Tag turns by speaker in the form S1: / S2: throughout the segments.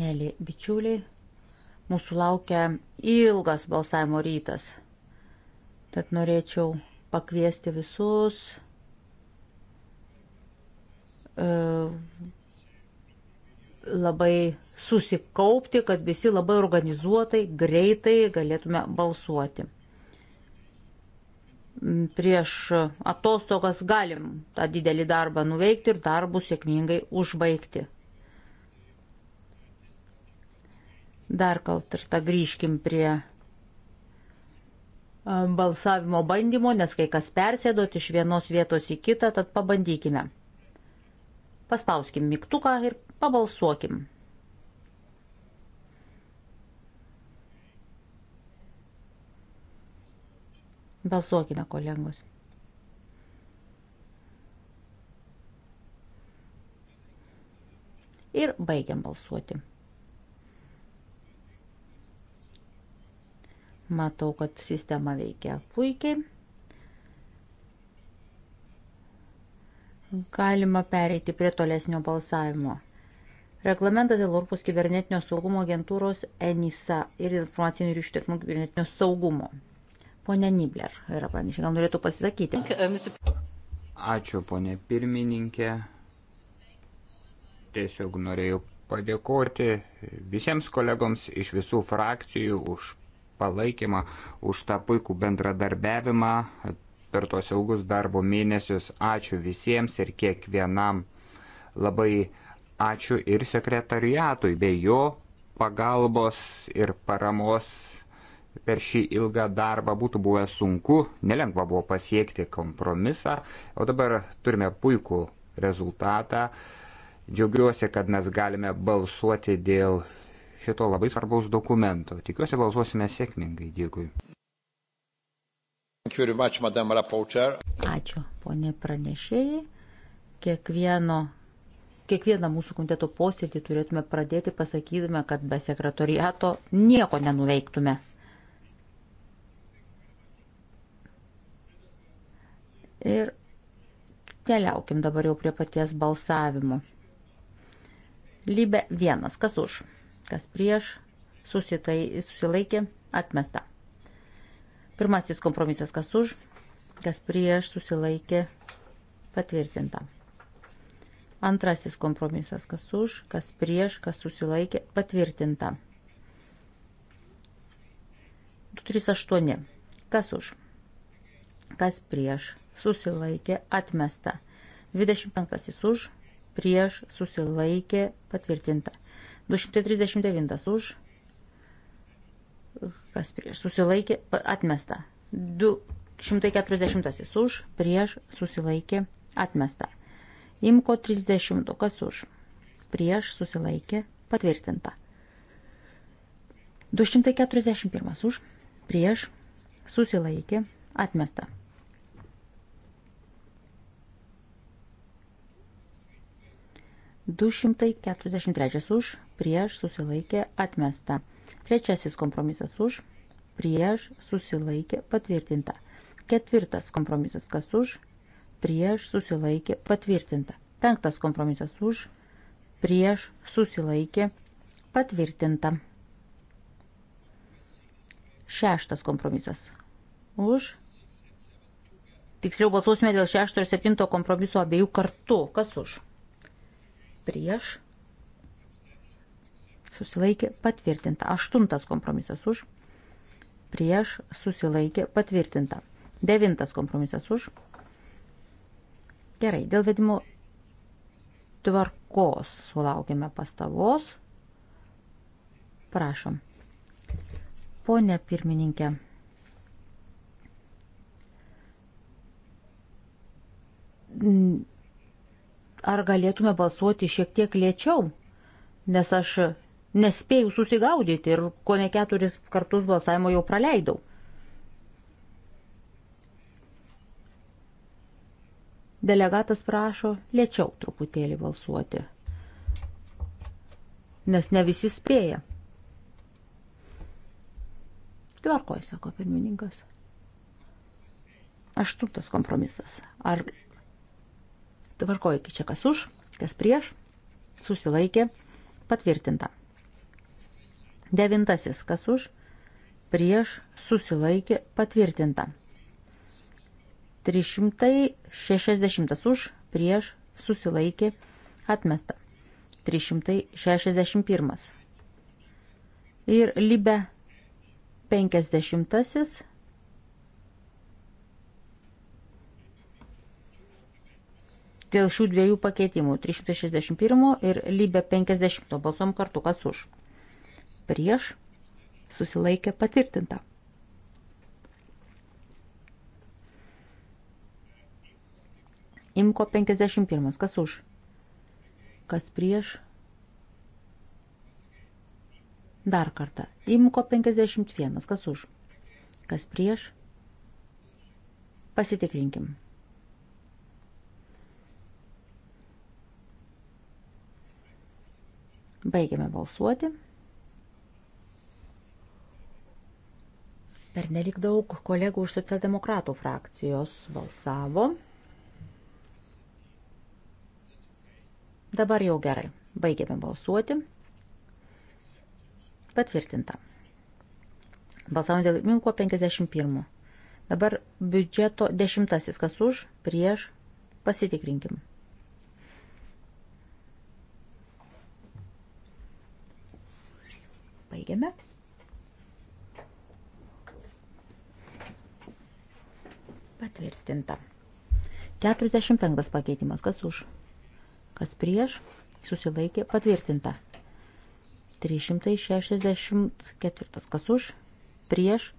S1: Mėly bičiuliai, mūsų laukia ilgas balsavimo rytas. Tad norėčiau pakviesti visus e, labai susikaupti, kad visi labai organizuotai, greitai galėtume balsuoti. Prieš atostogas galim tą didelį darbą nuveikti ir darbus sėkmingai užbaigti. Dar kartą grįžkim prie balsavimo bandymo, nes kai kas persėdot iš vienos vietos į kitą, tad pabandykime. Paspauskim mygtuką ir pabalsuokim. Balsuokime, kolegos. Ir baigiam balsuoti. Matau, kad sistema veikia puikiai. Galima pereiti prie tolesnio balsavimo. Reglamentas dėl Europos kibernetinio saugumo agentūros ENISA ir informacinių ryšių technų kibernetinio saugumo. Pone Nibler yra pranešė, gal norėtų pasisakyti.
S2: Ačiū, ponė pirmininkė. Tiesiog norėjau padėkoti visiems kolegoms iš visų frakcijų už palaikymą, už tą puikų bendradarbiavimą per tos ilgus darbo mėnesius. Ačiū visiems ir kiekvienam. Labai ačiū ir sekretariatui, bei jo pagalbos ir paramos per šį ilgą darbą būtų buvę sunku, nelengva buvo pasiekti kompromisą, o dabar turime puikų rezultatą. Džiaugiuosi, kad mes galime balsuoti dėl šito labai svarbaus dokumento. Tikiuosi balsuosime sėkmingai. Dėkui.
S3: Ačiū,
S1: ponė pranešėjai. Kiekvieno, kiekvieną mūsų komiteto posėdį turėtume pradėti pasakydami, kad be sekretoriato nieko nenuveiktume. Ir keliaukim dabar jau prie paties balsavimo. Lybė vienas, kas už? kas prieš, susitai, susilaikė, atmesta. Pirmasis kompromisas, kas už, kas prieš, susilaikė, patvirtinta. Antrasis kompromisas, kas už, kas prieš, kas susilaikė, patvirtinta. 238. Kas už? Kas prieš? Susilaikė, atmesta. 25. Už, prieš, susilaikė, patvirtinta. 239 už. Kas prieš? Susilaikė. Atmesta. 240 už. Prieš. Susilaikė. Atmesta. Imko 30. Kas už? Prieš. Susilaikė. Patvirtinta. 241 už. Prieš. Susilaikė. Atmesta. Du šimtai keturiasdešimt trečias už prieš susilaikė atmesta. Trečiasis kompromisas už, prieš susilaikė patvirtinta. Ketvirtas kompromisas kas už, prieš susilaikė patvirtinta. Penktas kompromisas už, prieš susilaikė patvirtinta. Šeštas kompromisas už. Tiksliau balsuosime dėl šešto ir septinto kompromiso abiejų kartu. Kas už? Prieš susilaikė patvirtinta. Aštuntas kompromisas už, prieš susilaikė patvirtinta. Devintas kompromisas už. Gerai, dėl vedimo tvarkos sulaukėme pastavos. Prašom. Pone pirmininkė. Ar galėtume balsuoti šiek tiek lėčiau? Nes aš nespėjau susigaudyti ir ko ne keturis kartus balsavimo jau praleidau. Delegatas prašo lėčiau truputėlį balsuoti, nes ne visi spėja. Tvarkoj, sako pirmininkas. Aštuntas kompromisas. Ar tvarkoj, čia kas už, kas prieš, susilaikė, patvirtinta. Devintasis, kas už, prieš susilaikė patvirtinta. 360 už, prieš susilaikė atmesta. 361. Ir libe 50. Dėl šių dviejų pakeitimų 361 ir lybė 50 balsom kartu kas už prieš, susilaikė patvirtinta. Imko 51, kas už, kas prieš, dar kartą, Imko 51, kas už, kas prieš, pasitikrinkim. Baigiame balsuoti. Pernelik daug kolegų už socialdemokratų frakcijos balsavo. Dabar jau gerai. Baigėme balsuoti. Patvirtinta. Balsavome dėl Minko 51. Dabar biudžeto dešimtasis, kas už, prieš, pasitikrinkim. Baigiame. Patvirtinta. 45 pakeitimas. Kas už? Kas prieš? Susilaikė. Patvirtinta. 364. Kas už? Prieš?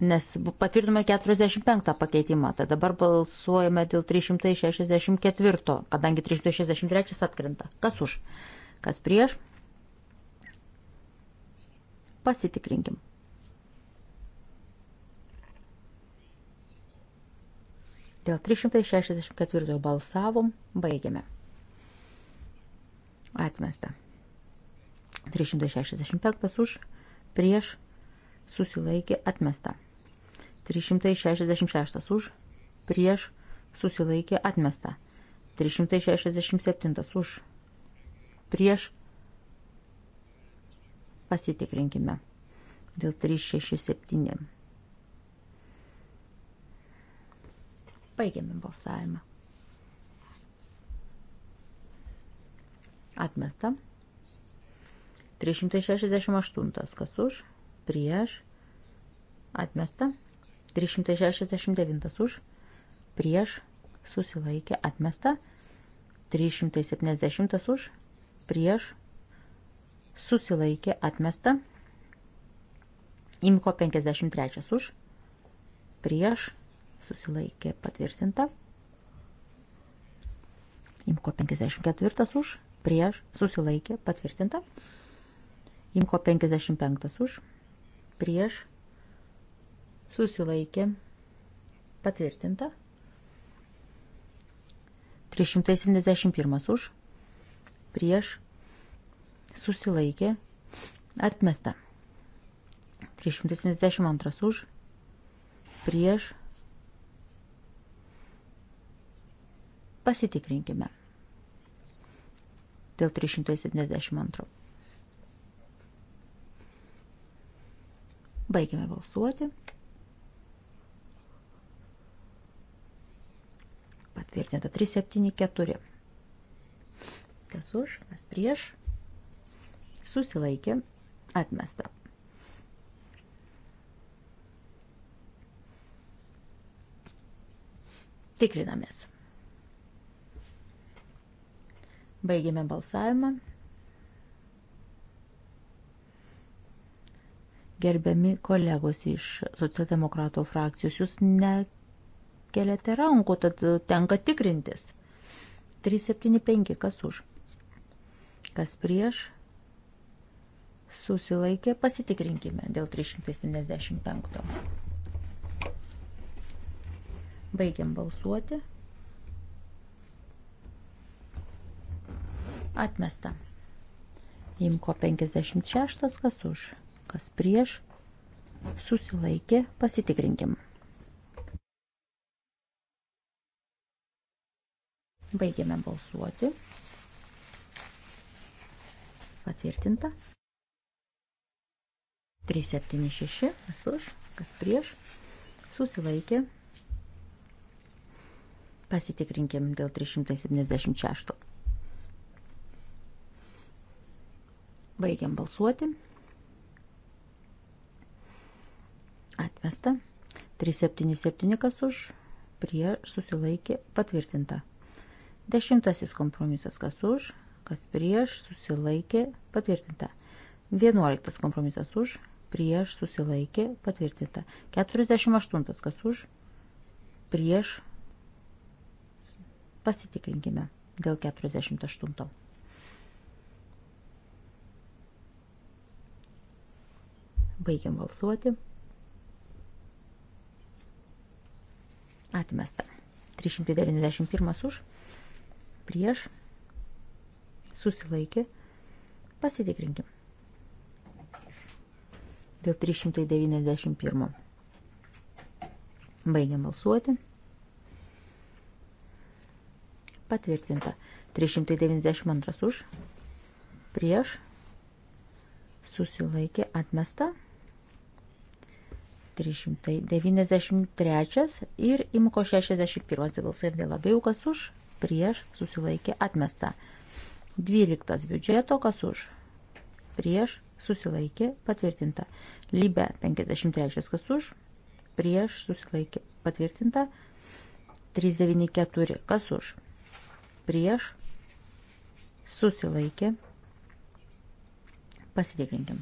S1: Nes patvirtume 45 pakeitimą, tai dabar balsuojame dėl 364, kadangi 363 atkrenta. Kas už? Kas prieš? Pasitikrinkim. Dėl 364 balsavom, baigiame. Atmesta. 365 už, prieš, susilaikė, atmesta. 366 už, prieš, susilaikė, atmesta. 367 už, prieš, Pasitikrinkime dėl 367. Baigiame balsavimą. Atmesta. 368. Kas už? Prieš. Atmesta. 369. Už. Prieš. Susilaikė. Atmesta. 370. Už. Prieš susilaikė atmesta. Imko 53 už, prieš susilaikė patvirtinta. Imko 54 už, prieš susilaikė patvirtinta. Imko 55 už, prieš susilaikė patvirtinta. 371 už, prieš susilaikė, atmesta. 372 už, prieš, pasitikrinkime dėl 372. Baigime balsuoti. Patvirtinta 374. Kas už, kas prieš susilaikė, atmesta. Tikrinamės. Baigėme balsavimą. Gerbiami kolegos iš socialdemokratų frakcijos, jūs nekeliate rankų, tad tenka tikrintis. 375 kas už, kas prieš, susilaikė, pasitikrinkime dėl 375. Baigiam balsuoti. Atmesta. Imko 56, kas už, kas prieš, susilaikė, pasitikrinkim. Baigiame balsuoti. Patvirtinta. 376, kas už, kas prieš, susilaikė. Pasitikrinkim dėl 376. Baigiam balsuoti. Atmesta. 377 kas už, prieš susilaikė, patvirtinta. Dešimtasis kompromisas kas už, kas prieš susilaikė, patvirtinta. Vienuoliktas kompromisas už, prieš susilaikė patvirtinta. 48. Kas už? Prieš pasitikrinkime dėl 48. Baigiam balsuoti. Atmesta. 391 už. Prieš. Susilaikė. Pasitikrinkim dėl 391. Baigiam balsuoti. Patvirtinta. 392 už. Prieš. Susilaikė atmesta. 393 ir imko 61 balsuojam dėl abiejų, kas už, prieš, susilaikė, atmesta. 12 biudžeto, kas už, prieš, susilaikė, patvirtinta. Libe 53, kas už, prieš, susilaikė, patvirtinta. 394, kas už, prieš, susilaikė, pasitikrinkim.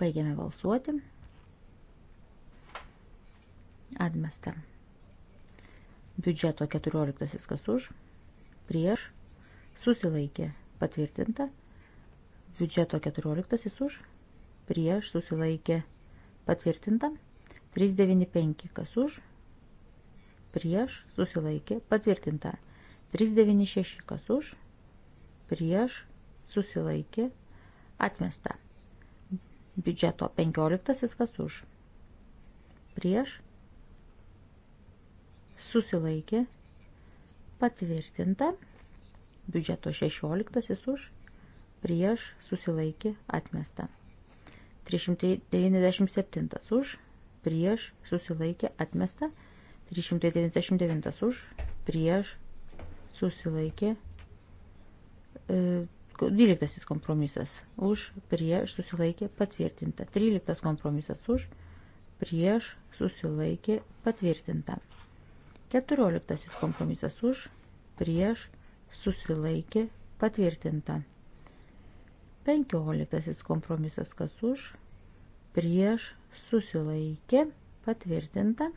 S1: Baigiame balsuoti. Atmesta. Biudžeto 14 kas už, prieš, susilaikė patvirtinta. Biudžeto 14 už, prieš susilaikė patvirtinta. 395 kas už, prieš susilaikė patvirtinta. 396 kas už, prieš susilaikė atmesta. Biudžeto 15 kas už, prieš susilaikė patvirtinta biudžeto 16 už, prieš susilaikė atmesta. 397 už, prieš susilaikė atmesta. 399 už, prieš susilaikė. 12 e, kompromisas už, prieš susilaikė patvirtinta. 13 kompromisas už, prieš susilaikė patvirtinta. 14 kompromisas už, prieš susilaikė patvirtinta susilaikė patvirtinta. 15 kompromisas kas už, prieš susilaikė patvirtinta.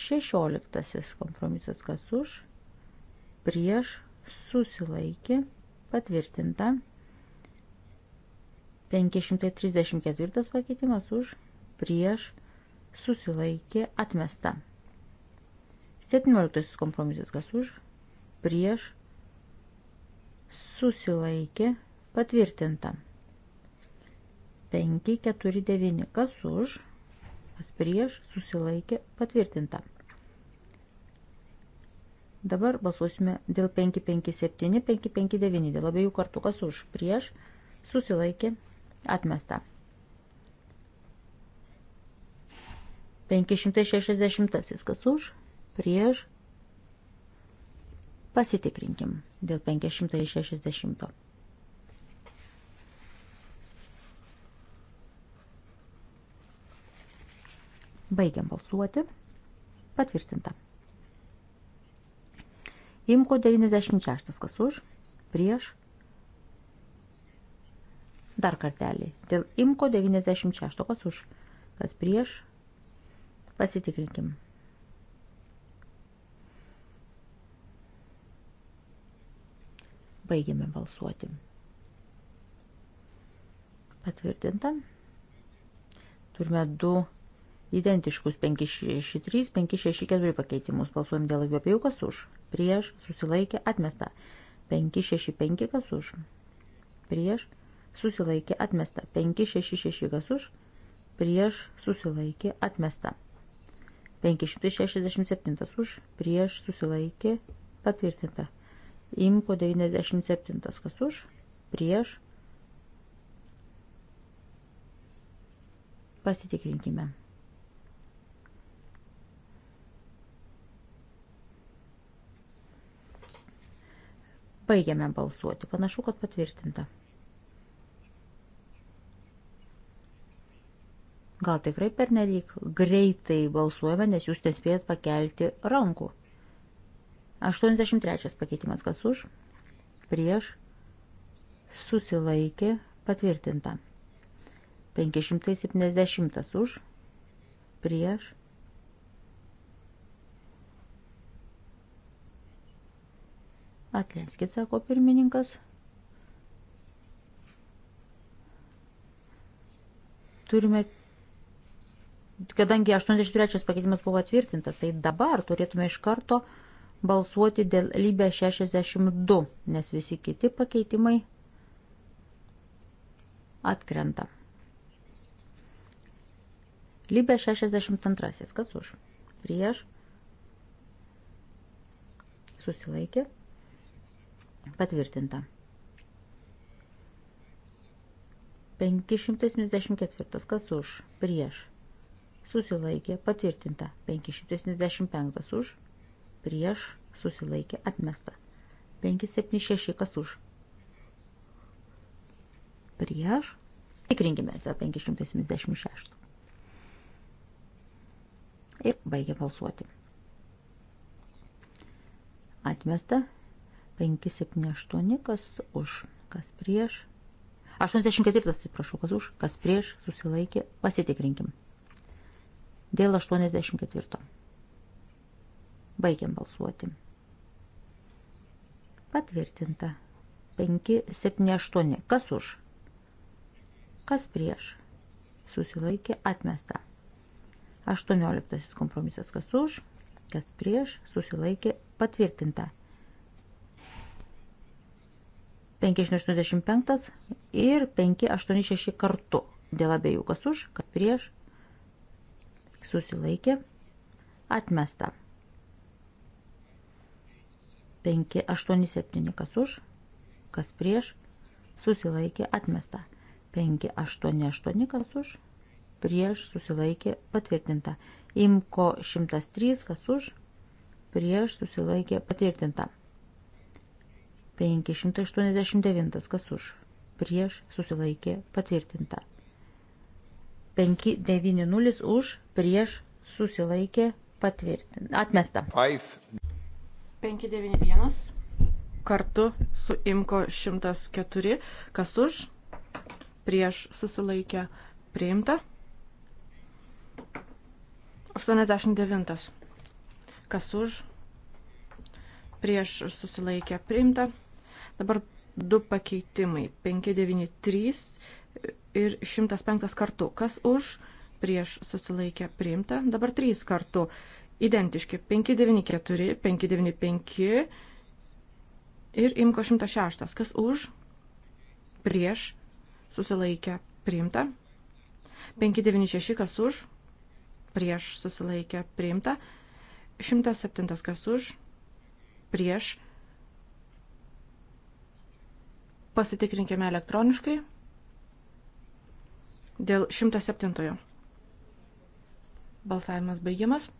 S1: 16 kompromisas kas už, prieš susilaikė patvirtinta. 534 pakeitimas už, prieš susilaikė atmesta. 17 kompromisas kas už, prieš, susilaikė, patvirtinta. 5, 4, 9, kas už, kas prieš, susilaikė, patvirtinta. Dabar balsuosime dėl 5, 5, 7, 5, 5, 9, dėl abiejų kartų, kas už, prieš, susilaikė, atmesta. 560, kas už, prieš, Pasitikrinkim dėl 560. Baigiam balsuoti. Patvirtinta. Imko 96. Kas už? Prieš. Dar kartelį. Dėl Imko 96. Kas už? Kas prieš? Pasitikrinkim. Baigiame balsuoti. Patvirtinta. Turime du identiškus 563, 564 pakeitimus. Balsuojam dėl jų abiejų, kas už. Prieš, susilaikė, atmesta. 565, kas už. Prieš, susilaikė, atmesta. 566, kas už. Prieš, susilaikė, atmesta. 567 už, prieš, susilaikė, patvirtinta. Imko 97. Kas už? Prieš. Pasitikrinkime. Baigiame balsuoti. Panašu, kad patvirtinta. Gal tikrai pernelyg greitai balsuojame, nes jūs ten spėjat pakelti rankų. 83 pakeitimas kas už, prieš, susilaikė, patvirtinta. 570 už, prieš, atleiskit, sako pirmininkas. Turime kadangi 83 pakeitimas buvo atvirtintas, tai dabar turėtume iš karto uh, balsuoti dėl lybė 62, nes visi kiti pakeitimai atkrenta. Lybė 62. Kas už? Prieš. Susilaikė. Patvirtinta. 574. Kas už? Prieš. Susilaikė. Patvirtinta. 575. Už prieš susilaikė atmesta. 576 kas už. Prieš. Tikrinkime dėl 576. Ir baigė balsuoti. Atmesta 578 kas už, kas prieš. 84 atsiprašau, kas už, kas prieš susilaikė. Pasitikrinkim. Dėl 84. Baigiam balsuoti. Patvirtinta. 5, 7, 8. Kas už? Kas prieš? Susilaikė atmesta. 18 kompromisas. Kas už? Kas prieš? Susilaikė patvirtinta. 585 ir 586 kartu. Dėl abiejų kas už, kas prieš. Susilaikė atmesta. 586. 5, 8, 7, kas už, kas prieš, susilaikė atmesta. 5, 8, 8, kas už, prieš, susilaikė patvirtinta. Imko 103, kas už, prieš, susilaikė patvirtinta. 589, kas už, prieš, susilaikė patvirtinta. 590 už, prieš, susilaikė patvirtinta. Atmesta.
S3: 5.
S4: 591 kartu su Imko 104, kas už, prieš susilaikę priimta. 89, kas už, prieš susilaikę priimta. Dabar du pakeitimai, 593 ir 105 kartu, kas už, prieš susilaikę priimta. Dabar 3 kartu, 593 identiški 594, 595 ir imko 106. Kas už, prieš, susilaikę, priimta. 596 kas už, prieš, susilaikę, priimta. 107 kas už, prieš. Pasitikrinkime elektroniškai dėl 107. Balsavimas baigiamas.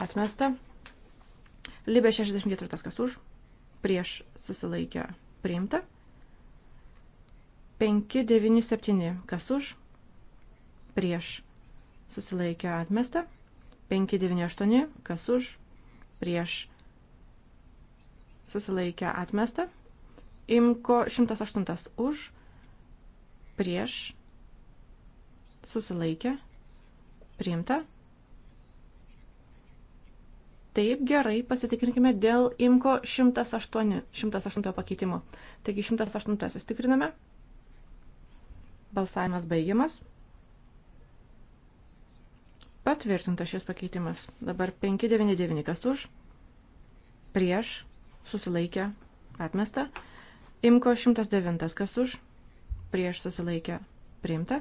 S4: Atmesta. Libė 64 kas už. Prieš susilaikę priimta. 597 kas už. Prieš susilaikę atmesta. 598 kas už. Prieš susilaikę atmesta. Imko 108 už. Prieš susilaikę priimta. Taip gerai, pasitikrinkime dėl imko 108, 108 pakeitimo. Taigi 108 tikriname. Balsavimas baigiamas. Patvirtintas šis pakeitimas. Dabar 599 kas už, prieš, susilaikė, atmesta. Imko 109 kas už, prieš, susilaikė, priimta.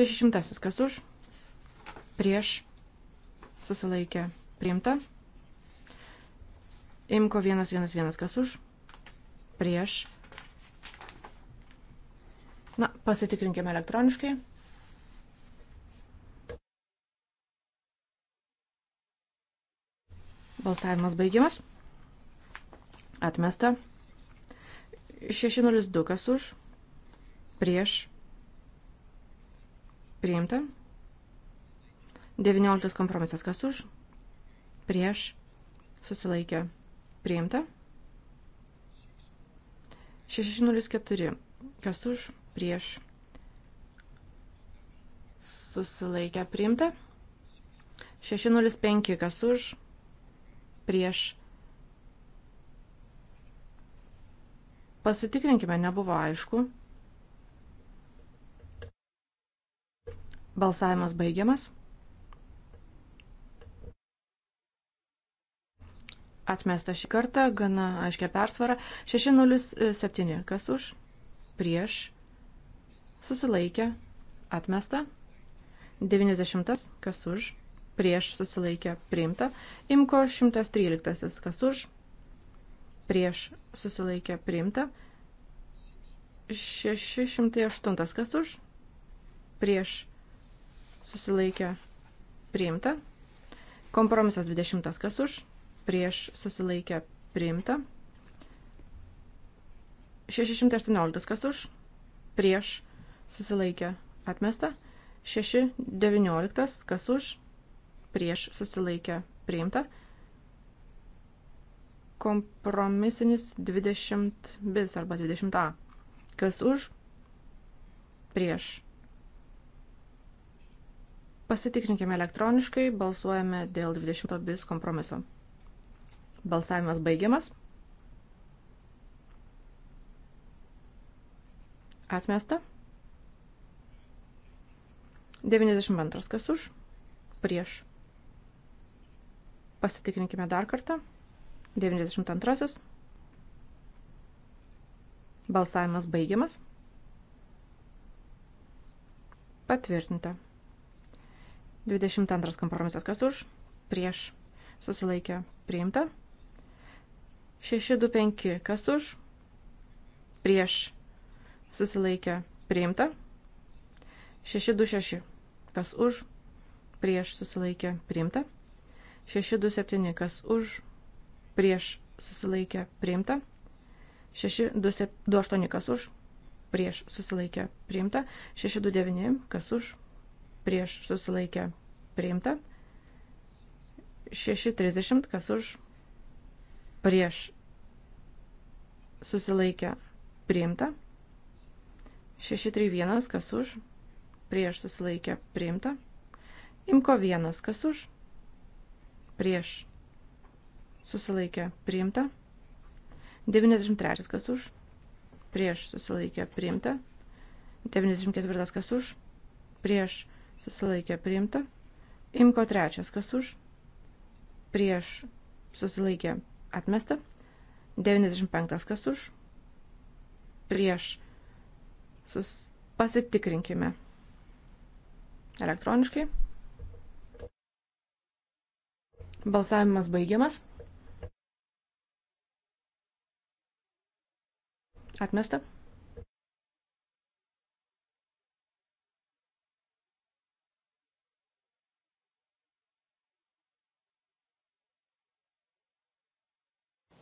S4: 600 kas už, prieš, susilaikė priimta. Imko 111 kas už, prieš. Na, pasitikrinkime elektroniškai. Balsavimas baigiamas. Atmesta. 602 kas už, prieš. Priimta. 19 kompromisas kas už, prieš, susilaikė, priimta. 604 kas už, prieš, susilaikė, priimta. 605 kas už, prieš. Pasitikrinkime, nebuvo aišku. Balsavimas baigiamas. Atmesta šį kartą, gana aiškia persvara. 607. Kas už? Prieš. Susilaikė. Atmesta. 90. Kas už? Prieš susilaikė. Priimta. Imko 113. Kas už? Prieš susilaikė. Priimta. 608. Kas už? Prieš susilaikė. Priimta. Kompromisas 20. Kas už? prieš susilaikę priimta. 618 kas už, prieš susilaikę atmesta. 619 kas už, prieš susilaikę priimta. Kompromisinis 20 bis arba 20a. Kas už, prieš. Pasitikrinkime elektroniškai, balsuojame dėl 20 bis kompromiso. Balsavimas baigiamas. Atmesta. 92. Kas už? Prieš. Pasitikrinkime dar kartą. 92. Balsavimas baigiamas. Patvirtinta. 22 kompromisas kas už, prieš, susilaikė, priimta. 625. Kas už? Prieš. Susilaikė. Priimta. 626. Kas už? Prieš. Susilaikė. Priimta. 627. Kas už? Prieš. Susilaikė. Priimta. 628. Kas už? Prieš. Susilaikė. Priimta. 629. Kas už? Prieš. Susilaikė. Priimta. 630. Kas už? prieš susilaikę priimta. 631 kas už, prieš susilaikę priimta. Imko 1 kas už, prieš susilaikę priimta. 93 kas už, prieš susilaikę priimta. 94 kas už, prieš susilaikę priimta. Imko 3 kas už, prieš susilaikę priimta Atmesta. 95 kas už. Prieš. Sus... Pasitikrinkime. Elektroniškai. Balsavimas baigiamas. Atmesta.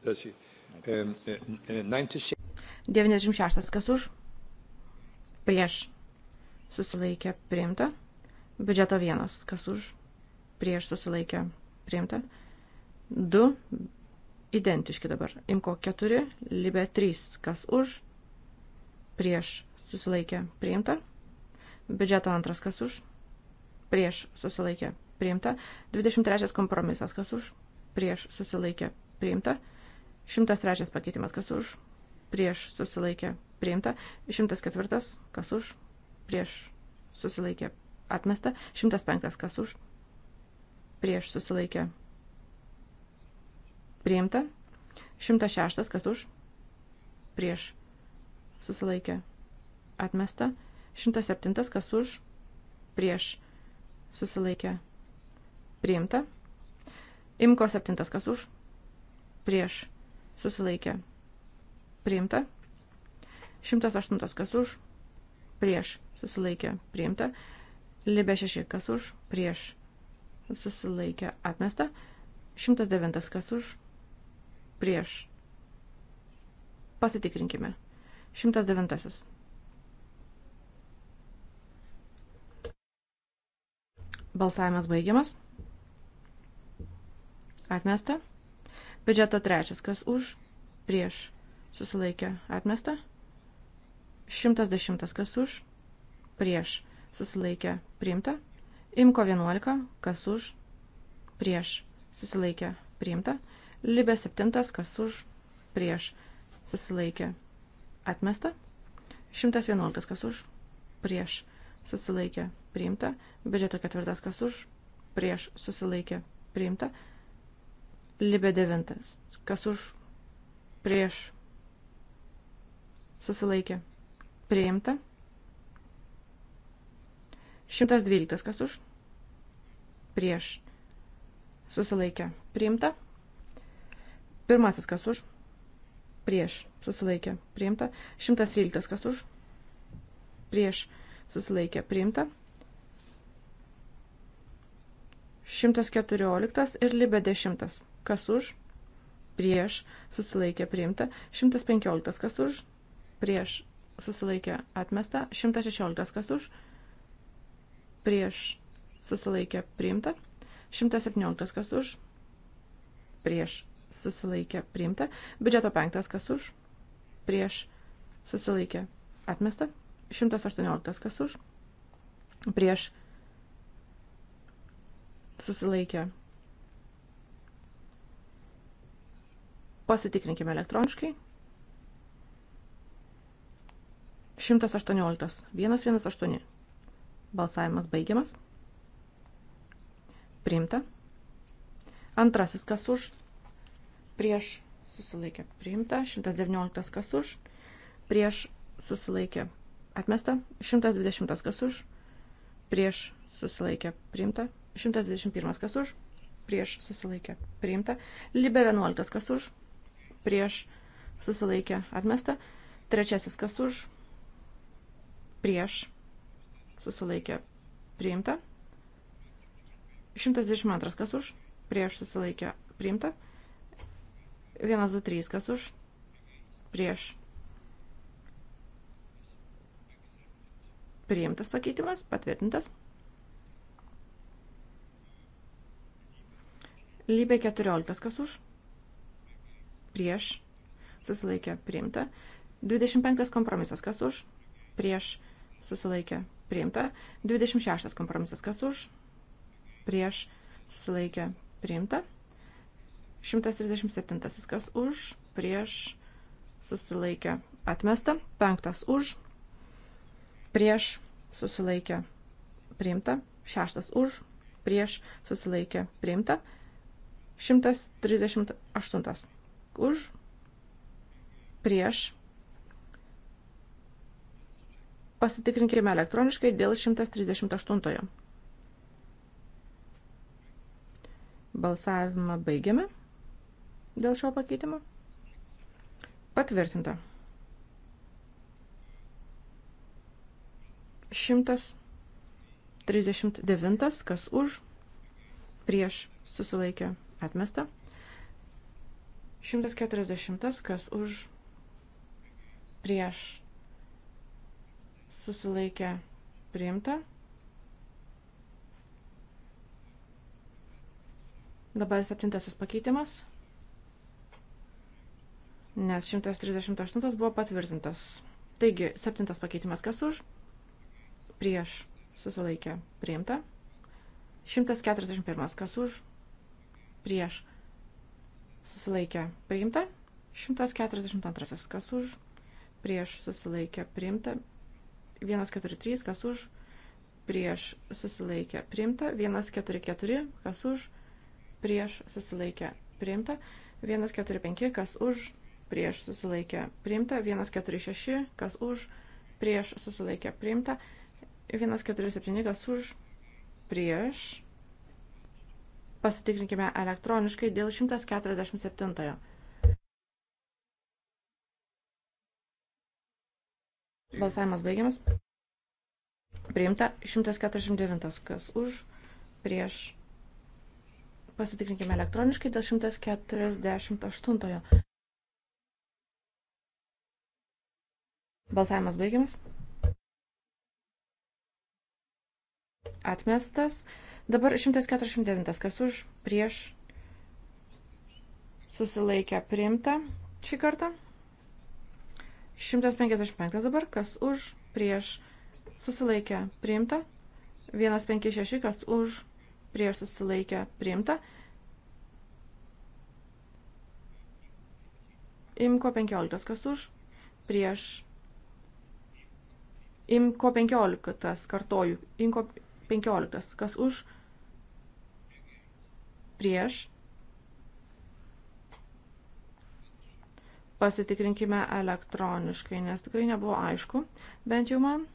S3: Tas 96.
S4: 96. Kas už? Prieš. Susilaikė priimta. Biudžeto 1. Kas už? Prieš susilaikė priimta. 2. Identiški dabar. Imko 4. Libė 3. Kas už? Prieš susilaikė priimta. Biudžeto 2. Kas už? Prieš susilaikė priimta. 23. Kompromisas. Kas už? Prieš susilaikė priimta. 103 pakeitimas, kas už, prieš susilaikė priimta, 104 kas už, prieš susilaikė atmesta, 105 kas už, prieš susilaikė priimta, 106 kas už, prieš susilaikė atmesta, 107 kas už, prieš susilaikė priimta, imko 7 kas už, prieš susilaikė priimta susilaikė priimta. 108 kas už, prieš susilaikė priimta. Libė 6 kas už, prieš susilaikė atmesta. 109 kas už, prieš. Pasitikrinkime. 109. Balsavimas baigiamas. Atmesta. Biudžeto trečias, kas už, prieš, susilaikė, atmesta. 110, kas už, prieš, susilaikė, priimta. Imko 11, kas už, prieš, susilaikė, priimta. Libė 7, kas už, prieš, susilaikė, atmesta. 111, kas už, prieš, susilaikė, priimta. Biudžeto ketvirtas, kas už, prieš, susilaikė, priimta. Libė 9. Kas už? Prieš. Susilaikė. Priimta. 112. Kas už? Prieš. Susilaikė. Priimta. Pirmasis kas už? Prieš. Susilaikė. Priimta. 113. Kas už? Prieš. Susilaikė. Priimta. 114 ir libė 10 kas už, prieš, susilaikė priimta, 115 kas už, prieš, susilaikė atmesta, 116 kas už, prieš, susilaikė priimta, 117 kas už, prieš, susilaikė priimta, biudžeto 5 kas už, prieš, susilaikė atmesta, 118 kas už, prieš, susilaikė priimta Pasitikrinkime elektroniškai. 118. 118. Balsavimas baigiamas. Priimta. Antrasis kas už. Prieš susilaikė. Priimta. 119 kas už. Prieš susilaikė. Atmesta. 120 kas už. Prieš susilaikė. Priimta. 121 kas už. Prieš susilaikė. Priimta. Libe 11 kas už prieš susilaikė atmesta. Trečiasis kas už prieš susilaikė priimta. 122 kas už prieš susilaikė priimta. 123 kas už prieš priimtas pakeitimas, patvirtintas. Lybė 14 kas už prieš prieš, susilaikė priimta. 25 kompromisas, kas už, prieš, susilaikė priimta. 26 kompromisas, kas už, prieš, susilaikė priimta. 137, kas už, prieš, susilaikė atmesta. 5 už, prieš, susilaikė priimta. 6 už, prieš, susilaikė priimta. 138 už, prieš. Pasitikrinkime elektroniškai dėl 138. Balsavimą baigiame dėl šio pakeitimo. Patvirtinta. 139, kas už, prieš, susilaikė, atmesta. 140, kas už, prieš, susilaikė, priimta. Dabar septintasis pakeitimas, nes 138 buvo patvirtintas. Taigi, septintas pakeitimas, kas už, prieš, susilaikė, priimta. 141, kas už, prieš, susilaikė susilaikė priimta. 142. Kas už? Prieš susilaikė priimta. 143. Kas už? Prieš susilaikė priimta. 144. Kas už? Prieš susilaikė priimta. 145. Kas už? Prieš susilaikė priimta. 146. Kas už? Prieš susilaikė priimta. 147. Kas už? Prieš Pasitikrinkime elektroniškai dėl 147. Balsavimas baigiamas. Priimta 149. Kas už, prieš. Pasitikrinkime elektroniškai dėl 148. Balsavimas baigiamas. Atmestas. Dabar 149. Kas už prieš susilaikę priimta šį kartą? 155 dabar. Kas už prieš susilaikę priimta? 156. Kas už prieš susilaikę priimta? Imko 15. Kas už prieš Imko 15, kartoju, Imko 15, kas už prieš. Pasitikrinkime elektroniškai, nes tikrai nebuvo aišku, bent jau man.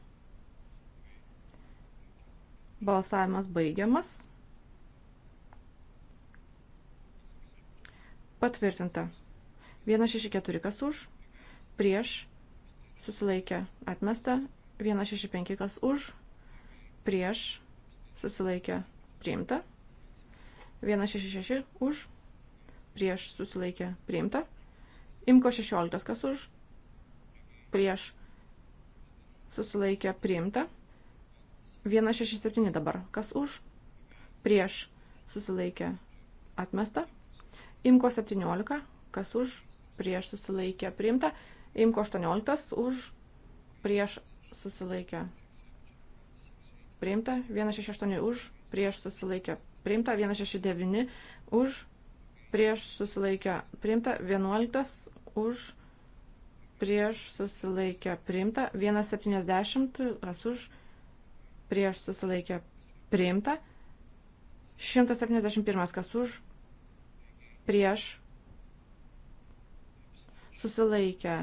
S4: Balsavimas baigiamas. Patvirtinta. 164 kas už, prieš, susilaikė, atmesta. 165 kas už, prieš, susilaikė, priimta. 166 už, prieš susilaikė priimta. Imko 16 kas už, prieš susilaikė priimta. 167 dabar kas už, prieš susilaikė atmesta. Imko 17 kas už, prieš susilaikė priimta. Imko 18 už, prieš susilaikė priimta. 168 už, prieš susilaikė priimta priimta 169 už, prieš susilaikę priimta 11 už, prieš susilaikę priimta 170, kas už, prieš susilaikę priimta 171, kas už, prieš susilaikę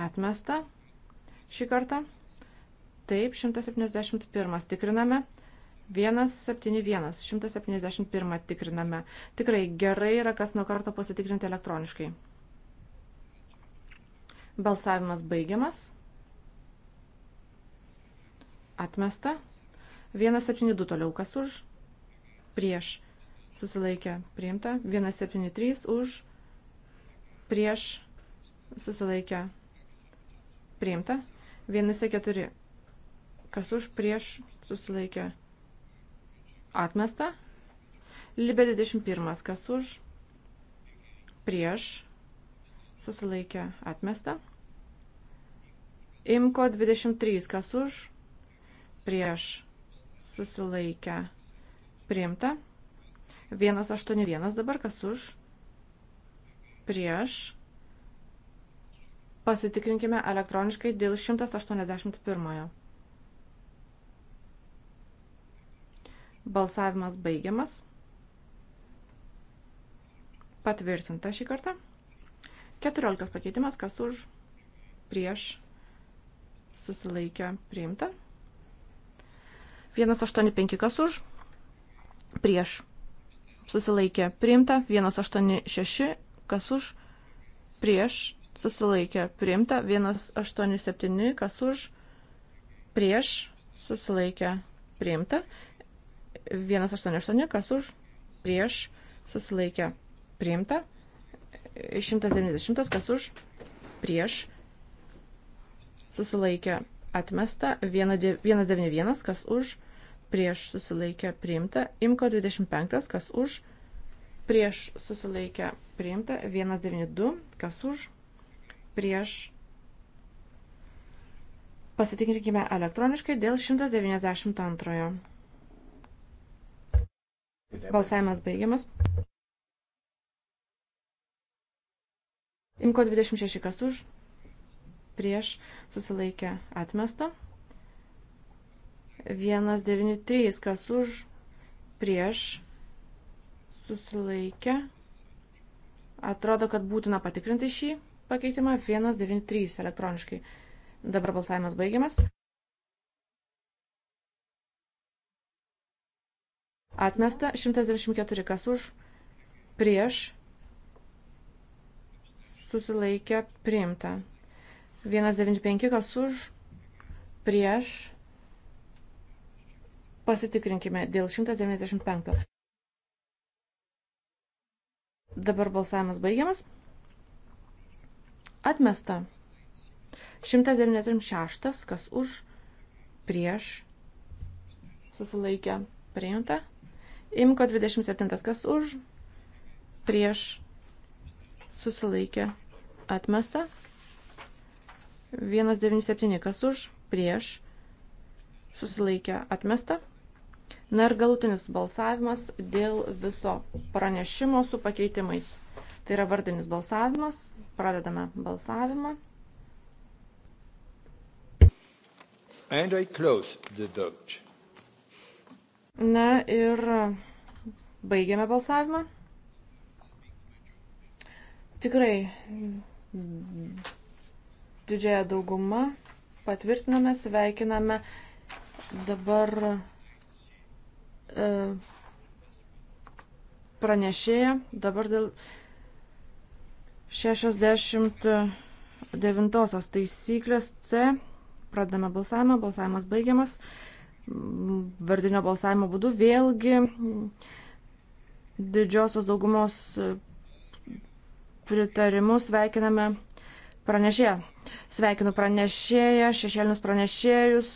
S4: atmesta šį kartą. Taip, 171. Tikriname. 171, 171 tikriname. Tikrai gerai yra kas nuo karto pasitikrinti elektroniškai. Balsavimas baigiamas. Atmesta. 172 toliau kas už. Prieš. Susilaikė priimta. 173 už. Prieš. Susilaikė priimta. 174 kas už. Prieš. Susilaikė priimta Atmesta. Libė 21. Kas už? Prieš. Susilaikė. Atmesta. Imko 23. Kas už? Prieš. Susilaikė. Priimta. 181 dabar. Kas už? Prieš. Pasitikrinkime elektroniškai dėl 181. Balsavimas baigiamas. Patvirtinta šį kartą. 14 pakeitimas, kas už, prieš, susilaikė, priimta. 185 kas už, prieš, susilaikė, priimta. 186 kas už, prieš, susilaikė, priimta. 187 kas už, prieš, susilaikė, priimta. 188, kas už, prieš, susilaikė, priimta. 190, kas už, prieš, susilaikė, atmesta. 191, kas už, prieš, susilaikė, priimta. Imko 25, kas už, prieš, susilaikė, priimta. 192, kas už, prieš, Pasitikrinkime elektroniškai dėl 192. Balsavimas baigiamas. Imko 26 kas už, prieš susilaikę atmestą. 193 kas už, prieš susilaikę. Atrodo, kad būtina patikrinti šį pakeitimą. 193 elektroniškai. Dabar balsavimas baigiamas. Atmesta 124 kas už, prieš, susilaikė, priimta. 195 kas už, prieš, pasitikrinkime dėl 195. Dabar balsavimas baigiamas. Atmesta. 196 kas už, prieš, susilaikė, priimta. Imko 27. Kas už? Prieš susilaikė atmesta. 197. Kas už? Prieš susilaikė atmesta. Na ir galutinis balsavimas dėl viso pranešimo su pakeitimais. Tai yra vardinis balsavimas. Pradedame balsavimą.
S3: And I close the vote.
S4: Na ir baigiame balsavimą. Tikrai didžiąją daugumą patvirtiname, sveikiname dabar e, pranešėją, dabar dėl 69 taisyklės C. Pradame balsavimą, balsavimas baigiamas. E, vardinio balsavimo būdu vėlgi didžiosios daugumos e, pritarimu sveikiname pranešėją. Sveikinu pranešėją, šešėlinius pranešėjus,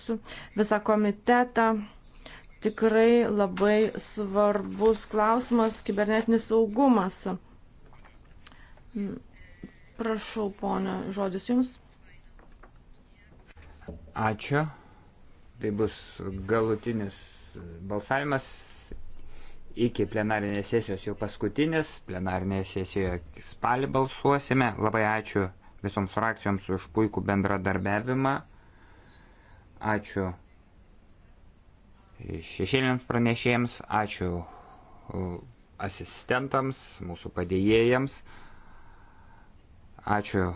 S4: visą komitetą. Tikrai labai svarbus klausimas - kibernetinis saugumas. Prašau, ponė, žodis jums.
S2: Ačiū. Tai bus galutinis balsavimas iki plenarinės sesijos jau paskutinis. Plenarinėje sesijoje spalį balsuosime. Labai ačiū visoms frakcijoms už puikų bendradarbiavimą. Ačiū šešėliams pranešėjams, ačiū asistentams, mūsų padėjėjams. Ačiū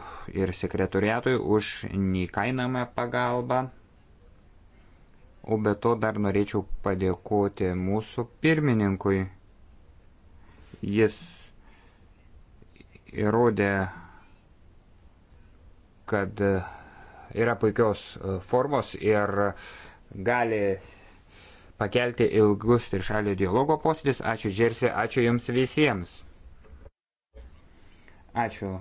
S2: ir sekretoriatui už neįkainamą pagalbą. O be to dar norėčiau padėkoti mūsų pirmininkui. Jis įrodė, kad yra puikios formos ir gali pakelti ilgus trišalio dialogo posėdis. Ačiū Džersi, ačiū Jums visiems. Ačiū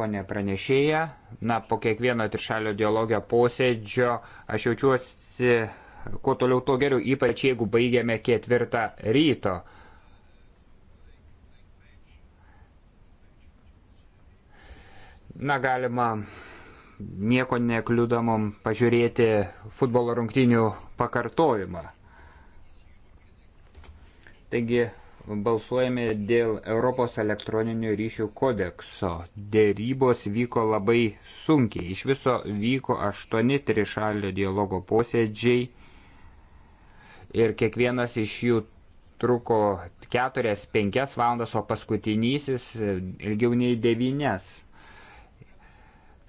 S2: ponė pranešėja. Na, po kiekvieno trišalio dialogio posėdžio aš jaučiuosi, kuo toliau, tuo geriau, ypač jeigu baigiame ketvirtą ryto. Na, galima nieko nekliudomam pažiūrėti futbolo rungtinių pakartojimą. Taigi balsuojame dėl Europos elektroninių ryšių kodekso. Dėrybos vyko labai sunkiai. Iš viso vyko aštuoni trišalio dialogo posėdžiai ir kiekvienas iš jų truko keturias, penkias valandas, o paskutinysis ilgiau nei devynes.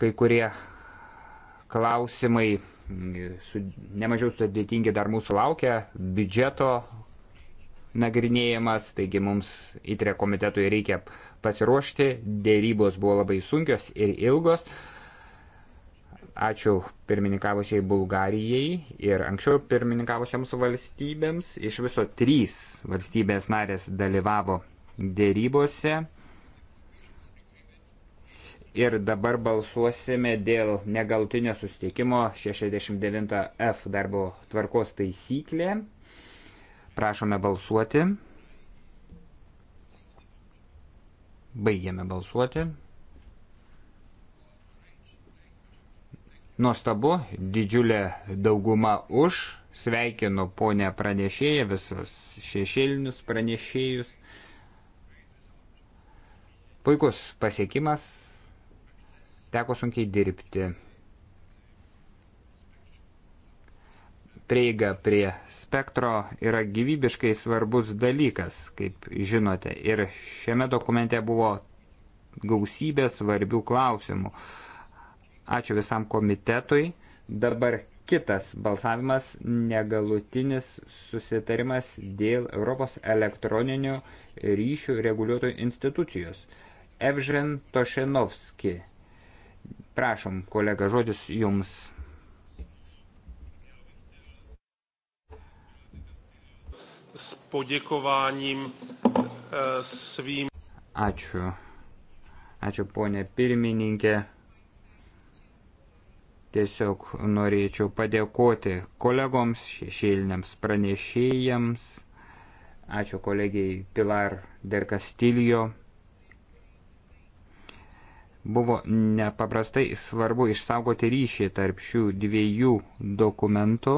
S2: Kai kurie klausimai su, nemažiau sudėtingi dar mūsų laukia biudžeto nagrinėjimas, taigi mums įtrė komitetui reikia pasiruošti, dėrybos buvo labai sunkios ir ilgos. Ačiū pirmininkavusiai Bulgarijai ir anksčiau pirmininkavusiems valstybėms. Iš viso trys valstybės narės dalyvavo dėrybose. Ir dabar balsuosime dėl negalutinio susitikimo 69F darbo tvarkos taisyklė. Prašome balsuoti. Baigiame balsuoti. Nuostabu, didžiulė dauguma už. Sveikinu ponę pranešėją, visus šešėlinius pranešėjus. Puikus pasiekimas, teko sunkiai dirbti. prieiga prie spektro yra gyvybiškai svarbus dalykas, kaip žinote. Ir šiame dokumente buvo gausybė svarbių klausimų. Ačiū visam komitetui. Dabar kitas balsavimas - negalutinis susitarimas dėl Europos elektroninių ryšių reguliuotojų institucijos. Evžen Tošenovski. Prašom, kolega, žodis jums.
S1: s podėkovaním eh, svým.
S2: Ačiū. Ačiū ponė pirmininkė. Tiesiog norėčiau padėkoti kolegoms, šešėliniams pranešėjams. Ačiū kolegijai Pilar del Castillo. Buvo nepaprastai svarbu išsaugoti ryšį tarp šių dviejų dokumentų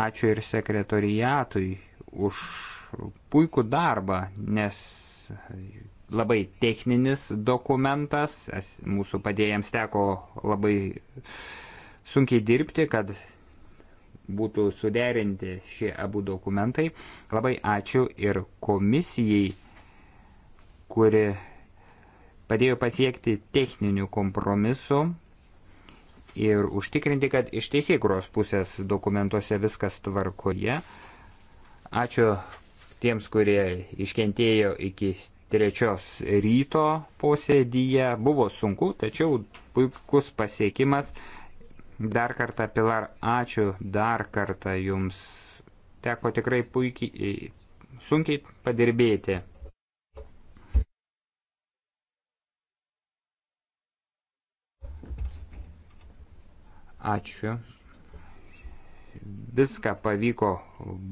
S2: Ačiū ir sekretorijatui už puikų darbą, nes labai techninis dokumentas, mūsų padėjams teko labai sunkiai dirbti, kad būtų suderinti šie abu dokumentai. Labai ačiū ir komisijai, kuri padėjo pasiekti techninių kompromisų ir užtikrinti, kad iš teisėkuros pusės dokumentuose viskas tvarkoje. Ačiū tiems, kurie iškentėjo iki trečios ryto posėdyje. Buvo sunku, tačiau puikus pasiekimas. Dar kartą, Pilar, ačiū dar kartą jums. Teko tikrai puikiai, sunkiai padirbėti. Ačiū. Viską pavyko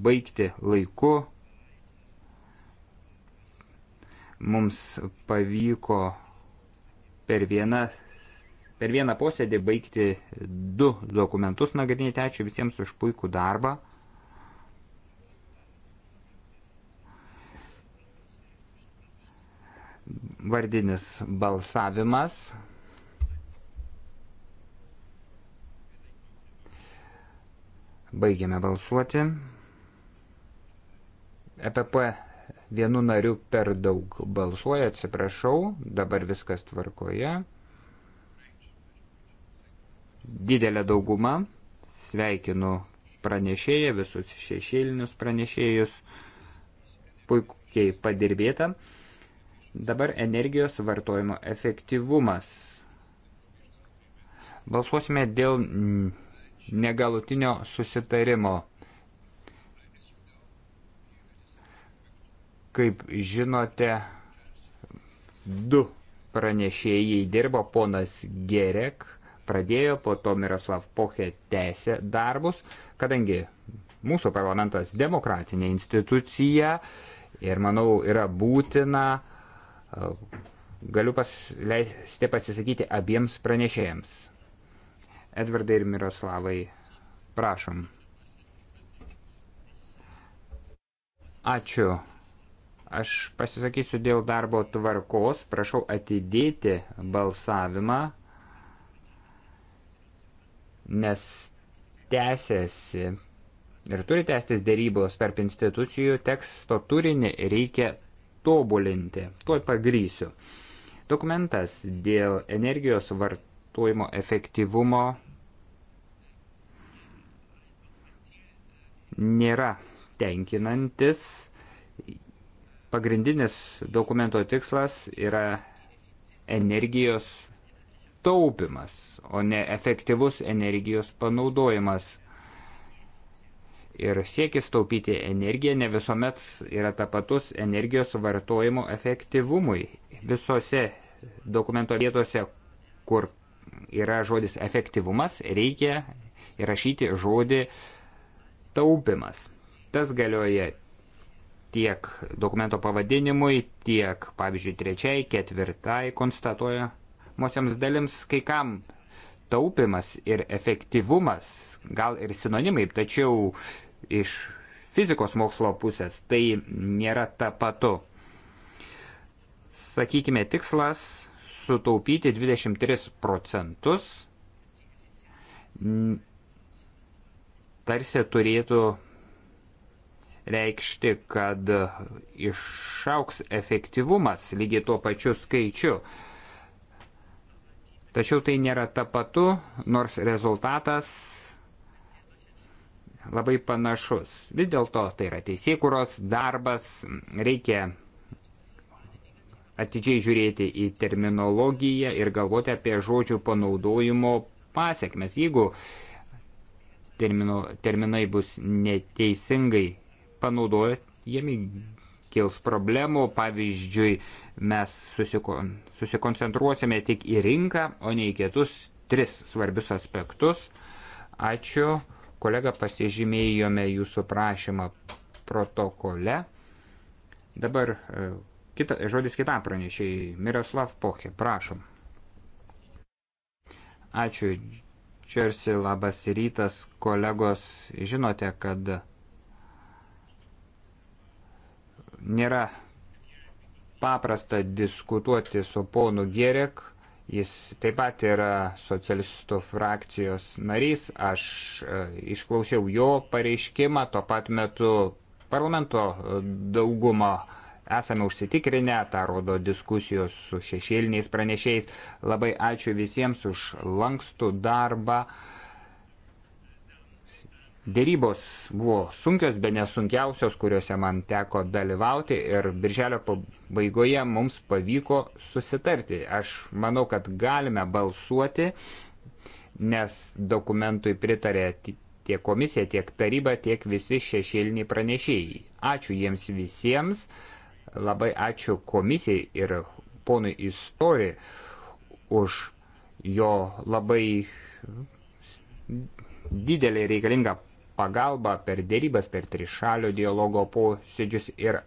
S2: baigti laiku. Mums pavyko per vieną, per vieną posėdį baigti du dokumentus nagrinėti. Ačiū visiems už puikų darbą. Vardinis balsavimas. Baigiame balsuoti. EPP vienu nariu per daug balsuoja, atsiprašau, dabar viskas tvarkoje. Didelė dauguma, sveikinu pranešėją, visus šešėlinius pranešėjus, puikiai padirbėta. Dabar energijos vartojimo efektyvumas. Balsuosime dėl negalutinio susitarimo. Kaip žinote, du pranešėjai dirbo ponas Gerek, pradėjo, po to Miroslav Poche tęsė darbus, kadangi mūsų parlamentas demokratinė institucija ir manau yra būtina, e, galiu pasleisti pasisakyti abiems pranešėjams. Edvardai ir Miroslavai, prašom. Ačiū. Aš pasisakysiu dėl darbo tvarkos. Prašau atidėti balsavimą, nes tęsiasi ir turi tęstis dėrybos tarp institucijų, teksto turinį reikia tobulinti. Tuo pagrysiu. Dokumentas dėl energijos vart investuojimo efektyvumo nėra tenkinantis. Pagrindinis dokumento tikslas yra energijos taupimas, o ne efektyvus energijos panaudojimas. Ir siekis taupyti energiją ne visuomet yra tapatus energijos vartojimo efektyvumui. Visose dokumento vietose, kur yra žodis efektyvumas, reikia įrašyti žodį taupimas. Tas galioja tiek dokumento pavadinimui, tiek, pavyzdžiui, trečiai, ketvirtai konstatuojamosiams dalims, kai kam taupimas ir efektyvumas gal ir sinonimai, tačiau iš fizikos mokslo pusės tai nėra ta patu. Sakykime, tikslas sutaupyti 23 procentus, tarsi turėtų reikšti, kad išauks efektyvumas lygiai tuo pačiu skaičiu. Tačiau tai nėra tapatu, nors rezultatas labai panašus. Vis dėlto tai yra teisėkuros darbas, reikia atidžiai žiūrėti į terminologiją ir galvoti apie žodžių panaudojimo pasiekmes. Jeigu termino, terminai bus neteisingai panaudojami, kils problemų, pavyzdžiui, mes susikon, susikoncentruosime tik į rinką, o ne į kitus tris svarbius aspektus. Ačiū, kolega, pasižymėjome jūsų prašymą protokole. Dabar e, Kita, žodis kitam pranešėjai. Miroslav Poche, prašom. Ačiū, Čersi, labas rytas, kolegos. Žinote, kad nėra paprasta diskutuoti su ponu Gerek. Jis taip pat yra socialistų frakcijos narys. Aš e, išklausiau jo pareiškimą, tuo pat metu parlamento e, daugumą esame užsitikrinę, tą rodo diskusijos su šešėliniais pranešėjais. Labai ačiū visiems už lankstų darbą. Dėrybos buvo sunkios, be nesunkiausios, kuriuose man teko dalyvauti ir birželio pabaigoje mums pavyko susitarti. Aš manau, kad galime balsuoti, nes dokumentui pritarė tiek komisija, tiek taryba, tiek visi šešėliniai pranešėjai. Ačiū jiems visiems. Labai ačiū komisijai ir ponui Istori už jo labai didelį reikalingą pagalbą per dėrybas, per trišalio dialogo posėdžius ir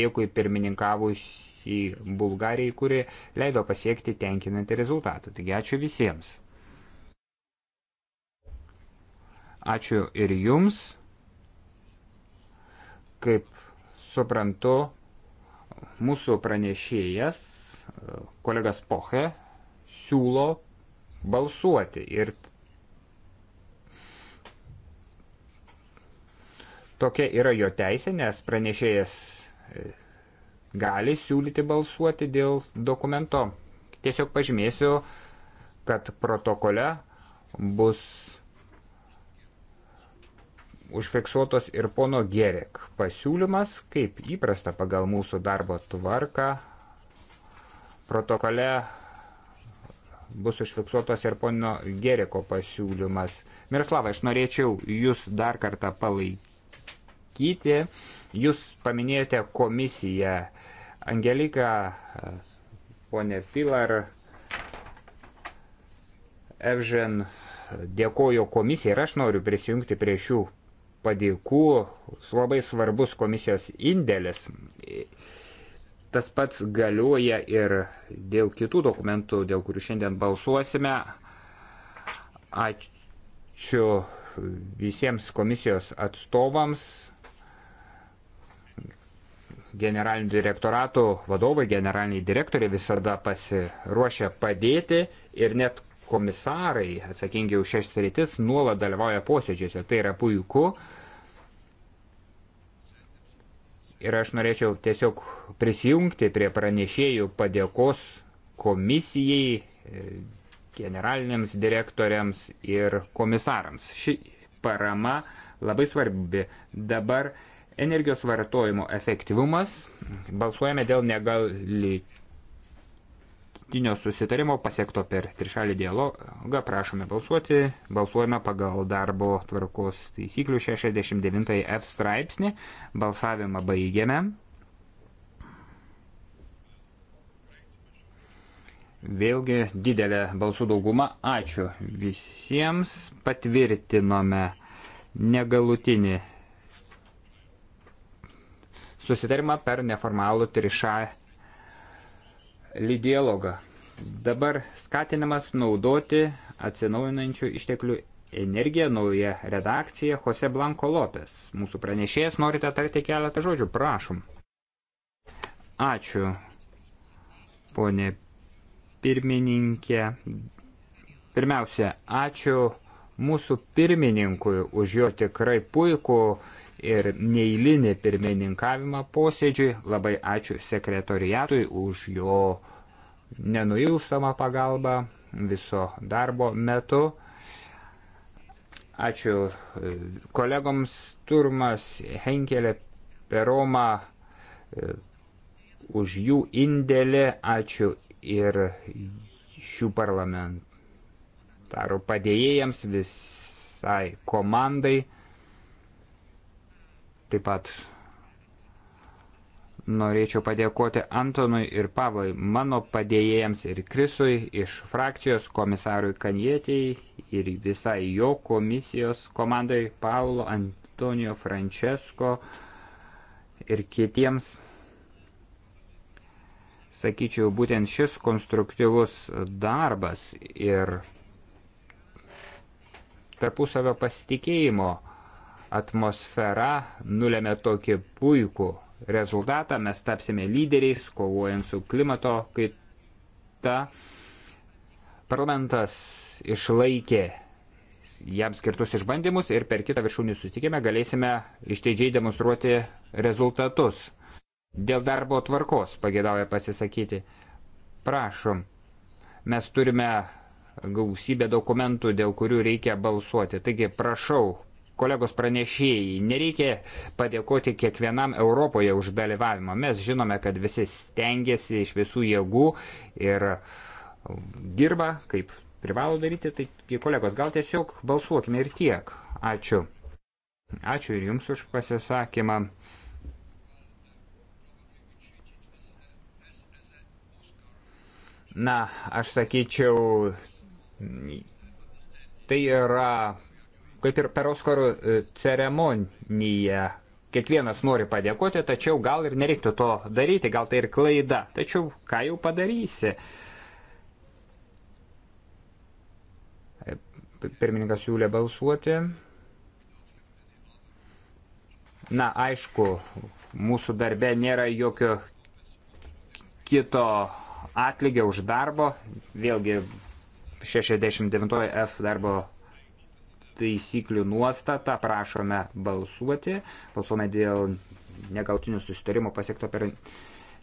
S2: dėkui pirmininkavusi Bulgarijai, kuri leido pasiekti tenkinantį rezultatą. Taigi ačiū visiems. Ačiū ir jums. Kaip suprantu, mūsų pranešėjas, kolegas Poche, siūlo balsuoti ir tokia yra jo teisė, nes pranešėjas e, gali siūlyti balsuoti dėl dokumento. Tiesiog pažymėsiu, kad protokole bus užfiksuotas ir pono Gerek pasiūlymas, kaip įprasta pagal mūsų darbo tvarką. Protokole bus užfiksuotas ir pono Geriko pasiūlymas. Miroslavai, aš norėčiau jūs dar kartą palaikyti. Jūs paminėjote komisiją. Angelika, ponė Filar, Evžen dėkojo komisijai ir aš noriu prisijungti prie šių padėkų labai svarbus komisijos indėlis. Tas pats galioja ir dėl kitų dokumentų, dėl kurių šiandien balsuosime. Ačiū visiems komisijos atstovams, generalinių direktoratų vadovai, generaliniai direktoriai visada pasiruošę padėti ir net komisarai atsakingi už šias sritis nuolat dalyvauja posėdžiuose. Tai yra puiku. Ir aš norėčiau tiesiog prisijungti prie pranešėjų padėkos komisijai, generaliniams direktoriams ir komisarams. Ši parama labai svarbi. Dabar energijos vartojimo efektyvumas. Balsuojame dėl negali Tinio susitarimo pasiekto per trišalį dialogą prašome balsuoti. Balsuojame pagal darbo tvarkos taisyklių 69 F straipsnį. Balsavimą baigiame. Vėlgi didelė balsų dauguma. Ačiū visiems. Patvirtinome negalutinį susitarimą per neformalų trišalį dialogą. Dabar skatinamas naudoti atsinaujinančių išteklių energiją nauja redakcija Jose Blanko Lopes. Mūsų pranešėjas norite tarti keletą žodžių, prašom. Ačiū, ponė pirmininkė. Pirmiausia, ačiū mūsų pirmininkui už jo tikrai puikų ir neįlinį pirmininkavimą posėdžiui. Labai ačiū sekretoriatui už jo nenuilstamą pagalbą viso darbo metu. Ačiū e, kolegoms Turmas, Henkelė, Peroma e, už jų indėlį. Ačiū ir šių parlamentarų padėjėjams visai komandai. Taip pat norėčiau padėkoti Antonui ir Pavlai, mano padėjėjams ir Krisui iš frakcijos komisarui Kanietijai ir visai jo komisijos komandai Paulo Antonio Francesco ir kitiems. Sakyčiau, būtent šis konstruktyvus darbas ir tarpusavio pasitikėjimo atmosfera nulėmė tokį puikų rezultatą. Mes tapsime lyderiais, kovojant su klimato kaita. Parlamentas išlaikė jam skirtus išbandymus ir per kitą viršūnį susitikimą galėsime išteidžiai demonstruoti rezultatus. Dėl darbo tvarkos pagėdauja pasisakyti. Prašom, mes turime gausybę dokumentų, dėl kurių reikia balsuoti. Taigi prašau kolegos pranešėjai, nereikia padėkoti kiekvienam Europoje už dalyvavimą. Mes žinome, kad visi stengiasi iš visų jėgų ir dirba, kaip privalo daryti. Tai kolegos, gal tiesiog balsuokime ir tiek. Ačiū. Ačiū ir jums už pasisakymą. Na, aš sakyčiau, tai yra kaip ir per Oskarų e, ceremoniją. Kiekvienas nori padėkoti, tačiau gal ir nereiktų to daryti, gal tai ir klaida. Tačiau ką jau padarysi? E, pirmininkas siūlė balsuoti. Na, aišku, mūsų darbe nėra jokio kito atlygio už darbo. Vėlgi 69F darbo taisyklių nuostatą, prašome balsuoti, balsuome dėl negautinių susitarimų pasiekto per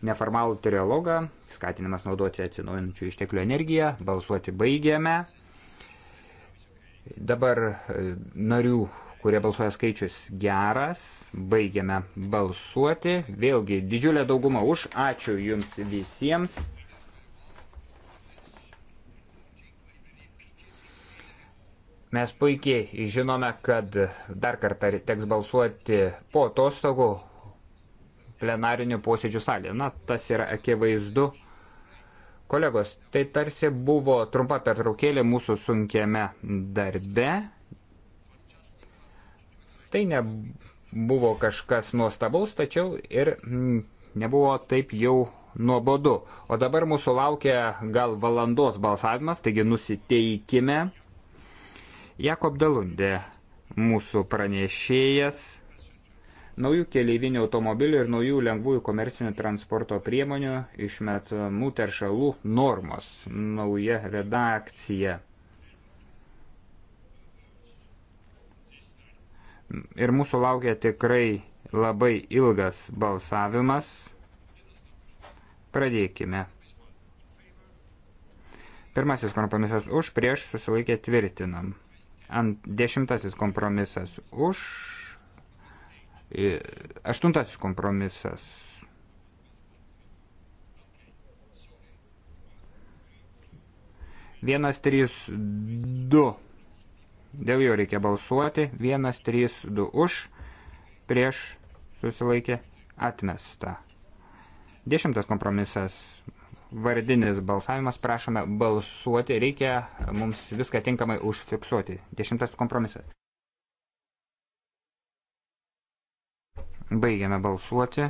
S2: neformalų trialogą, skatinimas naudoti atsinaujinančių išteklių energiją, balsuoti baigiame. Dabar e, narių, kurie balsuoja skaičius geras, baigiame balsuoti. Vėlgi didžiulė dauguma už, ačiū jums visiems. Mes puikiai žinome, kad dar kartą teks balsuoti po atostogų plenarinių posėdžių salėje. Na, tas yra akivaizdu. Kolegos, tai tarsi buvo trumpa pertraukėlė mūsų sunkiame darbe. Tai nebuvo kažkas nuostabaus, tačiau ir nebuvo taip jau nuobodu. O dabar mūsų laukia gal valandos balsavimas, taigi nusiteikime. Jakob Dalundė, mūsų pranešėjas, naujų keleivinių automobilių ir naujų lengvųjų komercinių transporto priemonių išmetamų teršalų normos, nauja redakcija. Ir mūsų laukia tikrai labai ilgas balsavimas. Pradėkime. Pirmasis kompromisas už, prieš susilaikė tvirtinam. Ant dešimtasis kompromisas už, aštuntasis kompromisas. Vienas, trys, du. Dėl jo reikia balsuoti. Vienas, trys, du už, prieš susilaikė atmesta. Dešimtas kompromisas vardinis balsavimas, prašome balsuoti, reikia mums viską tinkamai užfiksuoti. Dešimtas kompromisas. Baigiame balsuoti.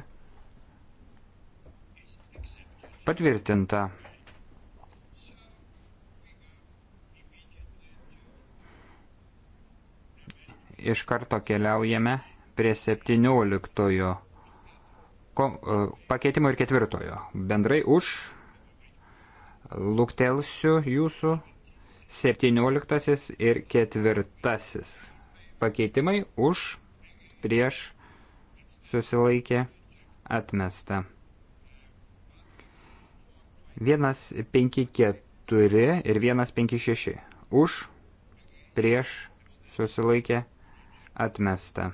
S2: Patvirtinta. Iš karto keliaujame prie 17 e, pakeitimo ir ketvirtojo. Bendrai už luktelsiu jūsų 17 ir 4 pakeitimai už prieš susilaikė atmesta. 154 ir 156 už prieš susilaikė atmesta.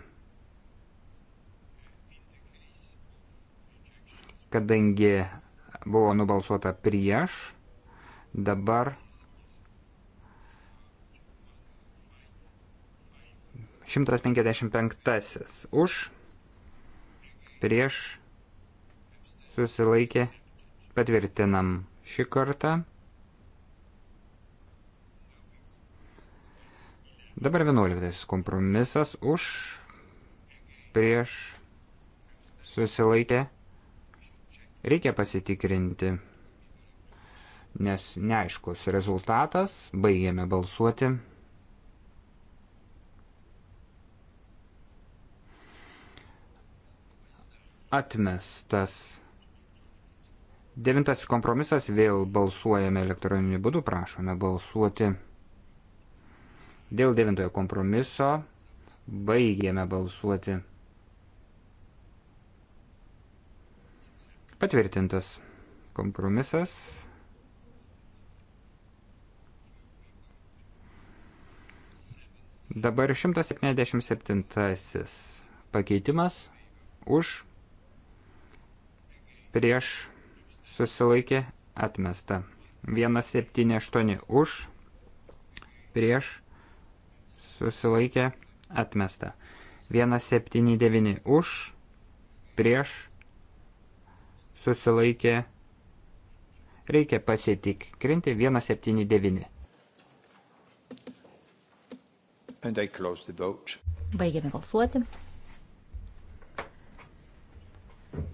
S2: Kadangi buvo nubalsuota prieš, Dabar 155 už, prieš, susilaikė, patvirtinam šį kartą. Dabar 11 kompromisas už, prieš, susilaikė, reikia pasitikrinti nes neaiškus rezultatas, baigėme balsuoti. Atmestas. Devintas kompromisas vėl balsuojame elektroniniu būdu, prašome balsuoti. Dėl devintojo kompromiso baigėme balsuoti. Patvirtintas kompromisas. Dabar 177 pakeitimas už prieš susilaikė atmesta. 178 už prieš susilaikė atmesta. 179 už prieš susilaikė reikia pasitikrinti 179
S3: and I close the vote.
S1: Baigiame balsuoti.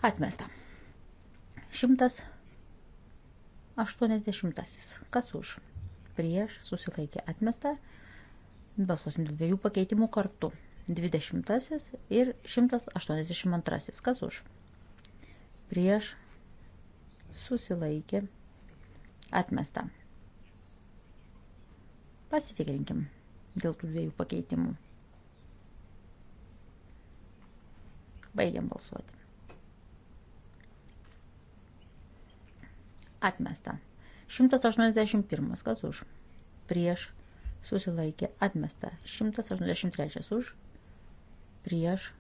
S1: Atmesta. 180. Kas už? Prieš susilaikė atmesta. Balsuosim dviejų pakeitimų kartu. 20 ir 182. Kas už? Prieš susilaikė atmesta. Pasitikrinkim dėl tų dviejų pakeitimų. Baigiam balsuoti. Atmesta. 181. Kas už? Prieš. Susilaikė. Atmesta. 183. Už. Prieš.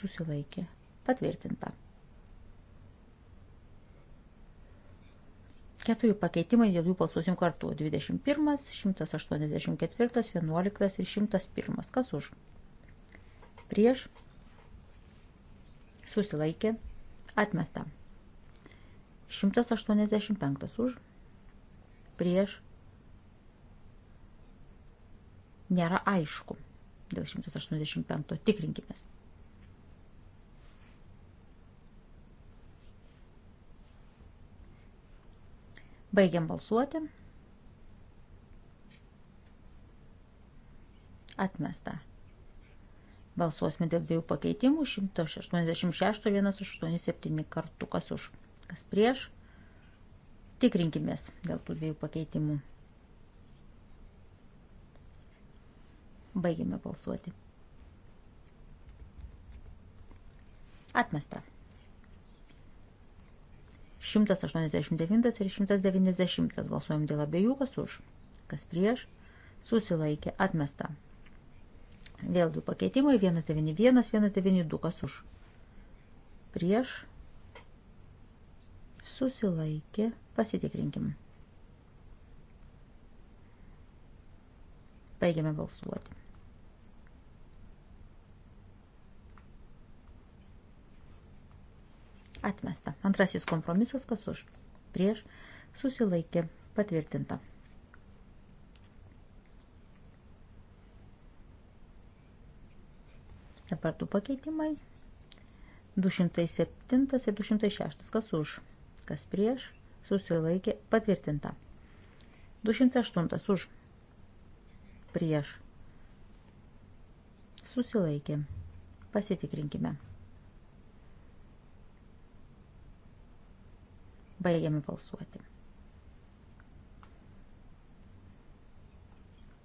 S1: Susilaikė. Patvirtinta. Keturi pakeitimai, dėl jų balsuosim kartu. 21, 184, 11 ir 101. Kas už? Prieš. Susilaikė. Atmesta. 185 už. Prieš. Nėra aišku. Dėl 185 tikrinkimės. Baigiam balsuoti. Atmesta. Balsuosime dėl dviejų pakeitimų. 186-187 kartų. Kas už? Kas prieš? Tikrinkimės dėl tų dviejų pakeitimų. Baigiame balsuoti. Atmesta. 189 ir 190. Balsuojam dėl abiejų, kas už, kas prieš, susilaikė, atmesta. Vėl du pakeitimai, 191, 192, kas už, prieš, susilaikė, pasitikrinkim. Baigiame balsuoti. Atmesta. Antrasis kompromisas, kas už. Prieš susilaikė. Patvirtinta. Dabar du pakeitimai. 207 ir 206. Kas už? Kas prieš? Susilaikė. Patvirtinta. 208. Už. Prieš. Susilaikė. Pasitikrinkime. Baigiame balsuoti.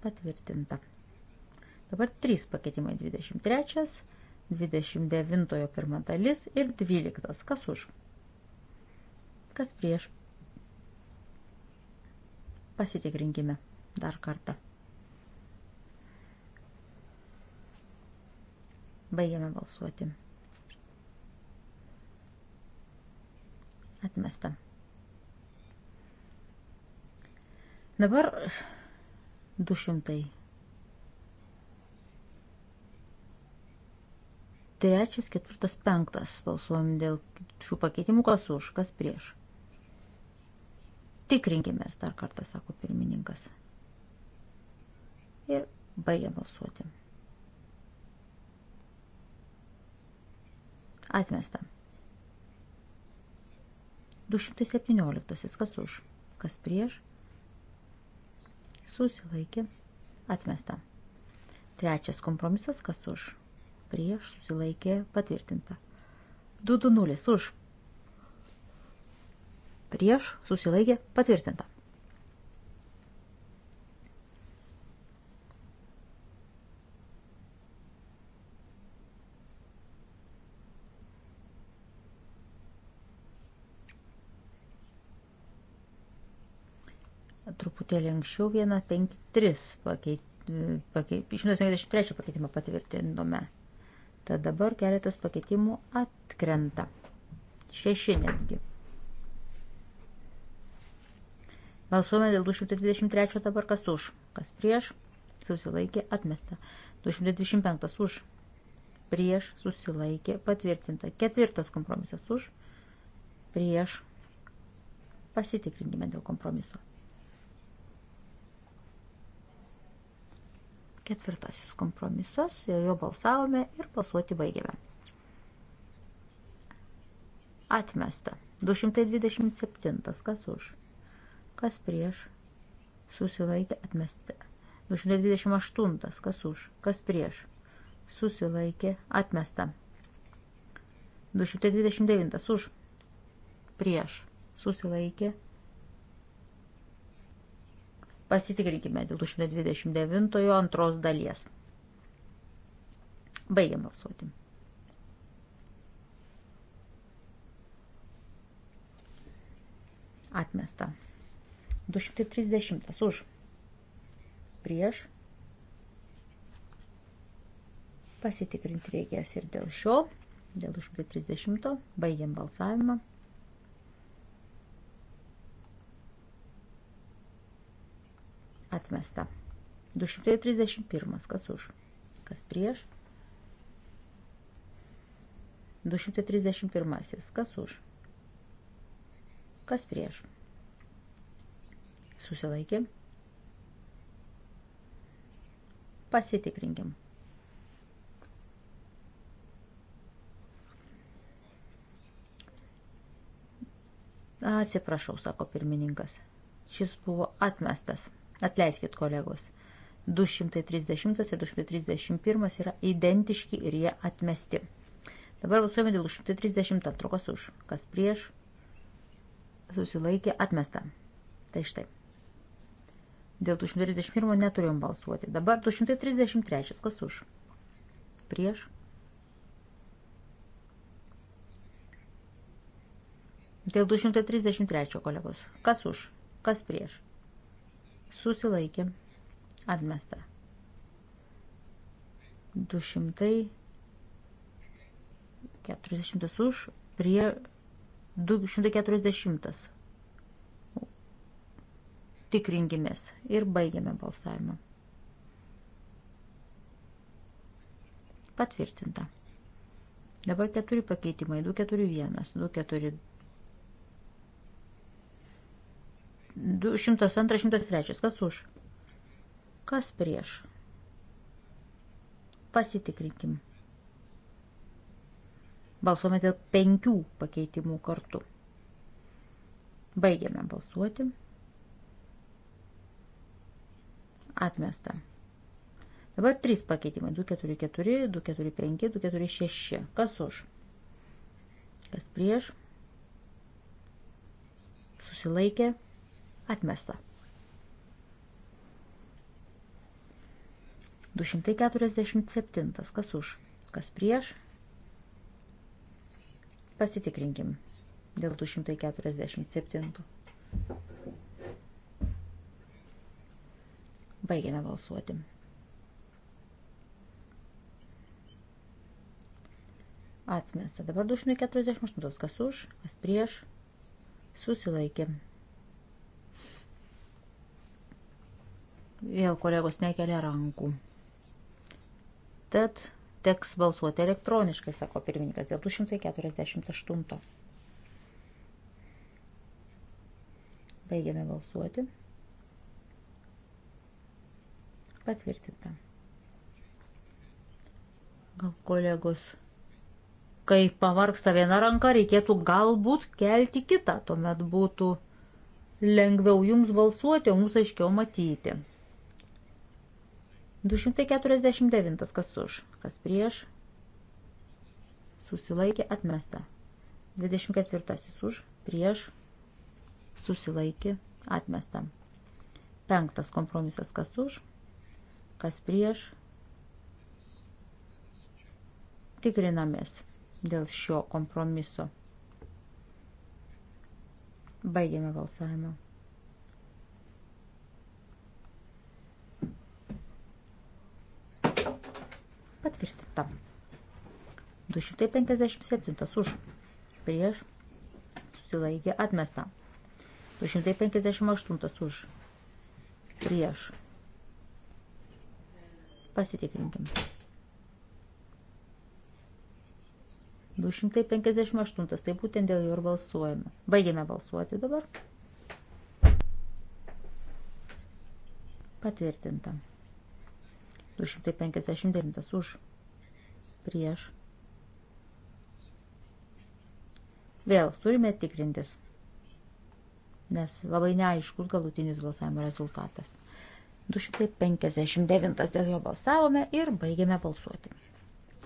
S1: Patvirtinta. Dabar 3 pakeitimai 23, 29 pirma dalis ir 12. Kas už? Kas prieš? Pasitikrinkime dar kartą. Baigiame balsuoti. Atmesta. Dabar 200. Trečias, ketvirtas, penktas. Balsuojam dėl šių pakeitimų, kas už, kas prieš. Tikrinkimės dar kartą, sako pirmininkas. Ir baigia balsuoti. Atmesta. 217. Kas už, kas prieš susilaikė, atmesta. Trečias kompromisas, kas už, prieš, susilaikė, patvirtinta. 220 už, prieš, susilaikė, patvirtinta. truputėlį anksčiau 153 pakeit, pakeit, 153 pakeitimą patvirtinome. Tad dabar keletas pakeitimų atkrenta. Šeši netgi. Balsuojame dėl 223 dabar kas už, kas prieš, susilaikė atmesta. 225 už, prieš, susilaikė patvirtinta. Ketvirtas kompromisas už, prieš, pasitikrinkime dėl kompromiso. Ketvirtasis kompromisas, jo balsavome ir balsuoti baigėme. Atmesta. 227. Kas už? Kas prieš? Susilaikė atmesta. 228. Kas už? Kas prieš? Susilaikė atmesta. 229. Už? Prieš? Susilaikė Pasitikrinkime dėl 229 antros dalies. Baigiam balsuoti. Atmesta. 230 už. Prieš. Pasitikrinti reikės ir dėl šio. Dėl 230 baigiam balsavimą. Atmesta. 231. Kas už? Kas prieš? 231. Kas už? Kas prieš? Susilaikė. Pasitikrinkim. Atsiprašau, sako pirmininkas. Šis buvo atmestas. Atleiskit kolegos. 230 ir 231 yra identiški ir jie atmesti. Dabar balsuojame dėl 232, kas už, kas prieš, susilaikė, atmesta. Tai štai. Dėl 231 neturėjom balsuoti. Dabar 233, kas už, prieš. Dėl 233, kolegos, kas už, kas prieš, susilaikė, atmesta. 240 už prie 240. Tikrinkimės ir baigiame balsavimą. Patvirtinta. Dabar keturi pakeitimai. 241, 242, 102-103. Kas už? Kas prieš? Pasitikrinkim. Balsuome dėl penkių pakeitimų kartu. Baigiame balsuoti. Atmesta. Dabar trys pakeitimai. 244, 245, 246. Kas už? Kas prieš? Susilaikė. Atmesta. 247. Kas už? Kas prieš? Pasitikrinkim dėl 247. Baigiame balsuoti. Atmesta. Dabar 248. Kas už? Kas prieš? Susilaikė. Vėl kolegos nekelia rankų. Tad teks balsuoti elektroniškai, sako pirmininkas, dėl 248. Baigiame balsuoti. Patvirtinta. Gal kolegos, kai pavarksta viena ranka, reikėtų galbūt kelti kitą, tuomet būtų lengviau jums balsuoti, o mums aiškiau matyti. 249 kas už, kas prieš, susilaikė atmesta. 24 už, prieš, susilaikė atmesta. 5 kompromisas kas už, kas prieš, tikrinamės dėl šio kompromiso. Baigėme balsavimą. Patvirtinta. 257 už. Prieš. Susilaikė atmesta. 258 už. Prieš. Pasitikrinkim. 258. Tai būtent dėl jo ir balsuojame. Baigėme balsuoti dabar. Patvirtinta. 259 už prieš. Vėl turime tikrintis, nes labai neaiškus galutinis balsavimo rezultatas. 259 dėl jo balsavome ir baigėme balsuoti.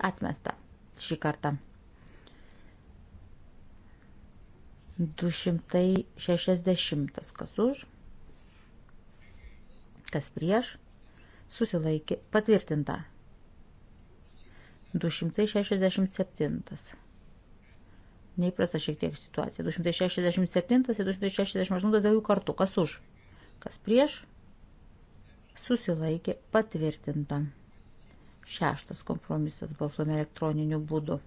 S1: Atmesta šį kartą. 260 kas už, kas prieš, susilaikė patvirtinta. 267. Neįprasta šiek tiek situacija. 267 ir 268 dėl jų kartu. Kas už? Kas prieš? Susilaikė patvirtinta. Šeštas kompromisas balsuojame elektroniniu būdu.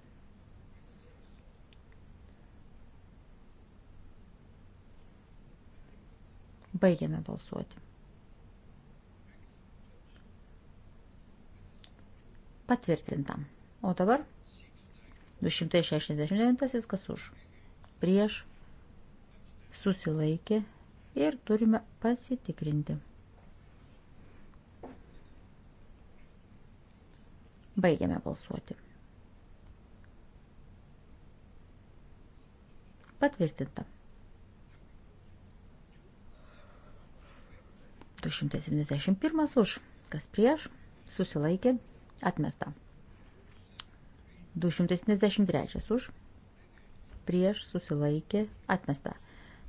S1: Baigiame balsuoti. Patvirtinta. O dabar 269 kas už. Prieš susilaikė ir turime pasitikrinti. Baigiame balsuoti. Patvirtinta. 271 už. Kas prieš? Susilaikė Atmesta. 273 už. Prieš susilaikė. Atmesta.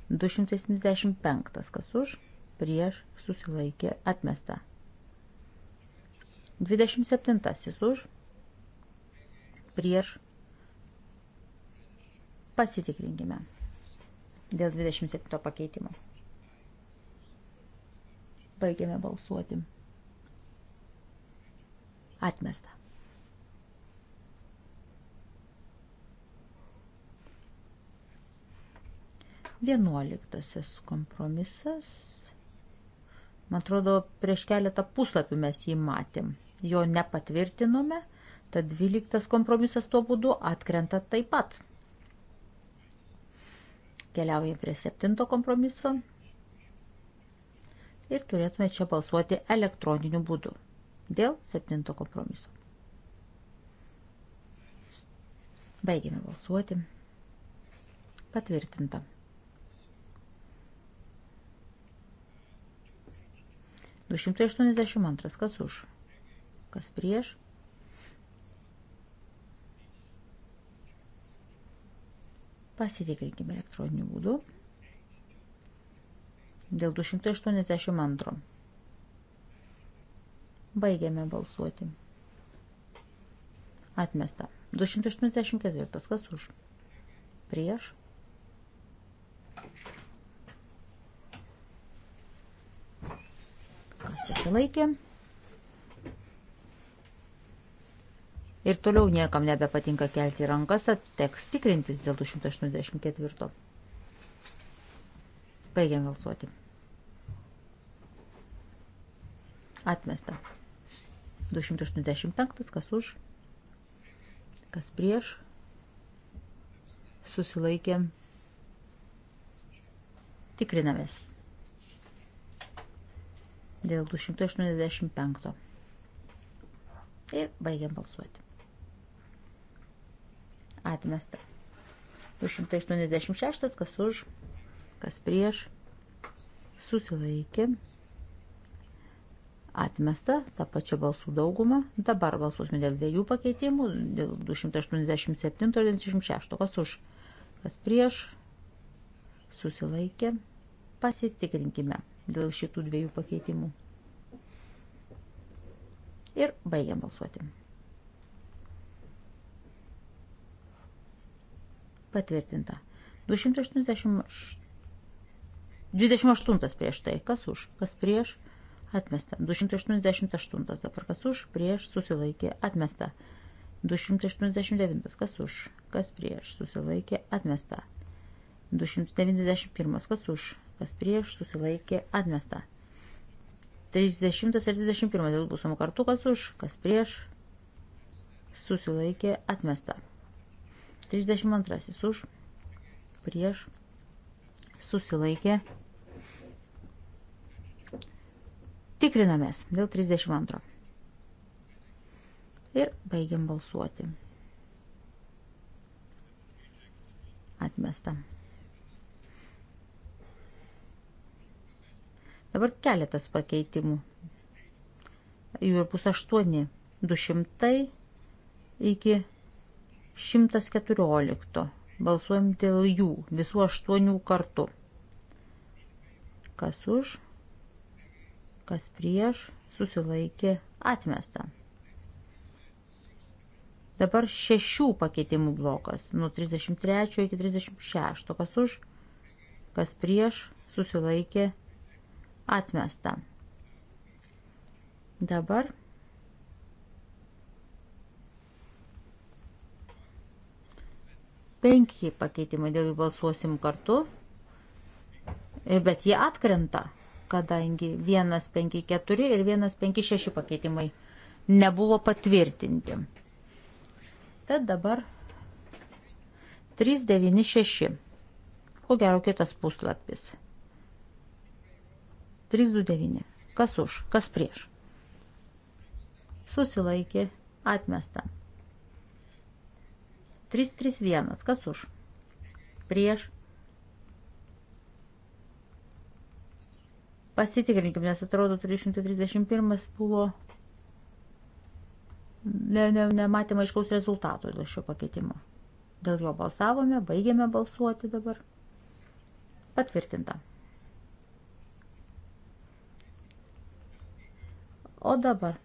S1: 275 kas už. Prieš susilaikė. Atmesta. 27 už. Prieš. Pasitikrinkime. Dėl 27 pakeitimo. Baigiame balsuoti. Atmesta. Vienuoliktasis kompromisas. Man atrodo, prieš keletą puslapių mes jį matėm. Jo nepatvirtinome, tad dvyliktas kompromisas tuo būdu atkrenta taip pat. Keliauja prie septinto kompromiso ir turėtume čia balsuoti elektroniniu būdu dėl septinto kompromiso. Baigėme balsuoti. Patvirtinta. Du šimtai aštuoniasdešimt antras. Kas už? Kas prieš? Pasitikrinkime elektroniniu būdu dėl 282. Baigiame balsuoti. Atmesta. 284. Kas už? Prieš. Kas susilaikė? Ir toliau niekam nebepatinka kelti rankas, teks tikrintis dėl 284. Baigiam balsuoti. Atmesta. 285, kas už, kas prieš, susilaikė, tikrinamės dėl 285 ir baigiam balsuoti. Atmesta. 286, kas už, kas prieš, susilaikė, tikrinamės atmesta tą pačią balsų daugumą. Dabar balsuosime dėl dviejų pakeitimų, dėl 287 ir 96. Kas už, kas prieš, susilaikė. Pasitikrinkime dėl šitų dviejų pakeitimų. Ir baigiam balsuoti. Patvirtinta. 288 prieš tai. Kas už, kas prieš, atmesta. 288 dabar kas už, prieš susilaikė atmesta. 289 kas už, kas prieš susilaikė atmesta. 291 kas už, kas prieš susilaikė atmesta. 30 ir 21 dėl būsimų kartų kas už, kas prieš susilaikė atmesta. 32 už, prieš susilaikė atmesta Tikrinamės dėl 32. Ir baigiam balsuoti. Atmesta. Dabar keletas pakeitimų. Jų bus 8, 200 iki 114. Balsuojam dėl jų visų 8 kartų. Kas už? kas prieš, susilaikė atmesta. Dabar šešių pakeitimų blokas, nuo 33 iki 36, kas už, kas prieš, susilaikė atmesta. Dabar penki pakeitimai, dėl jų balsuosim kartu, bet jie atkrenta kadangi 154 ir 156 pakeitimai nebuvo patvirtinti. Tad dabar 396. Ko gero kitas puslapis. 329. Kas už, kas prieš. Susilaikė, atmesta. 331. Kas už, prieš, Pasitikrinkim, nes atrodo 331 buvo ne, ne, nematėme aiškaus rezultato dėl šio pakeitimo. Dėl jo balsavome, baigėme balsuoti dabar. Patvirtinta. O dabar.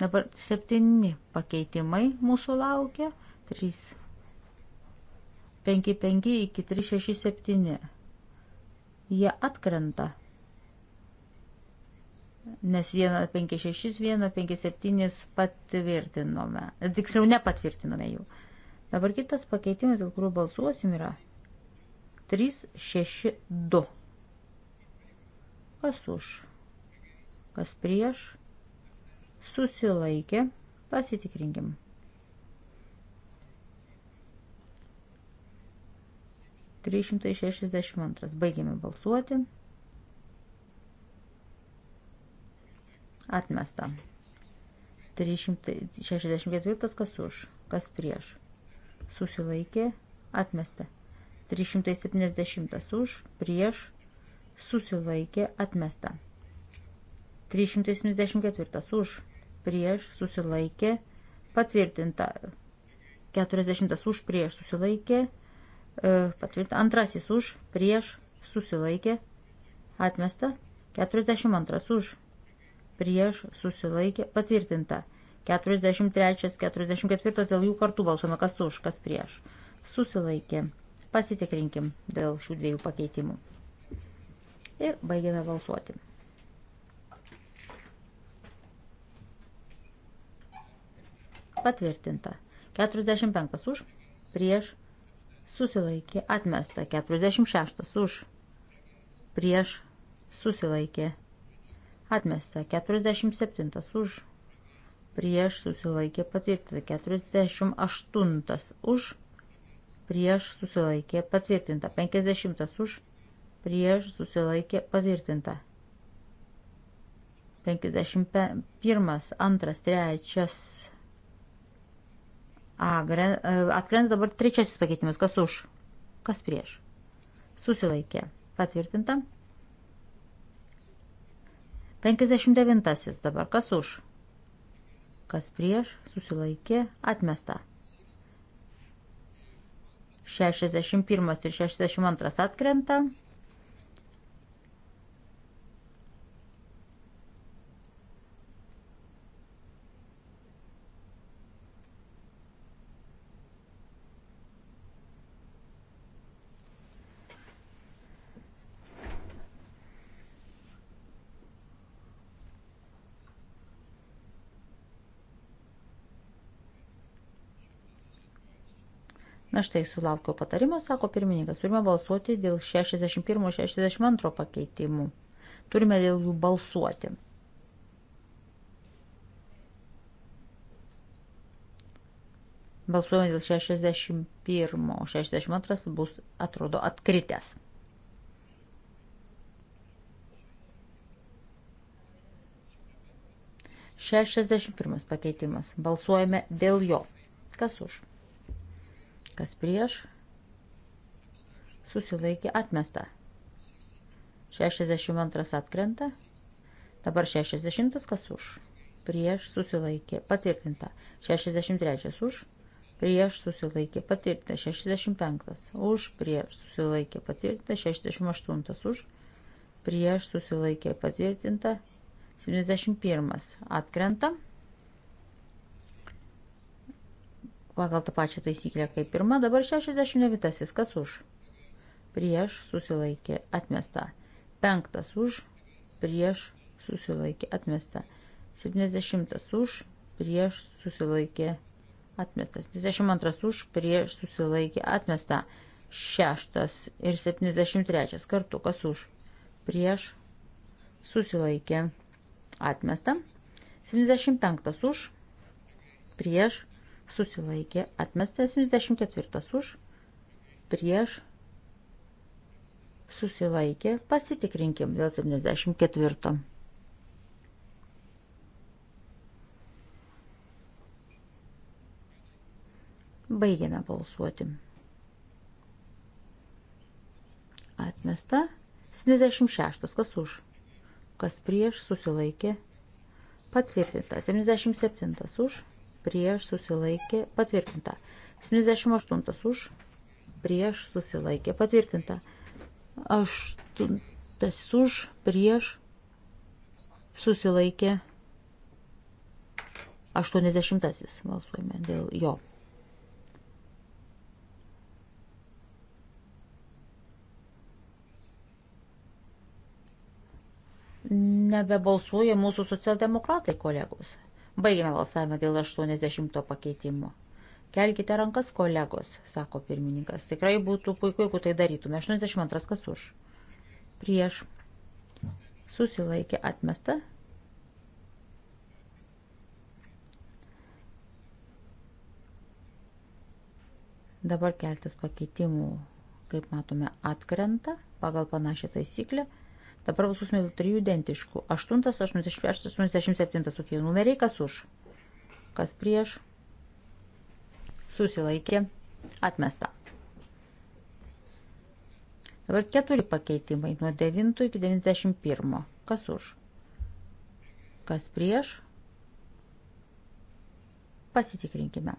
S1: Dabar septyni pakeitimai mūsų laukia. Trys 55 iki 367. Jie atkrenta. Nes 156, 157 patvirtinome. Tiksliau nepatvirtinome jų. Dabar kitas pakeitimas, dėl kurio balsuosim, yra 362. Kas už? Kas prieš? Susilaikė. Pasitikrinkim. 362. Baigiame balsuoti. Atmesta. 364. Kas už? Kas prieš? Susilaikė. Atmesta. 370. Už. Prieš. Susilaikė. Atmesta. 374. Už. Prieš. Susilaikė. Patvirtinta. 40. Už. Prieš. Susilaikė. Atmesta. E, patvirtinta. Antrasis už, prieš, susilaikė, atmesta. 42 už, prieš, susilaikė, patvirtinta. 43, 44 dėl jų kartų balsuome, kas už, kas prieš. Susilaikė. Pasitikrinkim dėl šių dviejų pakeitimų. Ir baigiame balsuoti. Patvirtinta. 45 už, prieš, susilaikė atmesta. 46 už prieš susilaikė atmesta. 47 už prieš susilaikė patvirtinta. 48 už prieš susilaikė patvirtinta. 50 už prieš susilaikė patvirtinta. 51, 2, 3 Agre, e, atkrenta dabar trečiasis pakeitimas. Kas už? Kas prieš? Susilaikė. Patvirtinta. 59 dabar. Kas už? Kas prieš? Susilaikė. Atmesta. 61 ir 62 atkrenta. Na štai sulaukiau patarimo, sako pirmininkas, turime balsuoti dėl 61-62 pakeitimų. Turime dėl jų balsuoti. Balsuojant dėl 61, o 62 bus, atrodo, atkritęs. Šešiasdešimt pirmas pakeitimas. Balsuojame dėl jo. Kas už? Kas prieš? Susilaikė atmesta. 62 atkrenta. Dabar 60 kas už. Prieš susilaikė patvirtinta. 63 už. Prieš susilaikė patvirtinta. 65 už. Prieš susilaikė patvirtinta. 68 už. Prieš susilaikė patvirtinta. 71 atkrenta. pagal tą pačią taisyklę kaip pirma, dabar 69, kas už, prieš susilaikė atmesta, 5 už, prieš susilaikė atmesta, 70 už, prieš susilaikė atmesta, 72 už, prieš susilaikė atmesta, 6 ir 73 kartu, kas už, prieš susilaikė atmesta, 75 už, prieš susilaikė atmestas 74 už, prieš susilaikė, pasitikrinkim dėl 74. Baigiame balsuoti. Atmesta 76, kas už, kas prieš susilaikė, patvirtinta 77 už prieš susilaikė patvirtinta. 78 už, prieš susilaikė patvirtinta. 8 už, prieš susilaikė 80 balsuojame dėl jo. Nebebalsuoja mūsų socialdemokratai kolegos. Baigime balsavimą dėl 80 pakeitimo. Kelkite rankas, kolegos, sako pirmininkas. Tikrai būtų puiku, jeigu tai darytume. 82 kas už. Prieš. Susilaikė atmesta. Dabar keltas pakeitimų, kaip matome, atkrenta pagal panašią taisyklę. 82. Dabar balsuosime dėl trijų identiškų. 8, 86, 87 tokie numeriai, kas už, kas prieš, susilaikė, atmesta. Dabar keturi pakeitimai nuo 9 iki 91. Kas už, kas prieš, pasitikrinkime.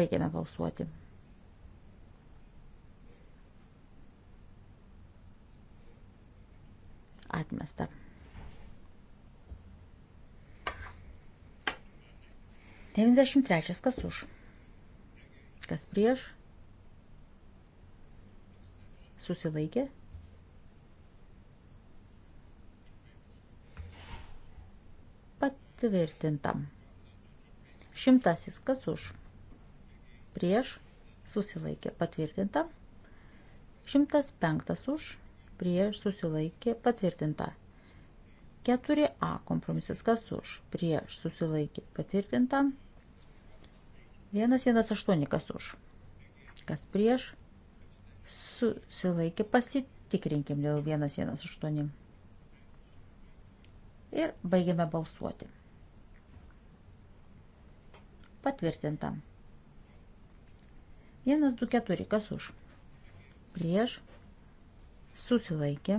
S1: Baigiame balsuoti. atmesta. Devinsdešimt trečias, kas už? Kas prieš? Susilaikė? Patvirtintam. Šimtasis, kas už? Prieš? Susilaikė. Patvirtintam. Šimtas penktas už? prieš susilaikė patvirtinta. 4a kompromisas kas už, prieš susilaikė patvirtinta. 118 kas už, kas prieš susilaikė pasitikrinkim dėl 118. Ir baigiame balsuoti. Patvirtinta. 1, 2, 4, kas už? Prieš susilaikė,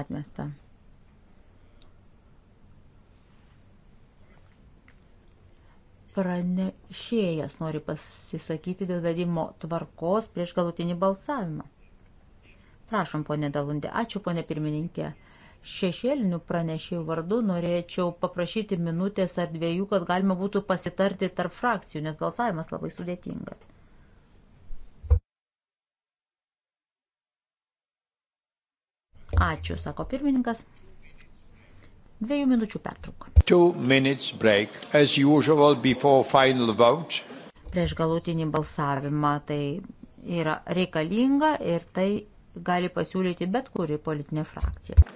S1: atmesta. Pranešėjas nori pasisakyti dėl vedimo tvarkos prieš galutinį balsavimą. Prašom, ponė Dalundė, ačiū, ponė pirmininkė. Šešėlinių pranešėjų vardu norėčiau paprašyti minutės ar dviejų, kad galima būtų pasitarti tarp frakcijų, nes balsavimas labai sudėtingas. Ačiū, sako pirmininkas. Dviejų minučių pertrauka.
S3: Break, usual,
S1: Prieš galutinį balsavimą tai yra reikalinga ir tai gali pasiūlyti bet kuri politinė frakcija.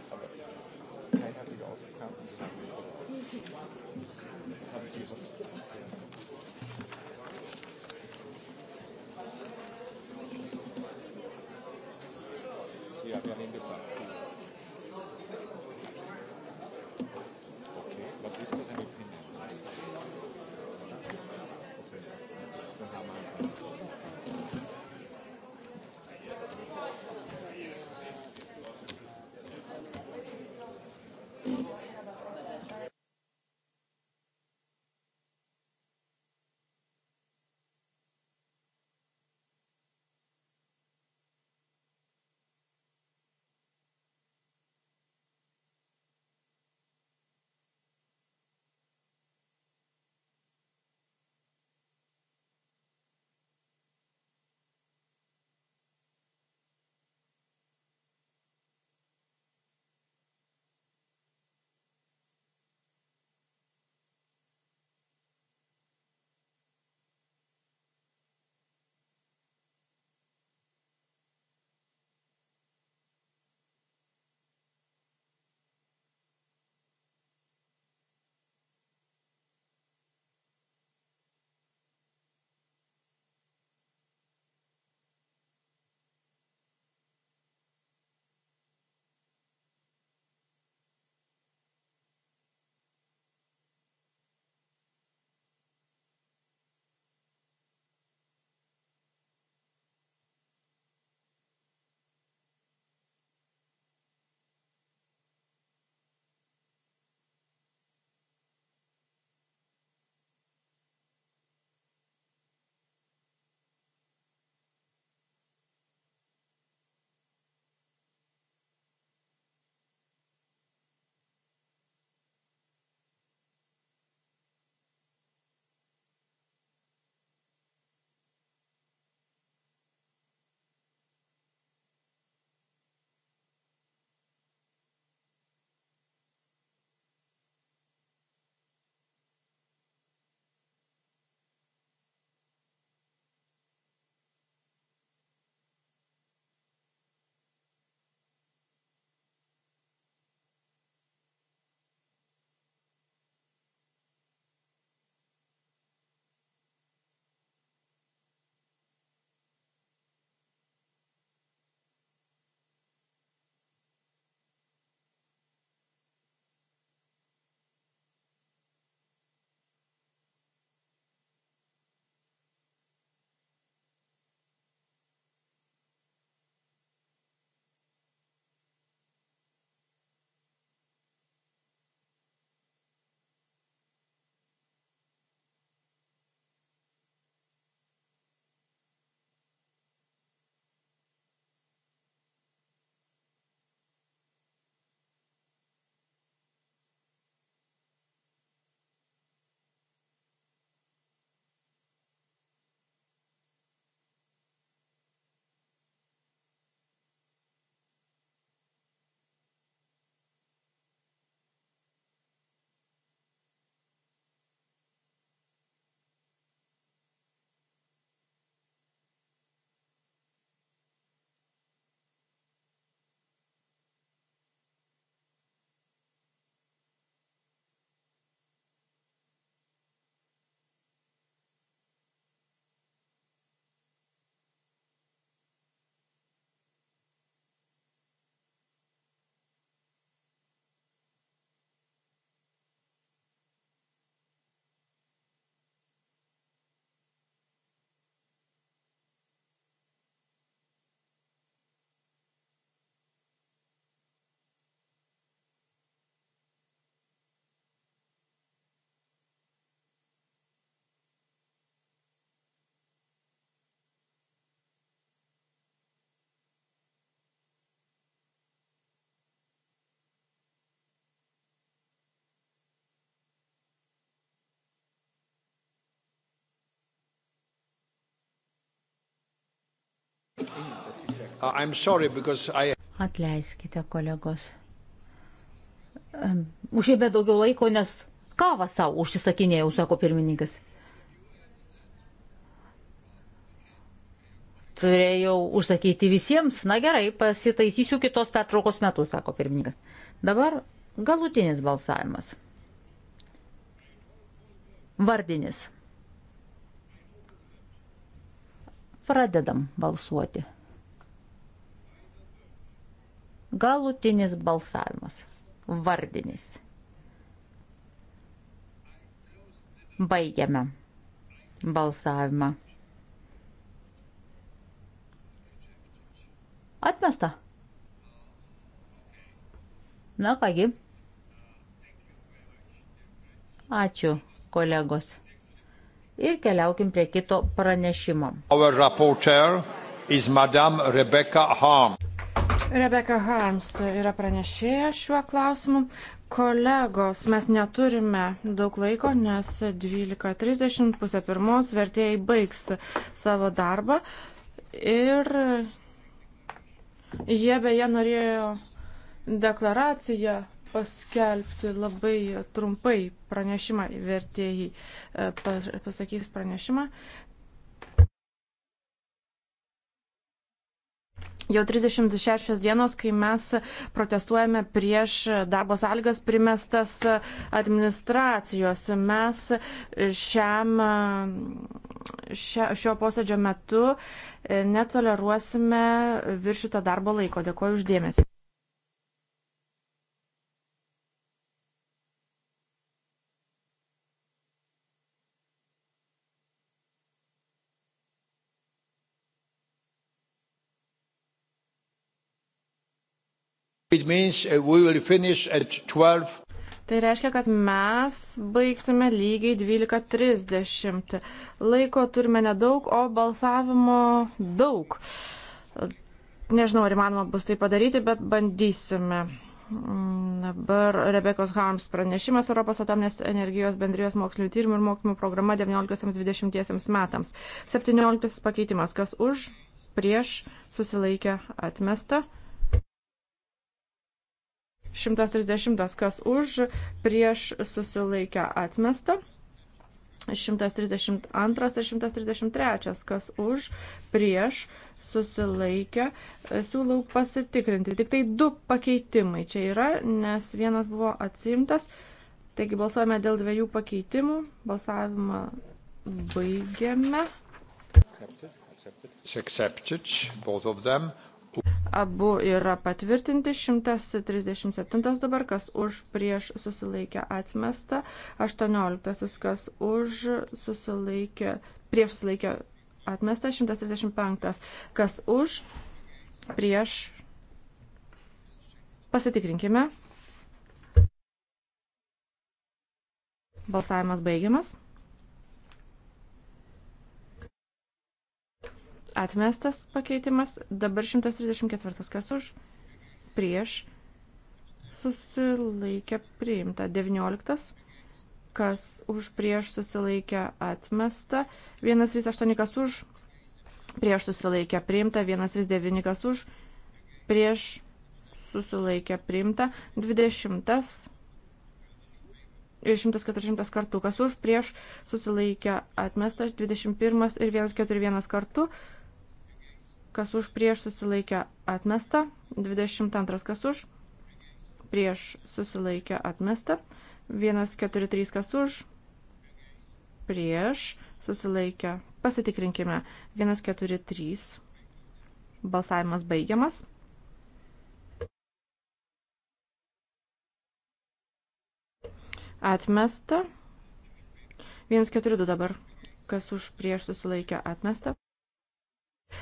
S3: Uh, sorry, I...
S1: Atleiskite, kolegos. Um, užėmė daugiau laiko, nes kavą savo užsisakinėjau, sako pirmininkas. Turėjau užsakyti visiems, na gerai, pasitaisysiu kitos pertraukos metu, sako pirmininkas. Dabar galutinis balsavimas. Vardinis. Pradedam balsuoti. Galutinis balsavimas. Vardinis. Baigiame balsavimą. Atmesta. Na kągi. Ačiū, kolegos ir keliaukim prie kito pranešimo.
S3: Rebecca Harms.
S4: Rebecca Harms yra pranešėja šiuo klausimu. Kolegos, mes neturime daug laiko, nes 12.30 pusę pirmos vertėjai baigs savo darbą. Ir jie beje norėjo deklaraciją paskelbti labai trumpai pranešimą, vertėjai e, pasakys pranešimą. Jau 36 dienos, kai mes protestuojame prieš darbo sąlygas primestas administracijos. Mes šiam, šia, šio posėdžio metu netoleruosime viršito darbo laiko. Dėkuoju uždėmesi. Uh, tai reiškia, kad mes baigsime lygiai 12.30. Laiko turime nedaug, o balsavimo daug. Nežinau, ar įmanoma bus tai padaryti, bet bandysime. Mm, dabar Rebekos Harms pranešimas Europos atominės energijos bendrijos mokslinio tyrimų ir mokymų programa 19-20 metams. 17 pakeitimas. Kas už, prieš, susilaikė, atmesta. 130 kas už, prieš susilaikę atmesta. 132 ir 133 kas už, prieš susilaikę. Siūlau pasitikrinti. Tik tai du pakeitimai čia yra, nes vienas buvo atsimtas. Taigi balsuojame dėl dviejų pakeitimų. Balsavimą baigiame.
S3: Accepted. Accepted. It's accepted, both of them.
S4: Abu yra patvirtinti. 137 dabar, kas už prieš susilaikę atmesta. 18 kas už susilaikę, prieš susilaikę atmesta. 135 kas už prieš. Pasitikrinkime. Balsavimas baigiamas. atmestas pakeitimas, dabar 134 kas už, prieš, susilaikė priimta, 19 kas už, prieš susilaikė atmesta, 138 kas už, prieš susilaikė priimta, 139 kas už, prieš susilaikė priimta, 20 ir 140 kartų, kas už prieš susilaikė atmestas 21 ir 141 kartų, kas už prieš susilaikę atmesta, 22 kas už prieš susilaikę atmesta, 143 kas už prieš susilaikę. Pasitikrinkime 143. Balsavimas baigiamas. Atmesta. 142 dabar. Kas už prieš susilaikę atmesta.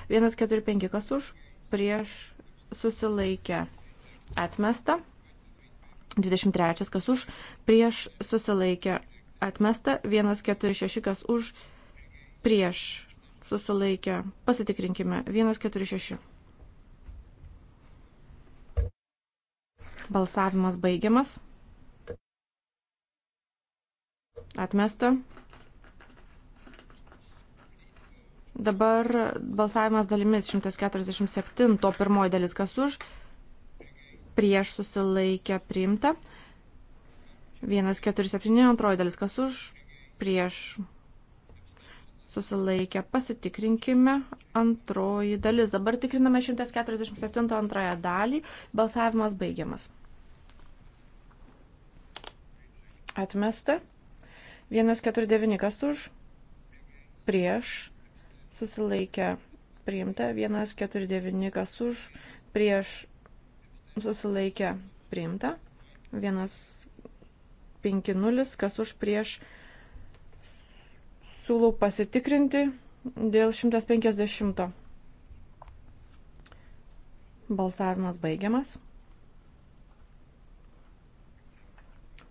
S4: Vienas, keturi, penki, kas už, prieš, susilaikę, atmesta. 23, kas už, prieš, susilaikę, atmesta. 146, kas už, prieš, susilaikę. Pasitikrinkime. 146. Balsavimas baigiamas. Atmesta. Dabar balsavimas dalimis 147, to pirmoji dalis kas už, prieš susilaikę priimta. 147, antroji dalis kas už, prieš susilaikę pasitikrinkime antroji dalis. Dabar tikriname 147 antrąją dalį, balsavimas baigiamas. Atmesta. 149 kas už, prieš susilaikė priimta, 149 kas už, prieš susilaikė priimta, 150 kas už, prieš siūlau pasitikrinti dėl 150. Balsavimas baigiamas.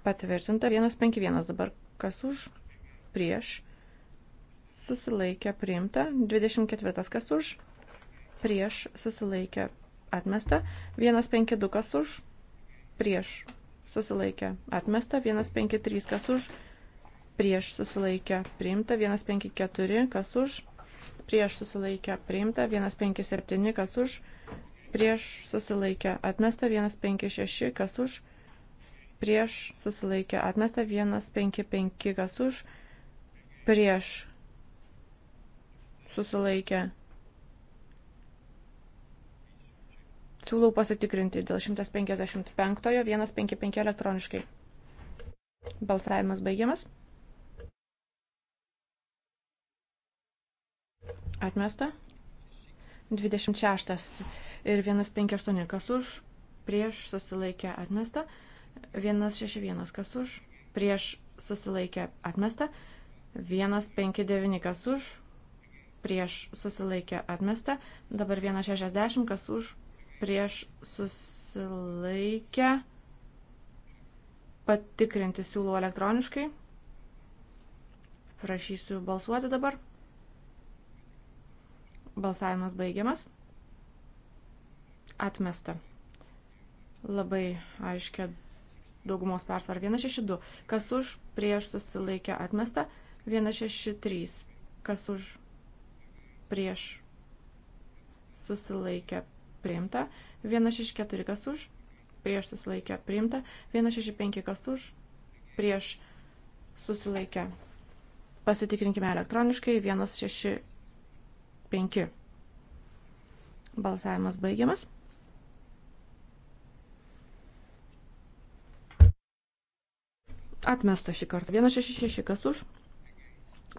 S4: Patvirtinta 151 dabar. Kas už? Prieš susilaikė priimta, 24 kas už, prieš susilaikė atmesta, 152 kas už, prieš susilaikė atmesta, 153 kas už, prieš susilaikė priimta, 154 kas už, prieš susilaikė priimta, 157 kas už, prieš susilaikė atmesta, 156 kas už, prieš susilaikė atmesta, 155 kas už, prieš susilaikė. Siūlau pasitikrinti dėl 155-ojo 155 elektroniškai. Balsavimas baigiamas. Atmesta. 26 ir 158 kas už, prieš susilaikė atmesta. 161 kas už, prieš susilaikė atmesta. 159 kas už, prieš susilaikė atmesta. Dabar 1,60, kas už prieš susilaikę patikrinti siūlau elektroniškai. Prašysiu balsuoti dabar. Balsavimas baigiamas. Atmesta. Labai aiškia daugumos persvar. 162. Kas už prieš susilaikę atmesta. 163. Kas už prieš susilaikę priimta, 164 kas už, prieš susilaikę priimta, 165 kas už, prieš susilaikę. Pasitikrinkime elektroniškai, 165. Balsavimas baigiamas. Atmesta šį kartą. 166 kas už,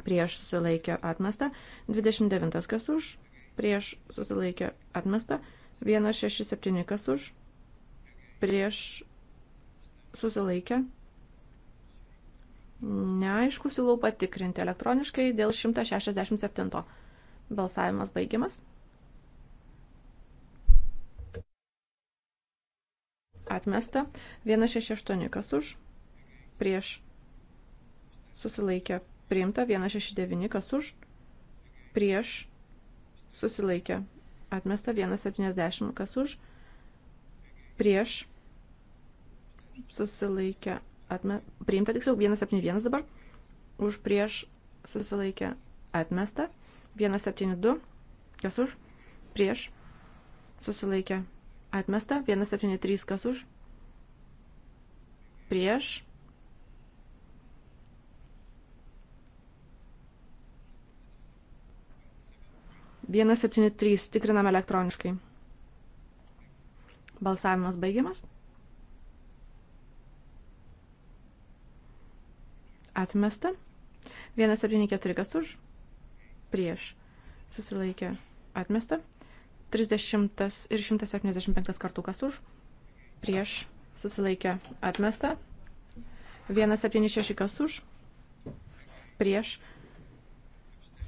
S4: prieš susilaikė atmesta, 29 kas už, prieš susilaikė atmesta, 167 kas už, prieš susilaikė. Neaišku, siūlau patikrinti elektroniškai dėl 167. Balsavimas baigiamas. Atmesta. 168 kas už, prieš susilaikė priimta 169, kas už, prieš, susilaikė, atmesta 170, kas už, prieš, susilaikė, atme, priimta tiksliau 171 dabar, už, prieš, susilaikė, atmesta 172, kas už, prieš, susilaikė, atmesta 173, kas už, prieš, 173. Tikriname elektroniškai. Balsavimas baigiamas. Atmesta. 174 kas už. Prieš. Susilaikė. Atmesta. 30 ir 175 kartų kas už. Prieš. Susilaikė. Atmesta. 176 kas už. Prieš.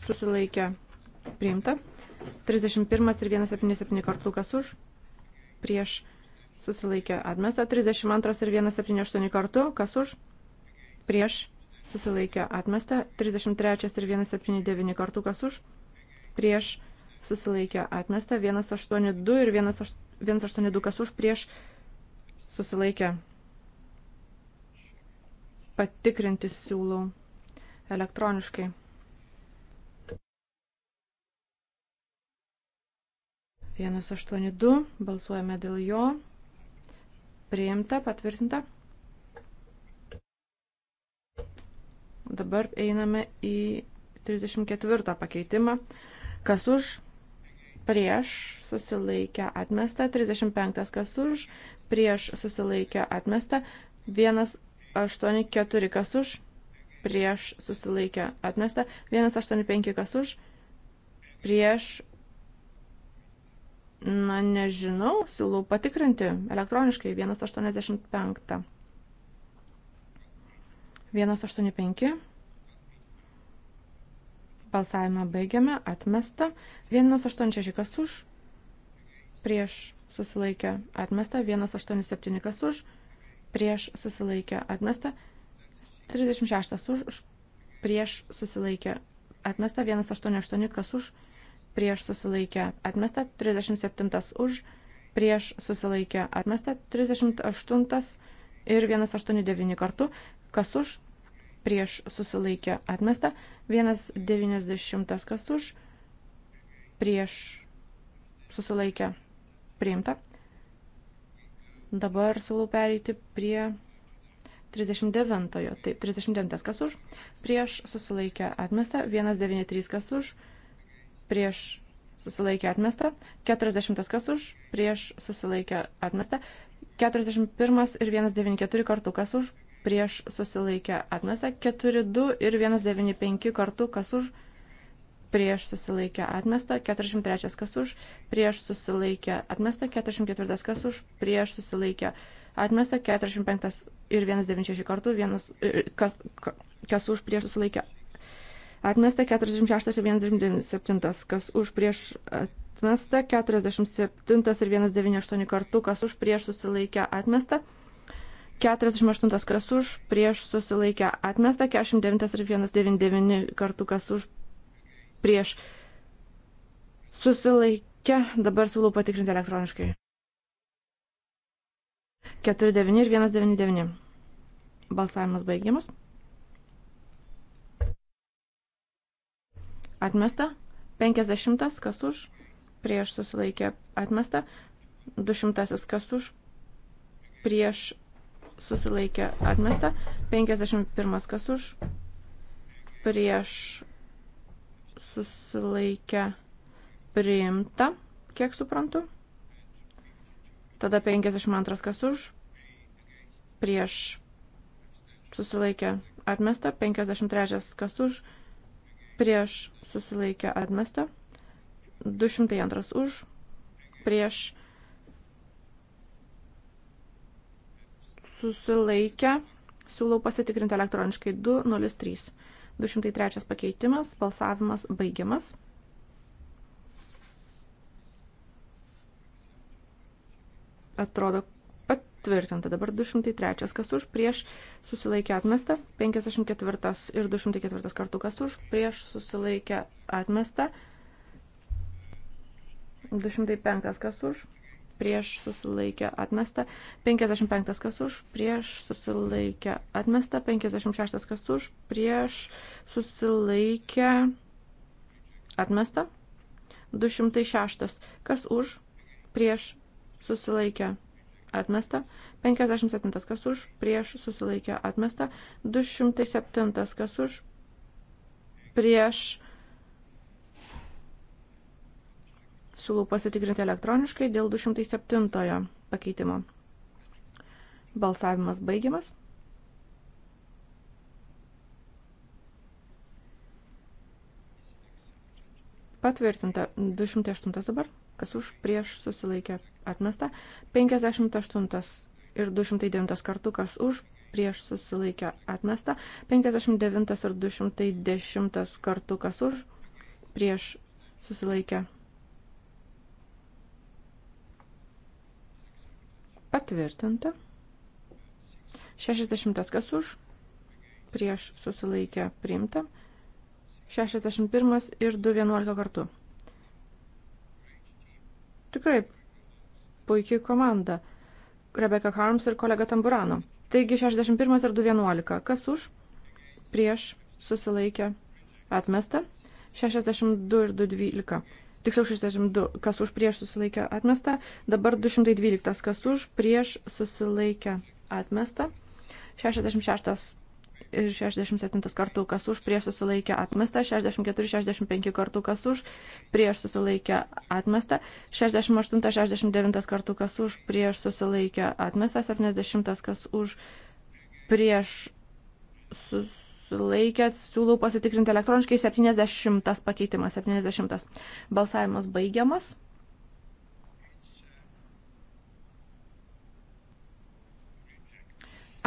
S4: Susilaikė. Priimta. 31 ir 177 kartų kas už, prieš susilaikė atmesta. 32 ir 178 kartų kas už, prieš susilaikė atmesta. 33 ir 179 kartų kas už, prieš susilaikė atmesta. 182 ir 182 kas už, prieš susilaikė patikrinti siūlau elektroniškai. 182, balsuojame dėl jo. Priimta, patvirtinta. Dabar einame į 34 pakeitimą. Kas už, prieš, susilaikę, atmesta. 35, kas už, prieš, susilaikę, atmesta. 184, kas už, prieš, susilaikę, atmesta. 185, kas už, prieš, Na, nežinau, siūlau patikrinti elektroniškai 185. 185. Balsavimą baigiame, atmesta. 186 kas už, prieš susilaikę atmesta. 187 kas už, prieš susilaikę atmesta. 36 už, prieš susilaikę atmesta. 188 kas už, prieš susilaikę atmesta prieš susilaikę atmesta, 37 už, prieš susilaikę atmesta, 38 ir 189 kartu, kas už, prieš susilaikę atmesta, 190 kas už, prieš susilaikę priimta. Dabar siūlau pereiti prie 39. Taip, 39 kas už, prieš susilaikę atmesta, 193 kas už, prieš prieš susilaikė atmesta, 40 kas už, prieš susilaikė atmesta, 41 ir 194 kartų kas už, prieš susilaikė atmesta, 42 ir 195 kartų kas už, prieš susilaikė atmesta, 43 kas už, prieš susilaikė atmesta, 44 kas už, prieš susilaikė atmesta, 45 ir 196 kartų, vienas, e, kas, kas už prieš susilaikė Atmesta 46 ir 197, kas už prieš atmesta 47 ir 198 kartų, kas už prieš susilaikę atmesta. 48 kas už, prieš susilaikę atmesta, 49 ir 199 kartų kas už, prieš susilaikę, dabar siūlau patikrinti elektroniškai. 49 ir 199. Balsavimas baigiamas. atmesta, 50 kas už, prieš susilaikė atmesta, 200 kas už, prieš susilaikė atmesta, 51 kas už, prieš susilaikė priimta, kiek suprantu. Tada 52 kas už, prieš susilaikė atmesta, 53 kas už, prieš prieš susilaikė atmesta, 202 už, prieš susilaikė, siūlau pasitikrinti elektroniškai 203. 203 pakeitimas, balsavimas baigiamas. Atrodo, patvirtinta. Dabar 203, kas už, prieš susilaikė atmesta. 54 ir 204 kartų, kas už, prieš susilaikė atmesta. 205, kas už, prieš susilaikė atmesta. 55, kas už, prieš susilaikė atmesta. 56, kas už, prieš susilaikė atmesta. 206, kas už, prieš susilaikė atmesta atmesta, 57 kas už, prieš susilaikė atmesta, 207 kas už, prieš siūlau pasitikrinti elektroniškai dėl 207 pakeitimo. Balsavimas baigiamas. Patvirtinta 208 dabar kas už prieš susilaikė atmesta, 58 ir 209 kartų, kas už prieš susilaikė atmesta, 59 ir 210 kartų, kas už prieš susilaikė patvirtinta, 60 kas už prieš susilaikė priimta, 61 ir 211 kartų tikrai puikiai komanda. Rebecca Harms ir kolega Tamburano. Taigi 61 ir 211. Kas už? Prieš susilaikė atmesta. 62 ir 212. Tiksliau 62. Kas už prieš susilaikė atmesta. Dabar 212. Kas už prieš susilaikė atmesta. 66 ir 67 kartų kas už, prieš susilaikę atmesta, 64-65 kartų kas už, prieš susilaikę atmesta, 68-69 kartų kas už, prieš susilaikę atmesta, 70 kas už, prieš susilaikę, siūlau pasitikrinti elektroniškai, 70 pakeitimas, 70. Balsavimas baigiamas.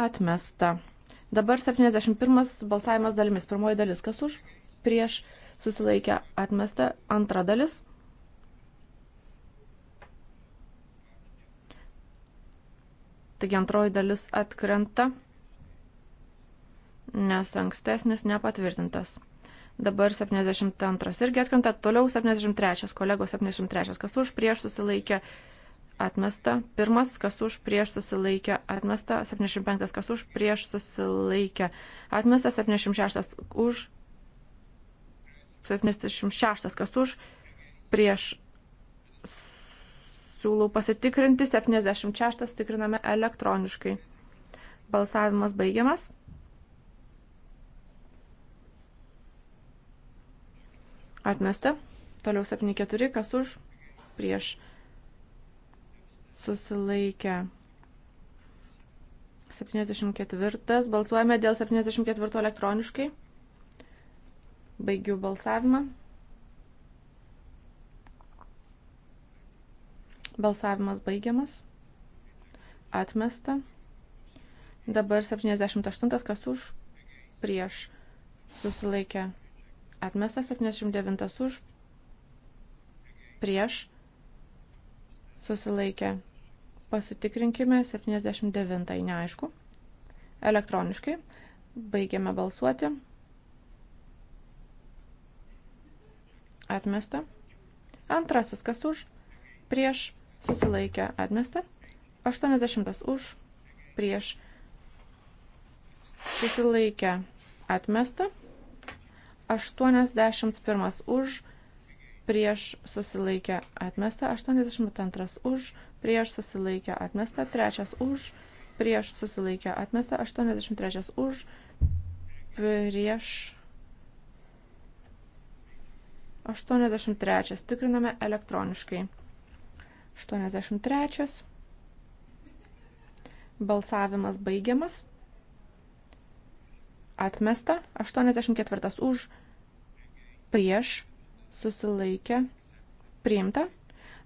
S4: Atmesta. Dabar 71 balsavimas dalimis. Pirmoji dalis, kas už, prieš, susilaikę, atmesta. Antra dalis. Taigi antroji dalis atkrenta, nes ankstesnis nepatvirtintas. Dabar 72 irgi atkrenta, toliau 73, kolegos 73, kas už, prieš, susilaikę, atmesta atmesta, pirmas, kas už prieš susilaikė, atmesta, 75, kas už prieš susilaikė, atmesta, 76, už, 76, kas už prieš siūlau pasitikrinti, 76 tikriname elektroniškai. Balsavimas baigiamas. Atmesta. Toliau 74, kas už prieš susilaikė susilaikę. 74. Balsuojame dėl 74 elektroniškai. Baigiu balsavimą. Balsavimas baigiamas. Atmesta. Dabar 78. Kas už? Prieš. Susilaikę. Atmesta. 79. Už. Prieš. Susilaikę Pasitikrinkime 79, neaišku. Elektroniškai. Baigiame balsuoti. Atmesta. Antrasis, kas už, prieš, susilaikę, atmesta. 80 už, prieš, susilaikę, atmesta. 81 už, prieš, susilaikę, atmesta. 82 už, prieš prieš susilaikę atmesta, trečias už, prieš susilaikę atmesta, 83 už, prieš 83. Tikriname elektroniškai. 83. Balsavimas baigiamas. Atmesta. 84 už, prieš, susilaikę, priimta.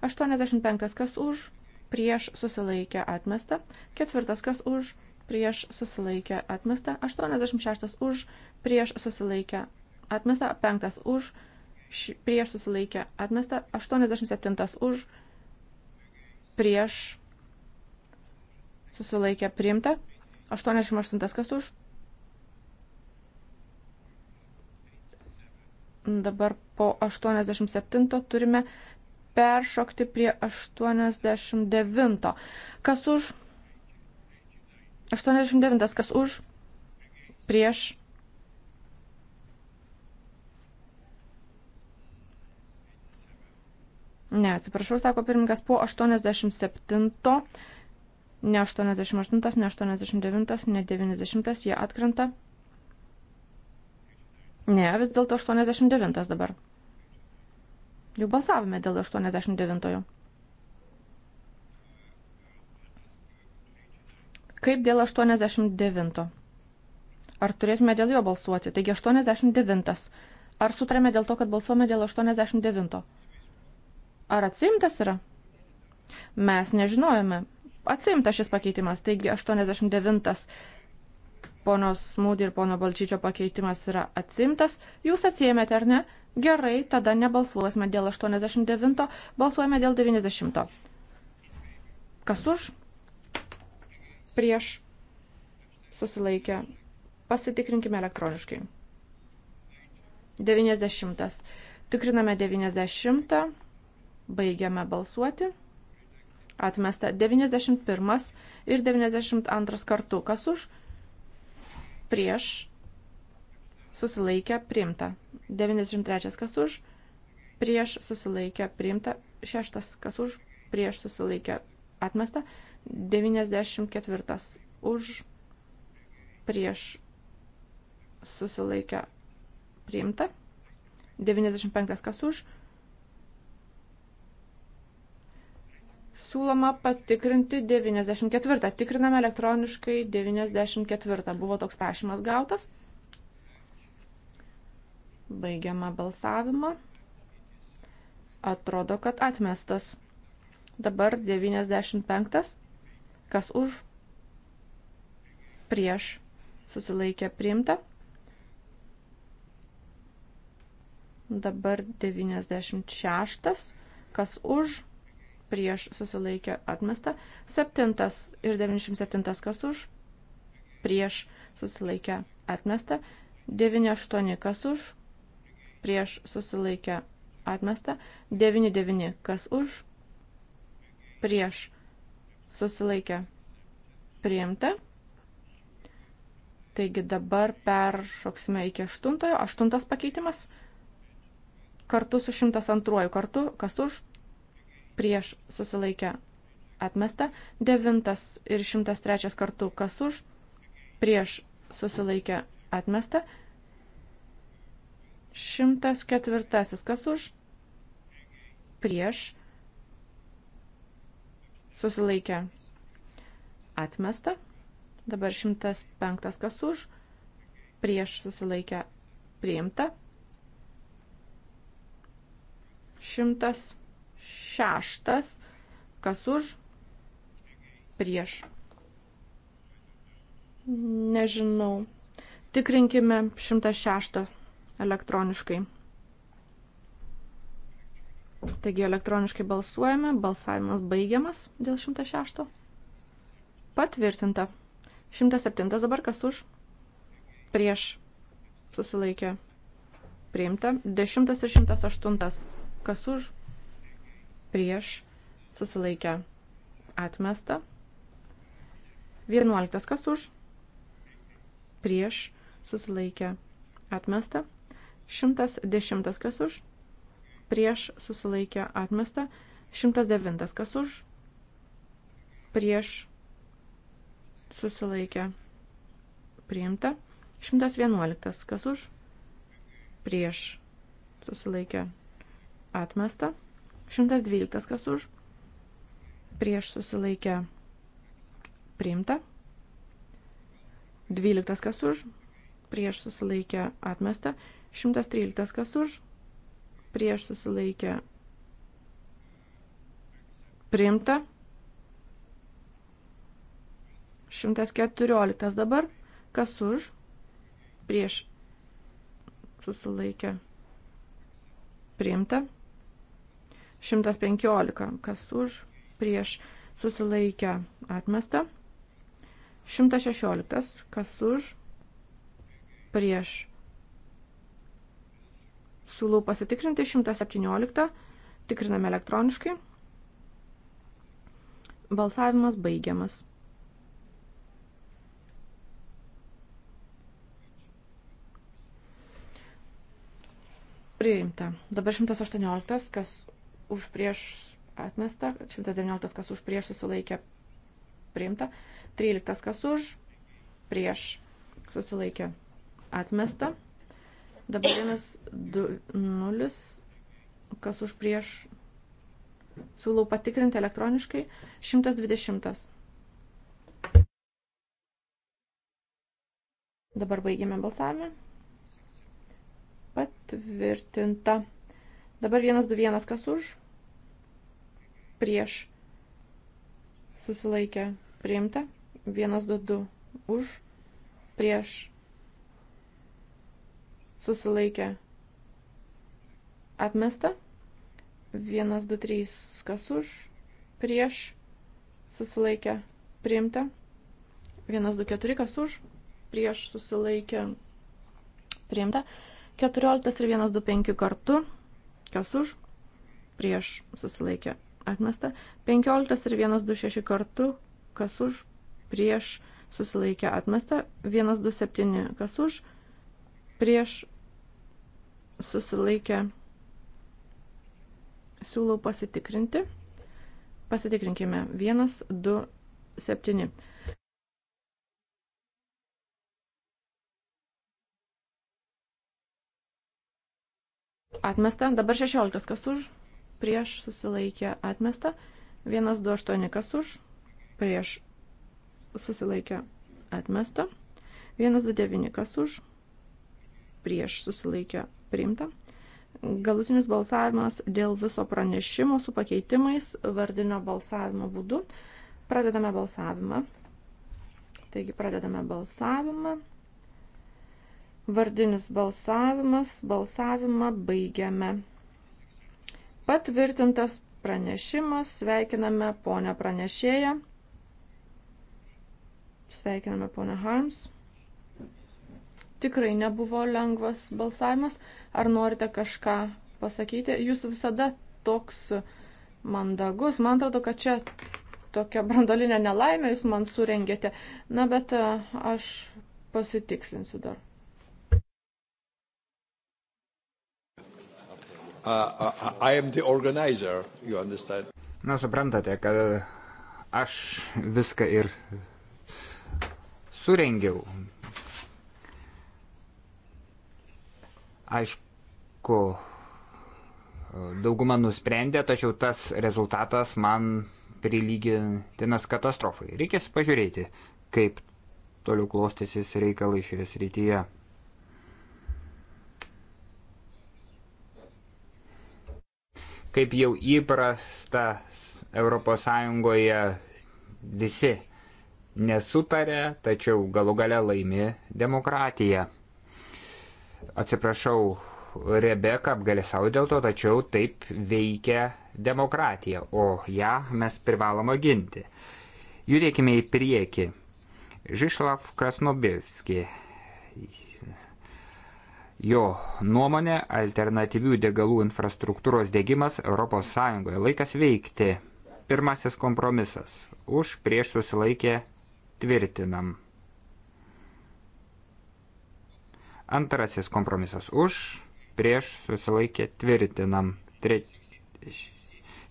S4: 85 kas už, prieš susilaikę atmestą, ketvirtas kas už, prieš susilaikę atmestą, 86 už, prieš susilaikę atmestą, penktas už, prieš susilaikę atmestą, 87 už, prieš susilaikę priimtą, 88 kas už. Dabar po 87 turime peršokti prie 89. Kas už? 89. Kas už? Prieš. Ne, atsiprašau, sako pirmininkas, po 87, ne 88, ne 89, ne 90, jie atkrenta. Ne, vis dėlto 89 dabar. Jau balsavome dėl 89-ojo. Kaip dėl 89? Ar turėtume dėl jo balsuoti? Taigi 89. Ar sutarėme dėl to, kad balsuome dėl 89? Ar atsimtas yra? Mes nežinojame. Atsimtas šis pakeitimas, taigi 89 ponos Mūdį ir pono Balčyčio pakeitimas yra atsimtas. Jūs atsijėmėte ar ne? Gerai, tada nebalsuosime dėl 89, balsuojame dėl 90. Kas už? Prieš. Susilaikė. Pasitikrinkime elektroniškai. 90. Tikriname 90. Baigiame balsuoti. Atmesta 91 ir 92 kartu. Kas už? Prieš prieš, susilaikę, priimta. 93 kas už, prieš, susilaikę, priimta. 6 kas už, prieš, susilaikę, atmesta. 94 už, prieš, susilaikę, priimta. 95 kas už, prieš, susilaikę, priimta. siūloma patikrinti 94. Tikriname elektroniškai 94. Buvo toks prašymas gautas. Baigiama balsavimą. Atrodo, kad atmestas. Dabar 95. Kas už? Prieš. Susilaikė priimta. Dabar 96. Kas už? Prieš prieš susilaikė atmesta, 7 ir 97 kas už, prieš susilaikė atmesta, 98 kas už, prieš susilaikė atmesta, 99 kas už, prieš susilaikė priimta. Taigi dabar peršoksime iki 8, 8 pakeitimas kartu su 102 kartu, kas už, prieš susilaikę atmesta, 9 ir 103 kartų kas už, prieš susilaikę atmesta, 104 kas už, prieš susilaikę atmesta, dabar 105 kas už, prieš susilaikę priimta, 100 šeštas, kas už, prieš. Nežinau. Tikrinkime 106 elektroniškai. Taigi elektroniškai balsuojame, balsavimas baigiamas dėl 106. Patvirtinta. 107 dabar kas už? Prieš. Susilaikė. Priimta. 10 ir 108. Kas už? prieš susilaikę atmesta. 11 kas už prieš susilaikę atmesta. 110 kas už prieš susilaikę atmesta. 109 kas už prieš susilaikę priimta. 111 kas už prieš susilaikę atmesta. 112 kas už, prieš susilaikę priimta, 12 kas už, prieš susilaikę atmesta, 113 kas už, prieš susilaikę priimta, 114 dabar, kas už, prieš susilaikę priimta, 115, kas už, prieš, susilaikę, atmesta. 116, kas už, prieš. Siūlau pasitikrinti 117, tikriname elektroniškai. Balsavimas baigiamas. Priimta. Dabar 118, kas už prieš atmesta, 119 kas už prieš susilaikė priimta, 13 kas už prieš susilaikė atmesta. Dabar 1-0, kas už prieš, siūlau patikrinti elektroniškai, 120. Dabar baigėme balsavimą. Patvirtinta. Dabar 1-2-1, kas už, prieš susilaikę priimta, 122 už, prieš susilaikę atmesta, 123 kas už, prieš susilaikę priimta, 124 kas už, prieš susilaikę priimta, 14 ir 125 kartu, kas už, prieš susilaikę atmesta. 15 ir 126 kartu, kas už, prieš, susilaikė atmesta. 127 kas už, prieš, susilaikė. Siūlau pasitikrinti. Pasitikrinkime. 1, 2, 7. Atmesta. Dabar 16 kas už, prieš susilaikė atmesta, 128 kas už, prieš susilaikė atmesta, 129 kas už, prieš susilaikė priimta. Galutinis balsavimas dėl viso pranešimo su pakeitimais vardinio balsavimo būdu. Pradedame balsavimą. Taigi pradedame balsavimą. Vardinis balsavimas. Balsavimą baigiame. Patvirtintas pranešimas, sveikiname ponę pranešėją, sveikiname ponę Harms. Tikrai nebuvo lengvas balsavimas. Ar norite kažką pasakyti? Jūs visada toks mandagus. Man atrodo, kad čia tokia brandolinė nelaimė jūs man surengėte. Na, bet aš pasitikslinsiu dar.
S3: Uh, uh, I am the organizer, you understand.
S2: Na, suprantate, kad aš viską ir surengiau. Aišku, dauguma nusprendė, tačiau tas rezultatas man prilygintinas katastrofai. Reikės pažiūrėti, kaip toliau klostysis reikalai šioje srityje. Kaip jau įprasta ES visi nesutarė, tačiau galų gale laimi demokratija. Atsiprašau, Rebeka apgalėsau dėl to, tačiau taip veikia demokratija, o ją mes privaloma ginti. Judėkime į priekį. Žišlav Krasnobivski Jo nuomonė alternatyvių degalų infrastruktūros dėgymas ES laikas veikti. Pirmasis kompromisas. Už prieš susilaikė tvirtinam. Antrasis kompromisas. Už prieš susilaikė tvirtinam. Tre...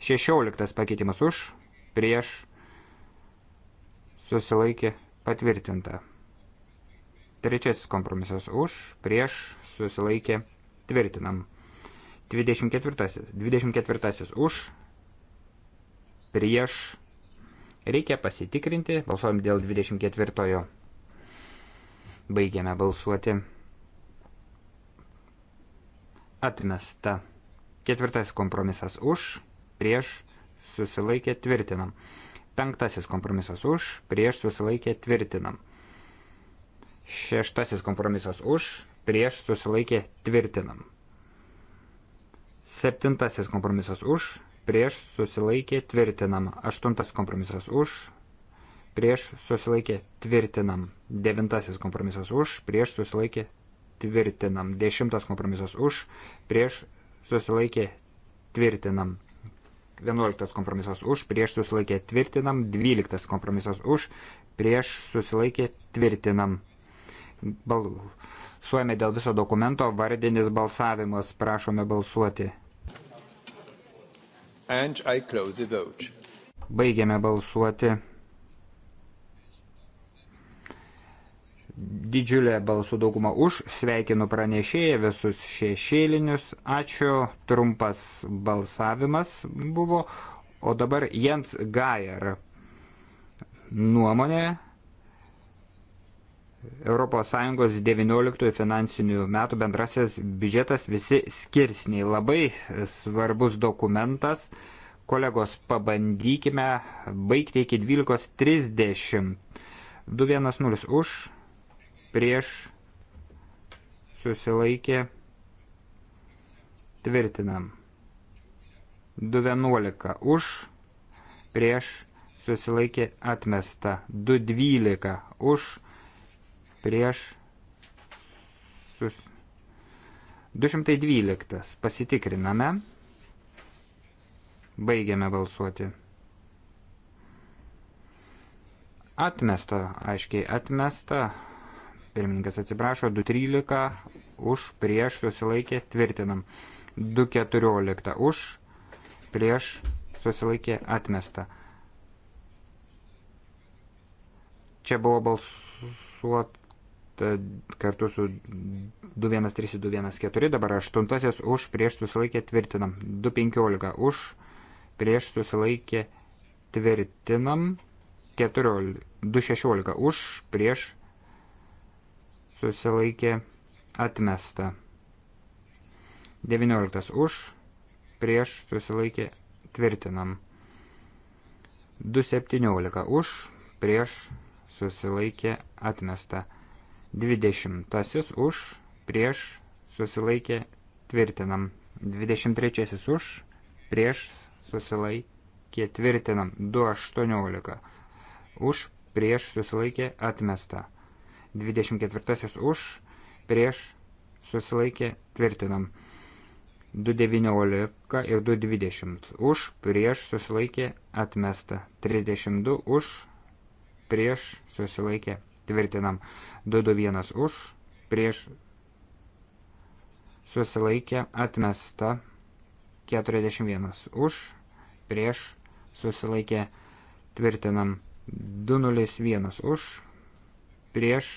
S2: Šešioliktas pakeitimas už prieš susilaikė patvirtinta. Trečiasis kompromisas už prieš susilaikė, tvirtinam. 24. 24. Už, prieš, reikia pasitikrinti, balsuojam dėl 24. Baigiame balsuoti. Atmesta. Ketvirtas kompromisas už, prieš, susilaikė, tvirtinam. Penktasis kompromisas už, prieš, susilaikė, tvirtinam. Šeštasis kompromisas už, prieš susilaikė tvirtinam. Septintasis kompromisas už, prieš susilaikė tvirtinam. Aštuntas kompromisas už, prieš susilaikė tvirtinam. Devintasis kompromisas už, prieš susilaikė tvirtinam. Dešimtas kompromisas už, prieš susilaikė tvirtinam. Vienuoliktas kompromisas už, prieš susilaikė tvirtinam. Dvyliktas kompromisas už, prieš susilaikė tvirtinam. Balsuojame dėl viso dokumento, vardinis balsavimas, prašome balsuoti. Baigiame balsuoti. Didžiulė balsų dauguma už, sveikinu pranešėją visus šešėlinius, ačiū, trumpas balsavimas buvo, o dabar Jens Gajer nuomonė ES 19 finansinių metų bendrasis biudžetas visi skirsniai. Labai svarbus dokumentas. Kolegos, pabandykime baigti iki 12.30. 210 už, prieš, susilaikė, tvirtinam. 211 už, prieš, susilaikė, atmesta. 212 už, prieš sus. 212. Pasitikriname. Baigiame balsuoti. Atmesta, aiškiai atmesta. Pirmininkas atsiprašo, 213 už, prieš susilaikė, tvirtinam. 214 už, prieš susilaikė, atmesta. Čia buvo balsuot kartu su 213 214, dabar 8 už prieš susilaikė tvirtinam, 215 už prieš susilaikė tvirtinam, 14, 216 už prieš susilaikė atmesta, 19 už prieš susilaikė tvirtinam, 217 už prieš susilaikė atmesta. 20 už, prieš, susilaikė, tvirtinam. 23 už, prieš, susilaikė, tvirtinam. 218 už, prieš, susilaikė, atmesta. 24 už, prieš, susilaikė, tvirtinam. 2.19 ir 2.20. Už, prieš, susilaikė, atmesta. 32 už, prieš, susilaikė, tvirtinam 221 už, prieš susilaikė atmesta 41 už, prieš susilaikė tvirtinam 201 už, prieš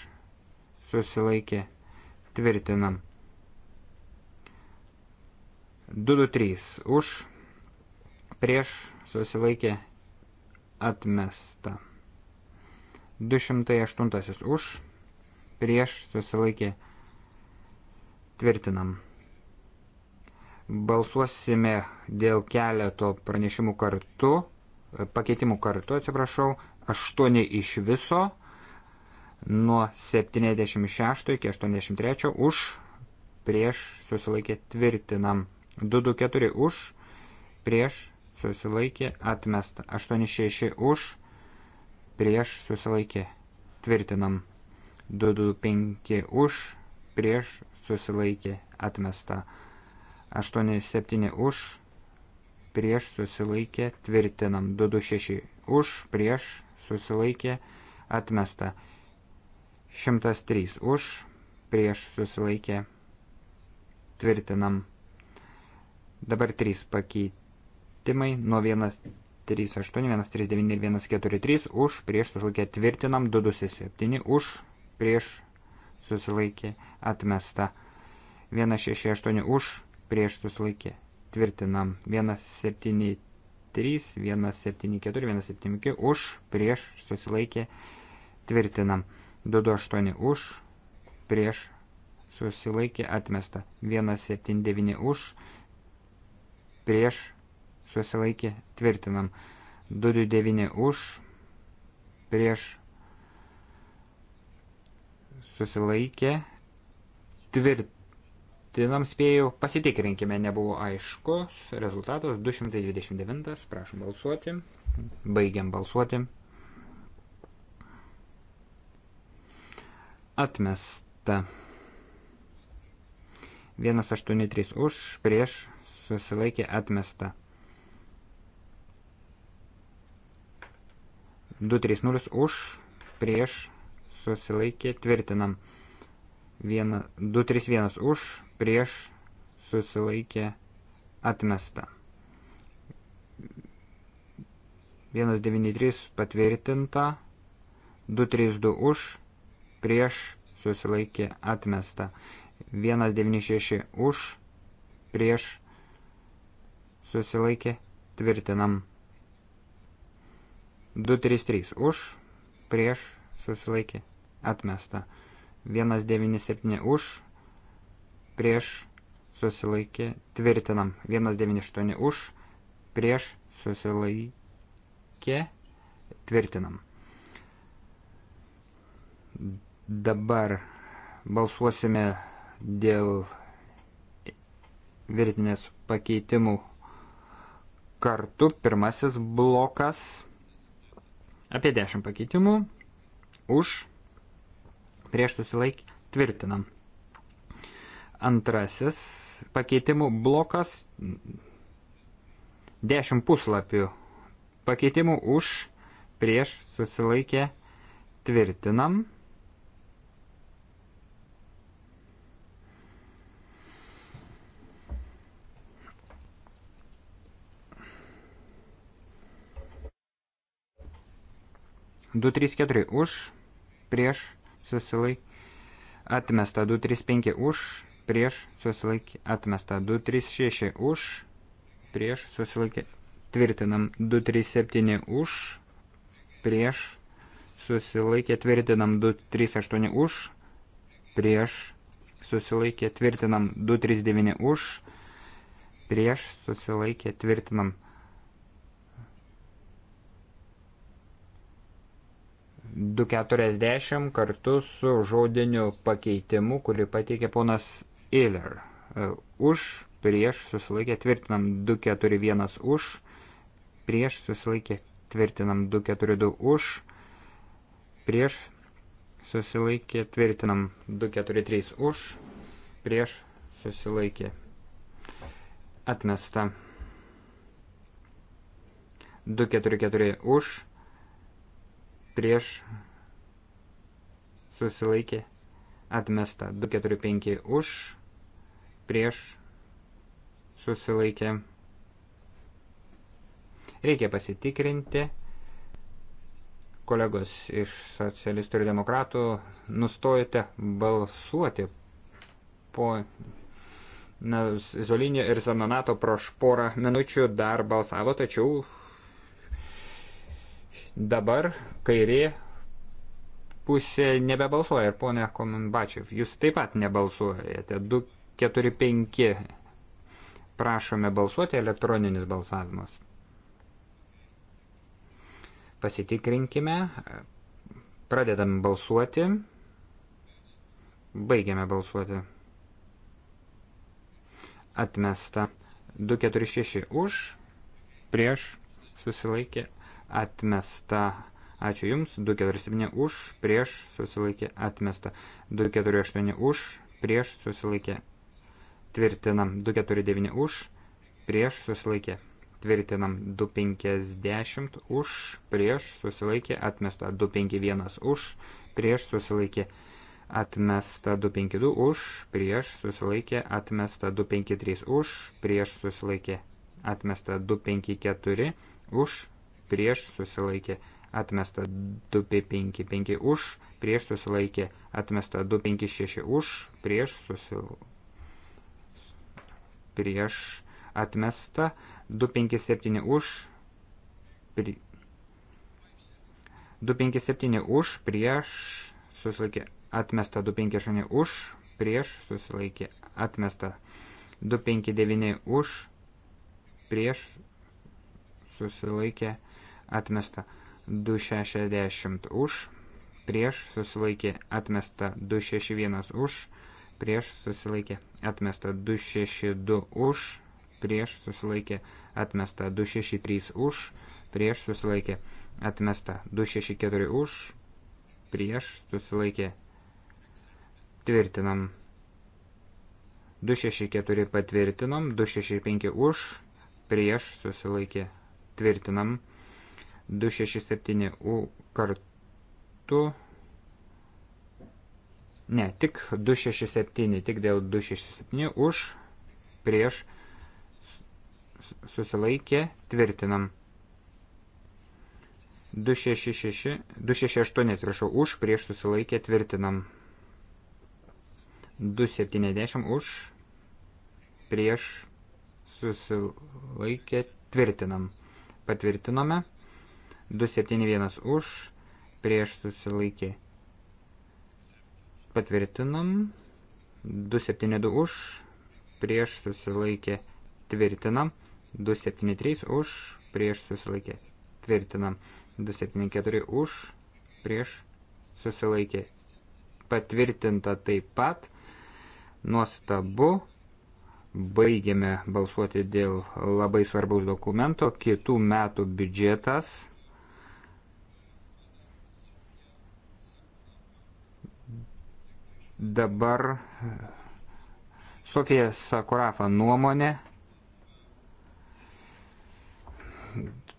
S2: susilaikė tvirtinam 223 už, prieš susilaikė atmesta 208 už, prieš susilaikė tvirtinam. Balsuosime dėl keleto pranešimų kartu, pakeitimų kartu, atsiprašau, 8 iš viso, nuo 76 iki 83 už, prieš susilaikė tvirtinam. 224 už, prieš susilaikė atmesta, 86 už, prieš susilaikė tvirtinam 225 už prieš susilaikė atmesta 87 už prieš susilaikė tvirtinam 226 už prieš susilaikė atmesta 103 už prieš susilaikė tvirtinam dabar 3 pakeitimai nuo 1 138, 139 ir 143 už, prieš susilaikė tvirtinam, 227 už, prieš susilaikė atmesta, 168 už, prieš susilaikė tvirtinam, 173, 174, 175 už, prieš susilaikė tvirtinam, 228 už, prieš susilaikė atmesta, 179 už, prieš susilaikė tvirtinam. 229 už, prieš susilaikė tvirtinam spėjau. Pasitikrinkime, nebuvo aiškus. Rezultatas 229, prašom balsuoti. Baigiam balsuoti. Atmesta. 183 už, prieš susilaikė atmesta. 230 už, prieš, susilaikė, tvirtinam. 231 už, prieš, susilaikė, atmesta. 193 patvirtinta, 232 už, prieš, susilaikė, atmesta. 196 už, prieš, susilaikė, tvirtinam. 233 už, prieš, susilaikė, atmesta. 197 už, prieš, susilaikė, tvirtinam. 198 už, prieš, susilaikė, tvirtinam. Dabar balsuosime dėl virtinės pakeitimų kartu. Pirmasis blokas Apie 10 pakeitimų. Už. Prieš susilaik. Tvirtinam. Antrasis pakeitimų blokas. 10 puslapių pakeitimų už. Prieš susilaikė. Tvirtinam. 234 už, prieš, susilaik, atmesta 235 už, prieš, susilaik, atmesta 236 už, prieš, susilaik, tvirtinam 237 už, prieš, susilaikė, tvirtinam 238 už, prieš, susilaikė, tvirtinam 239 už, prieš, susilaikė, tvirtinam 239 už 240 kartu su žodiniu pakeitimu, kurį pateikė ponas Iller. E, už, prieš, susilaikė, tvirtinam 241 už, prieš, susilaikė, tvirtinam 242 už, prieš, susilaikė, tvirtinam 243 už, prieš, susilaikė, atmesta. 244 už, prieš susilaikė atmesta 245 už prieš susilaikė reikia pasitikrinti kolegos iš socialistų ir demokratų nustojate balsuoti po Zolinio ir Zanonato prieš porą minučių dar balsavo, tačiau dabar kairė pusė nebebalsuoja. Ir ponia Komunbačiev, jūs taip pat nebalsuojate. 2, 4, 5. Prašome balsuoti elektroninis balsavimas. Pasitikrinkime. Pradedam balsuoti. Baigiame balsuoti. Atmesta. 246 už, prieš, susilaikė, atmesta. Ačiū Jums. 247 už, prieš susilaikė atmesta. 248 už, prieš susilaikė tvirtinam. 249 už, prieš susilaikė tvirtinam. 250 už, prieš susilaikė atmesta. 251 už, prieš susilaikė atmesta 252 už, prieš susilaikė atmesta 253 už, prieš susilaikė atmesta 254 už, prieš susilaikė atmesta 255 už, prieš susilaikė atmesta 256 už, prieš susilaikė prieš atmesta 257 už pri, 257 už prieš susilaikė atmesta 258 už prieš susilaikė atmesta 259 už prieš susilaikė atmesta 260 už, prieš susilaikė atmesta 261 už, prieš susilaikė atmesta 262 už, prieš susilaikė atmesta 263 už, prieš susilaikė atmesta 264 už, prieš susilaikė tvirtinam 264 patvirtinom, 265 už, prieš susilaikė tvirtinam 265. 267U kartu. Ne, tik 267, tik dėl 267 už, prieš, susilaikė, tvirtinam. 266, 268, atsiprašau, už, prieš, susilaikė, tvirtinam. 270 už, prieš, susilaikė, tvirtinam. Patvirtinome. 271 už, prieš susilaikė. Patvirtinam. 272 už, prieš susilaikė. Tvirtinam. 273 už, prieš susilaikė. Tvirtinam. 274 už, prieš susilaikė. Patvirtinta taip pat. Nuostabu baigėme balsuoti dėl labai svarbaus dokumento. Kitų metų biudžetas Dabar e, Sofija Sakurafa nuomonė.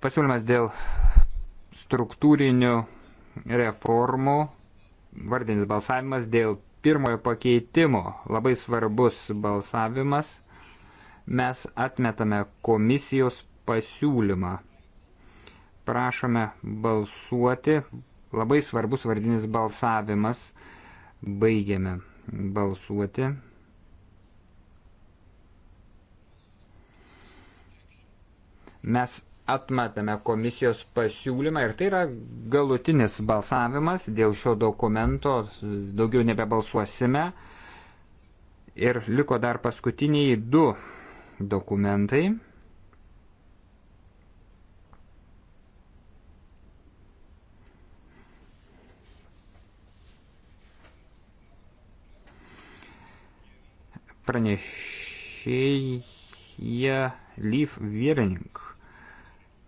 S2: Pasiūlymas dėl struktūrinių reformų, vardinis balsavimas dėl pirmojo pakeitimo, labai svarbus balsavimas, mes atmetame komisijos pasiūlymą. Prašome balsuoti, labai svarbus vardinis balsavimas – Baigiame balsuoti. Mes atmetame komisijos pasiūlymą ir tai yra galutinis balsavimas dėl šio dokumento, daugiau nebebalsuosime. Ir liko dar paskutiniai du dokumentai. pranešėja Lyf Vierink.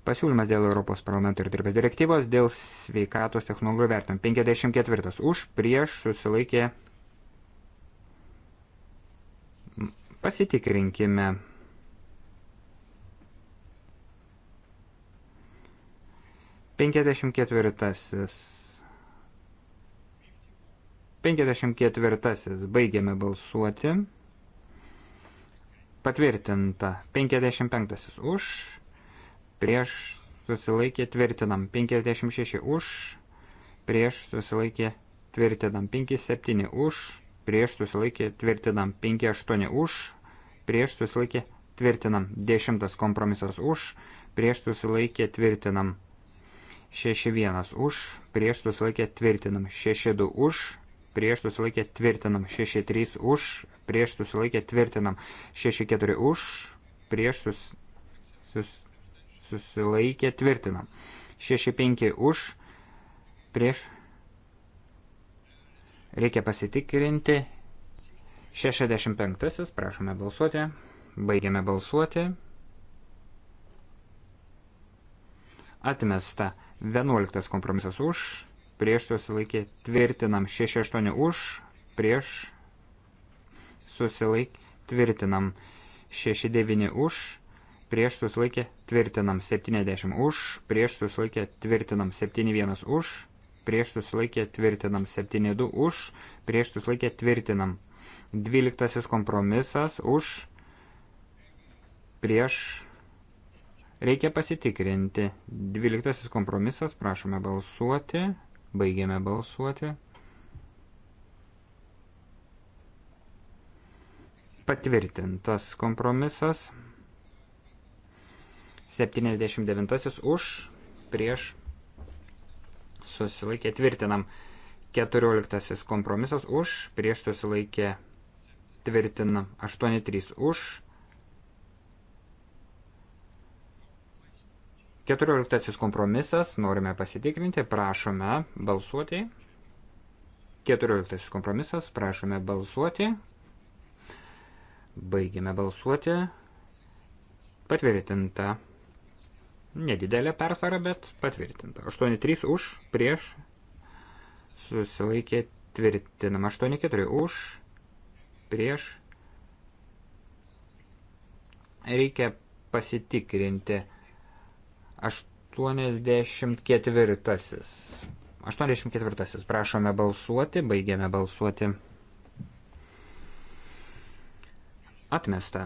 S2: Pasiūlymas dėl Europos parlamento ir tarpės direktyvos dėl sveikatos technologijų vertinimo. 54. Už prieš susilaikė. Pasitikrinkime. Penkiasdešimt ketvirtasis. 54. Baigiame balsuoti. Patvirtinta. 55 už. Prieš susilaikė tvirtinam. 56 už. Prieš susilaikė tvirtinam. 57 už. Prieš susilaikė tvirtinam. 58 už. Prieš susilaikė tvirtinam. 10 kompromisas už. Prieš susilaikė tvirtinam. 61 už. Prieš susilaikė tvirtinam. 62 už prieš susilaikė tvirtinam, 6-3 už, prieš susilaikė tvirtinam, 6-4 už, prieš sus, sus, susilaikė tvirtinam, 6-5 už, prieš reikia pasitikrinti, 65 prašome balsuoti, baigiame balsuoti, atmesta 11 kompromisas už, prieš susilaikė tvirtinam 6-8 už, prieš susilaikė tvirtinam 6-9 už, prieš susilaikė tvirtinam 70 už, prieš susilaikė tvirtinam 7-1 už, prieš susilaikė tvirtinam 7-2 už, prieš susilaikė tvirtinam 12 kompromisas už, prieš Reikia pasitikrinti. Dvyliktasis kompromisas, prašome balsuoti. Baigėme balsuoti. Patvirtintas kompromisas. 79 už, prieš, susilaikė, tvirtinam. 14 kompromisas už, prieš susilaikė, tvirtinam. 83 už, Keturioliktasis kompromisas, norime pasitikrinti, prašome balsuoti. Keturioliktasis kompromisas, prašome balsuoti. Baigime balsuoti. Patvirtinta. Nedidelė persvara, bet patvirtinta. 8-3 už, prieš. Susilaikė tvirtinama. 8-4 už, prieš. Reikia pasitikrinti. 84. 84. Prašome balsuoti, baigiame balsuoti. Atmesta.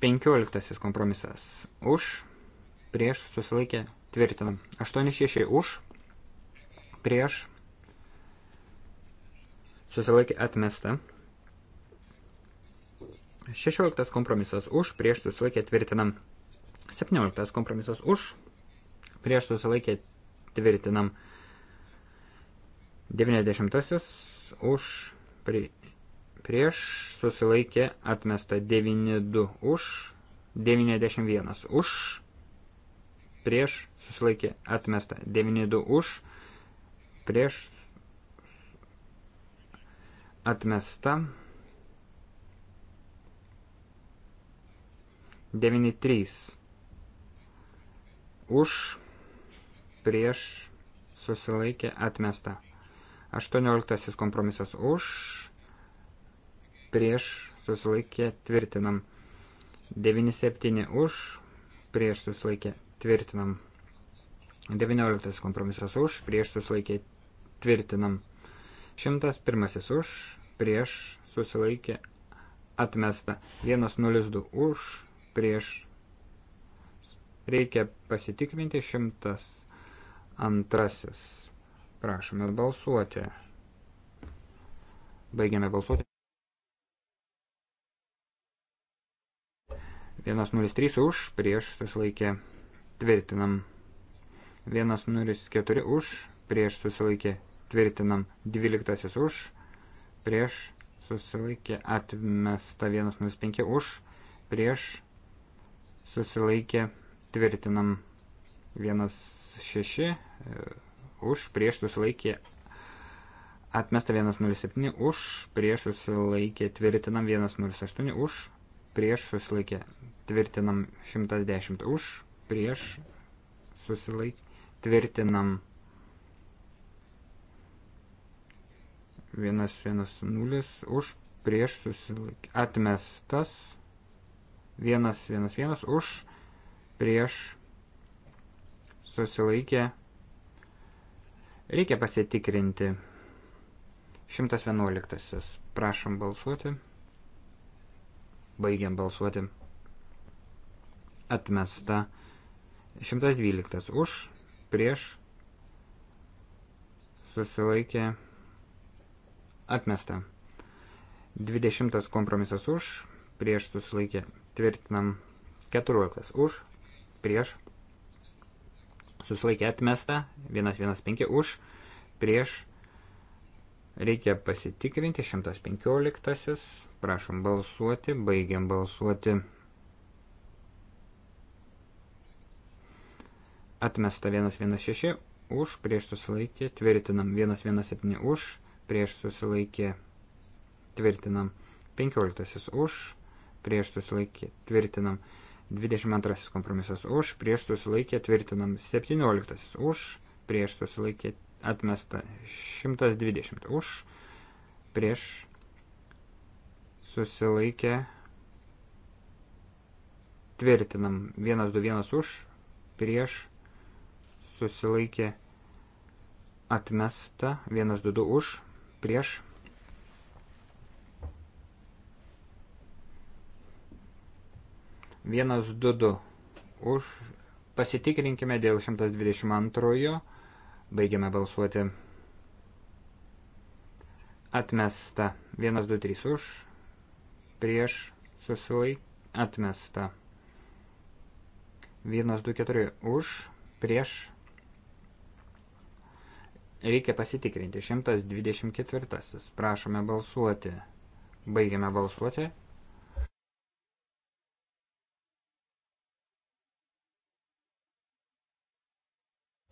S2: 15. Kompromisas. Už, prieš, susilaikė, tvirtinam. 86. Už, prieš, susilaikė, atmesta. 16. Kompromisas. Už, prieš, susilaikė, tvirtinam. 17 kompromisas už, prieš susilaikė tvirtinam. 90 už, pri, prieš susilaikė atmesta 92 už, 91 už, prieš susilaikė atmesta 92 už, prieš atmesta 93 už, prieš, susilaikė, atmesta. 18 kompromisas už, prieš, susilaikė, tvirtinam. 97 už, prieš, susilaikė, tvirtinam. 19 kompromisas už, prieš, susilaikė, tvirtinam. 101 už, prieš, susilaikė, atmesta. 102 už, prieš, Reikia pasitikrinti 102. Prašome balsuoti. Baigiame balsuoti. 103 už, prieš susilaikė tvirtinam. 104 už, prieš susilaikė tvirtinam. 12 už, prieš susilaikė atmesta. 105 už, prieš susilaikė atmesta Tvirtinam 1-6 e, už prieš susilaikė atmesta 107 už prieš susilaikė tvirtinam 108 už prieš susilaikė tvirtinam 110 už prieš susilaikė tvirtinam 110 už prieš susilaikė atmestas 111 už prieš susilaikė. Reikia pasitikrinti. 111. Prašom balsuoti. Baigiam balsuoti. Atmesta. 112. Už, prieš, susilaikė. Atmesta. 20. Kompromisas už, prieš susilaikė. Tvirtinam. 14. Už, prieš, susilaikė atmesta, 115 už, prieš, reikia pasitikrinti, 115, prašom balsuoti, baigiam balsuoti. Atmesta 116 už, prieš susilaikė, tvirtinam 117 už, prieš susilaikė, tvirtinam 15 už, prieš susilaikė, tvirtinam 15. 22 kompromisas už, prieš susilaikė tvirtinam 17 už, prieš susilaikė atmesta 120 už, prieš susilaikė tvirtinam 121 už, prieš susilaikė atmesta 122 už, prieš 122 už. Pasitikrinkime dėl 122. Baigiame balsuoti. Atmesta. 123 už. Prieš susilaik. Atmesta. 124 už. Prieš. Reikia pasitikrinti. 124. Prašome balsuoti. Baigiame balsuoti.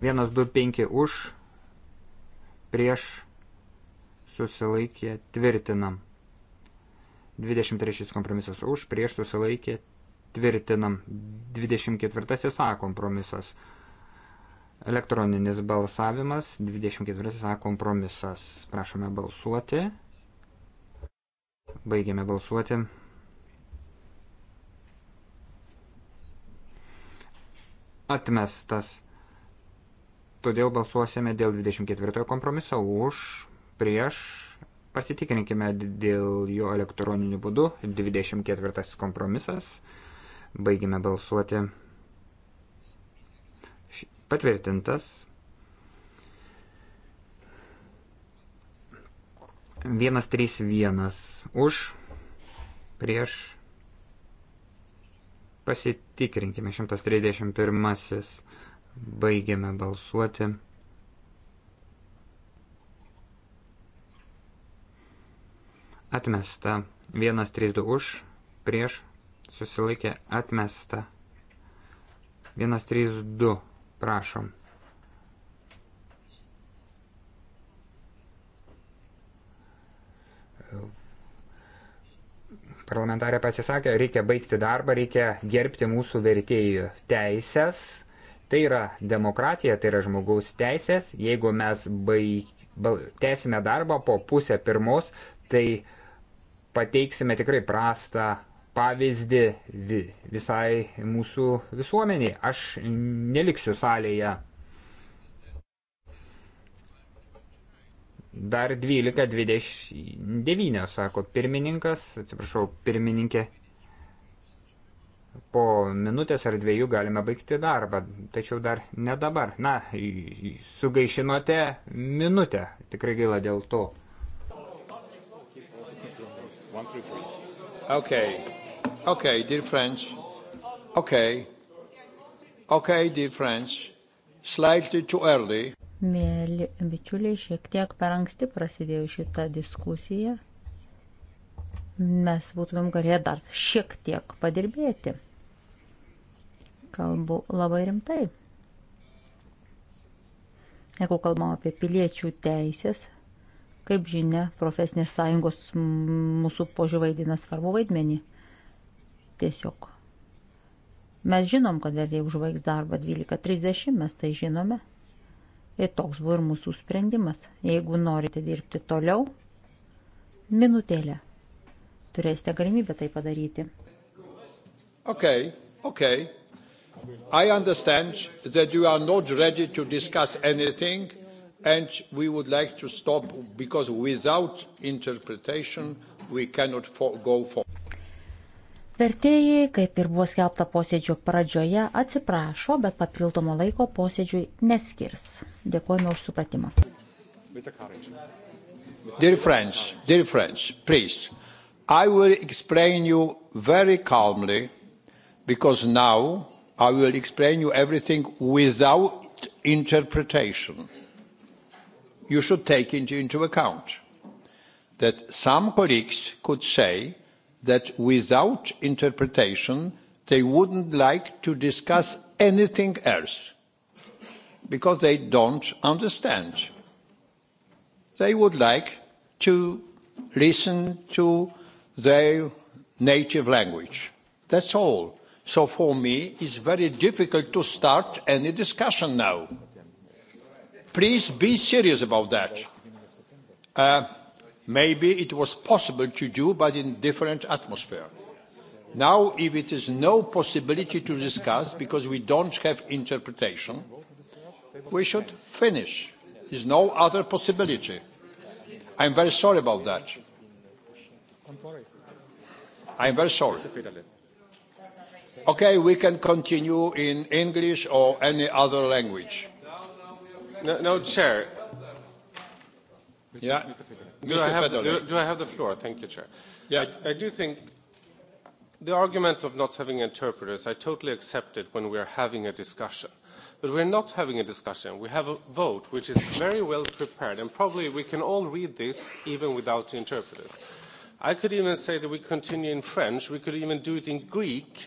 S2: 1, 2, 5 už, prieš, susilaikė, tvirtinam. 23 kompromisas už, prieš, susilaikė, tvirtinam. 24 A kompromisas. Elektroninis balsavimas, 24 A kompromisas. Prašome balsuoti. Baigiame balsuoti. Atmestas todėl balsuosime dėl 24 kompromiso už, prieš, pasitikrinkime dėl jo elektroniniu būdu, 24 kompromisas, baigime balsuoti, patvirtintas, vienas trys vienas už, prieš, pasitikrinkime 131. Baigiame balsuoti. Atmesta. 1-3-2 už, prieš, susilaikė, atmesta. 1-3-2, prašom. Parlamentarė pasisakė, reikia baigti darbą, reikia gerbti mūsų vertėjų teisės Tai yra demokratija, tai yra žmogaus teisės. Jeigu mes baig... tęsime darbą po pusę pirmos, tai pateiksime tikrai prastą pavyzdį vi, visai mūsų visuomeniai. Aš neliksiu salėje. Dar 12.29, sako pirmininkas, atsiprašau, pirmininkė po minutės ar dviejų galime baigti darbą, tačiau dar ne dabar. Na, sugaišinote minutę, tikrai gaila dėl to.
S3: Okay. Okay, dear French. Okay. Okay, dear French. Slightly too early.
S1: Mėly bičiuliai, šiek tiek per anksti prasidėjo šita diskusija. Mes būtumėm galėję dar šiek tiek padirbėti kalbu labai rimtai. Jeigu kalbam apie piliečių teisės, kaip žinia, profesinės sąjungos mūsų požiūrį vaidina svarbu vaidmenį. Tiesiog. Mes žinom, kad vėliai užvaigs darbą 12.30, mes tai žinome. Ir toks buvo ir mūsų sprendimas. Jeigu norite dirbti toliau, minutėlę. Turėsite galimybę tai padaryti.
S3: Okay, okay. I understand that you are not ready to discuss anything, and we would like to stop because without interpretation we cannot for go for.
S1: Vertėjai, kaip ir buvo skelbta posėdžio pradžioje, atsiprašo, bet papildomo laiko posėdžiui neskirs. Dėkojame už supratimą.
S3: Dear friends, dear friends, please, I will explain you very calmly because now I will explain you everything without interpretation. You should take into, into account that some colleagues could say that without interpretation they wouldn't like to discuss anything else because they don't understand. They would like to listen to their native language. That's all So for me, it's very difficult to start any discussion now. Please be serious about that. Uh, maybe it was possible to do, but in different atmosphere. Now, if it is no possibility to discuss because we don't have interpretation, we should finish. There's no other possibility. I'm very sorry about that. I'm very sorry. Okay, we can continue in English or any other language. No, no Chair. Mr. Yeah. Mr. Do, Mr. I have, Federley. do, do I have the floor? Thank you, Chair. Yeah. I, I do think
S2: the argument of not having interpreters, I totally accept it when we're having a discussion. But we're not having a discussion. We have a vote which is very well prepared, and probably we can all read this even without interpreters. I could even say that we continue in French. We could even do it in Greek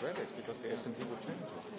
S4: credit because the S&P would change.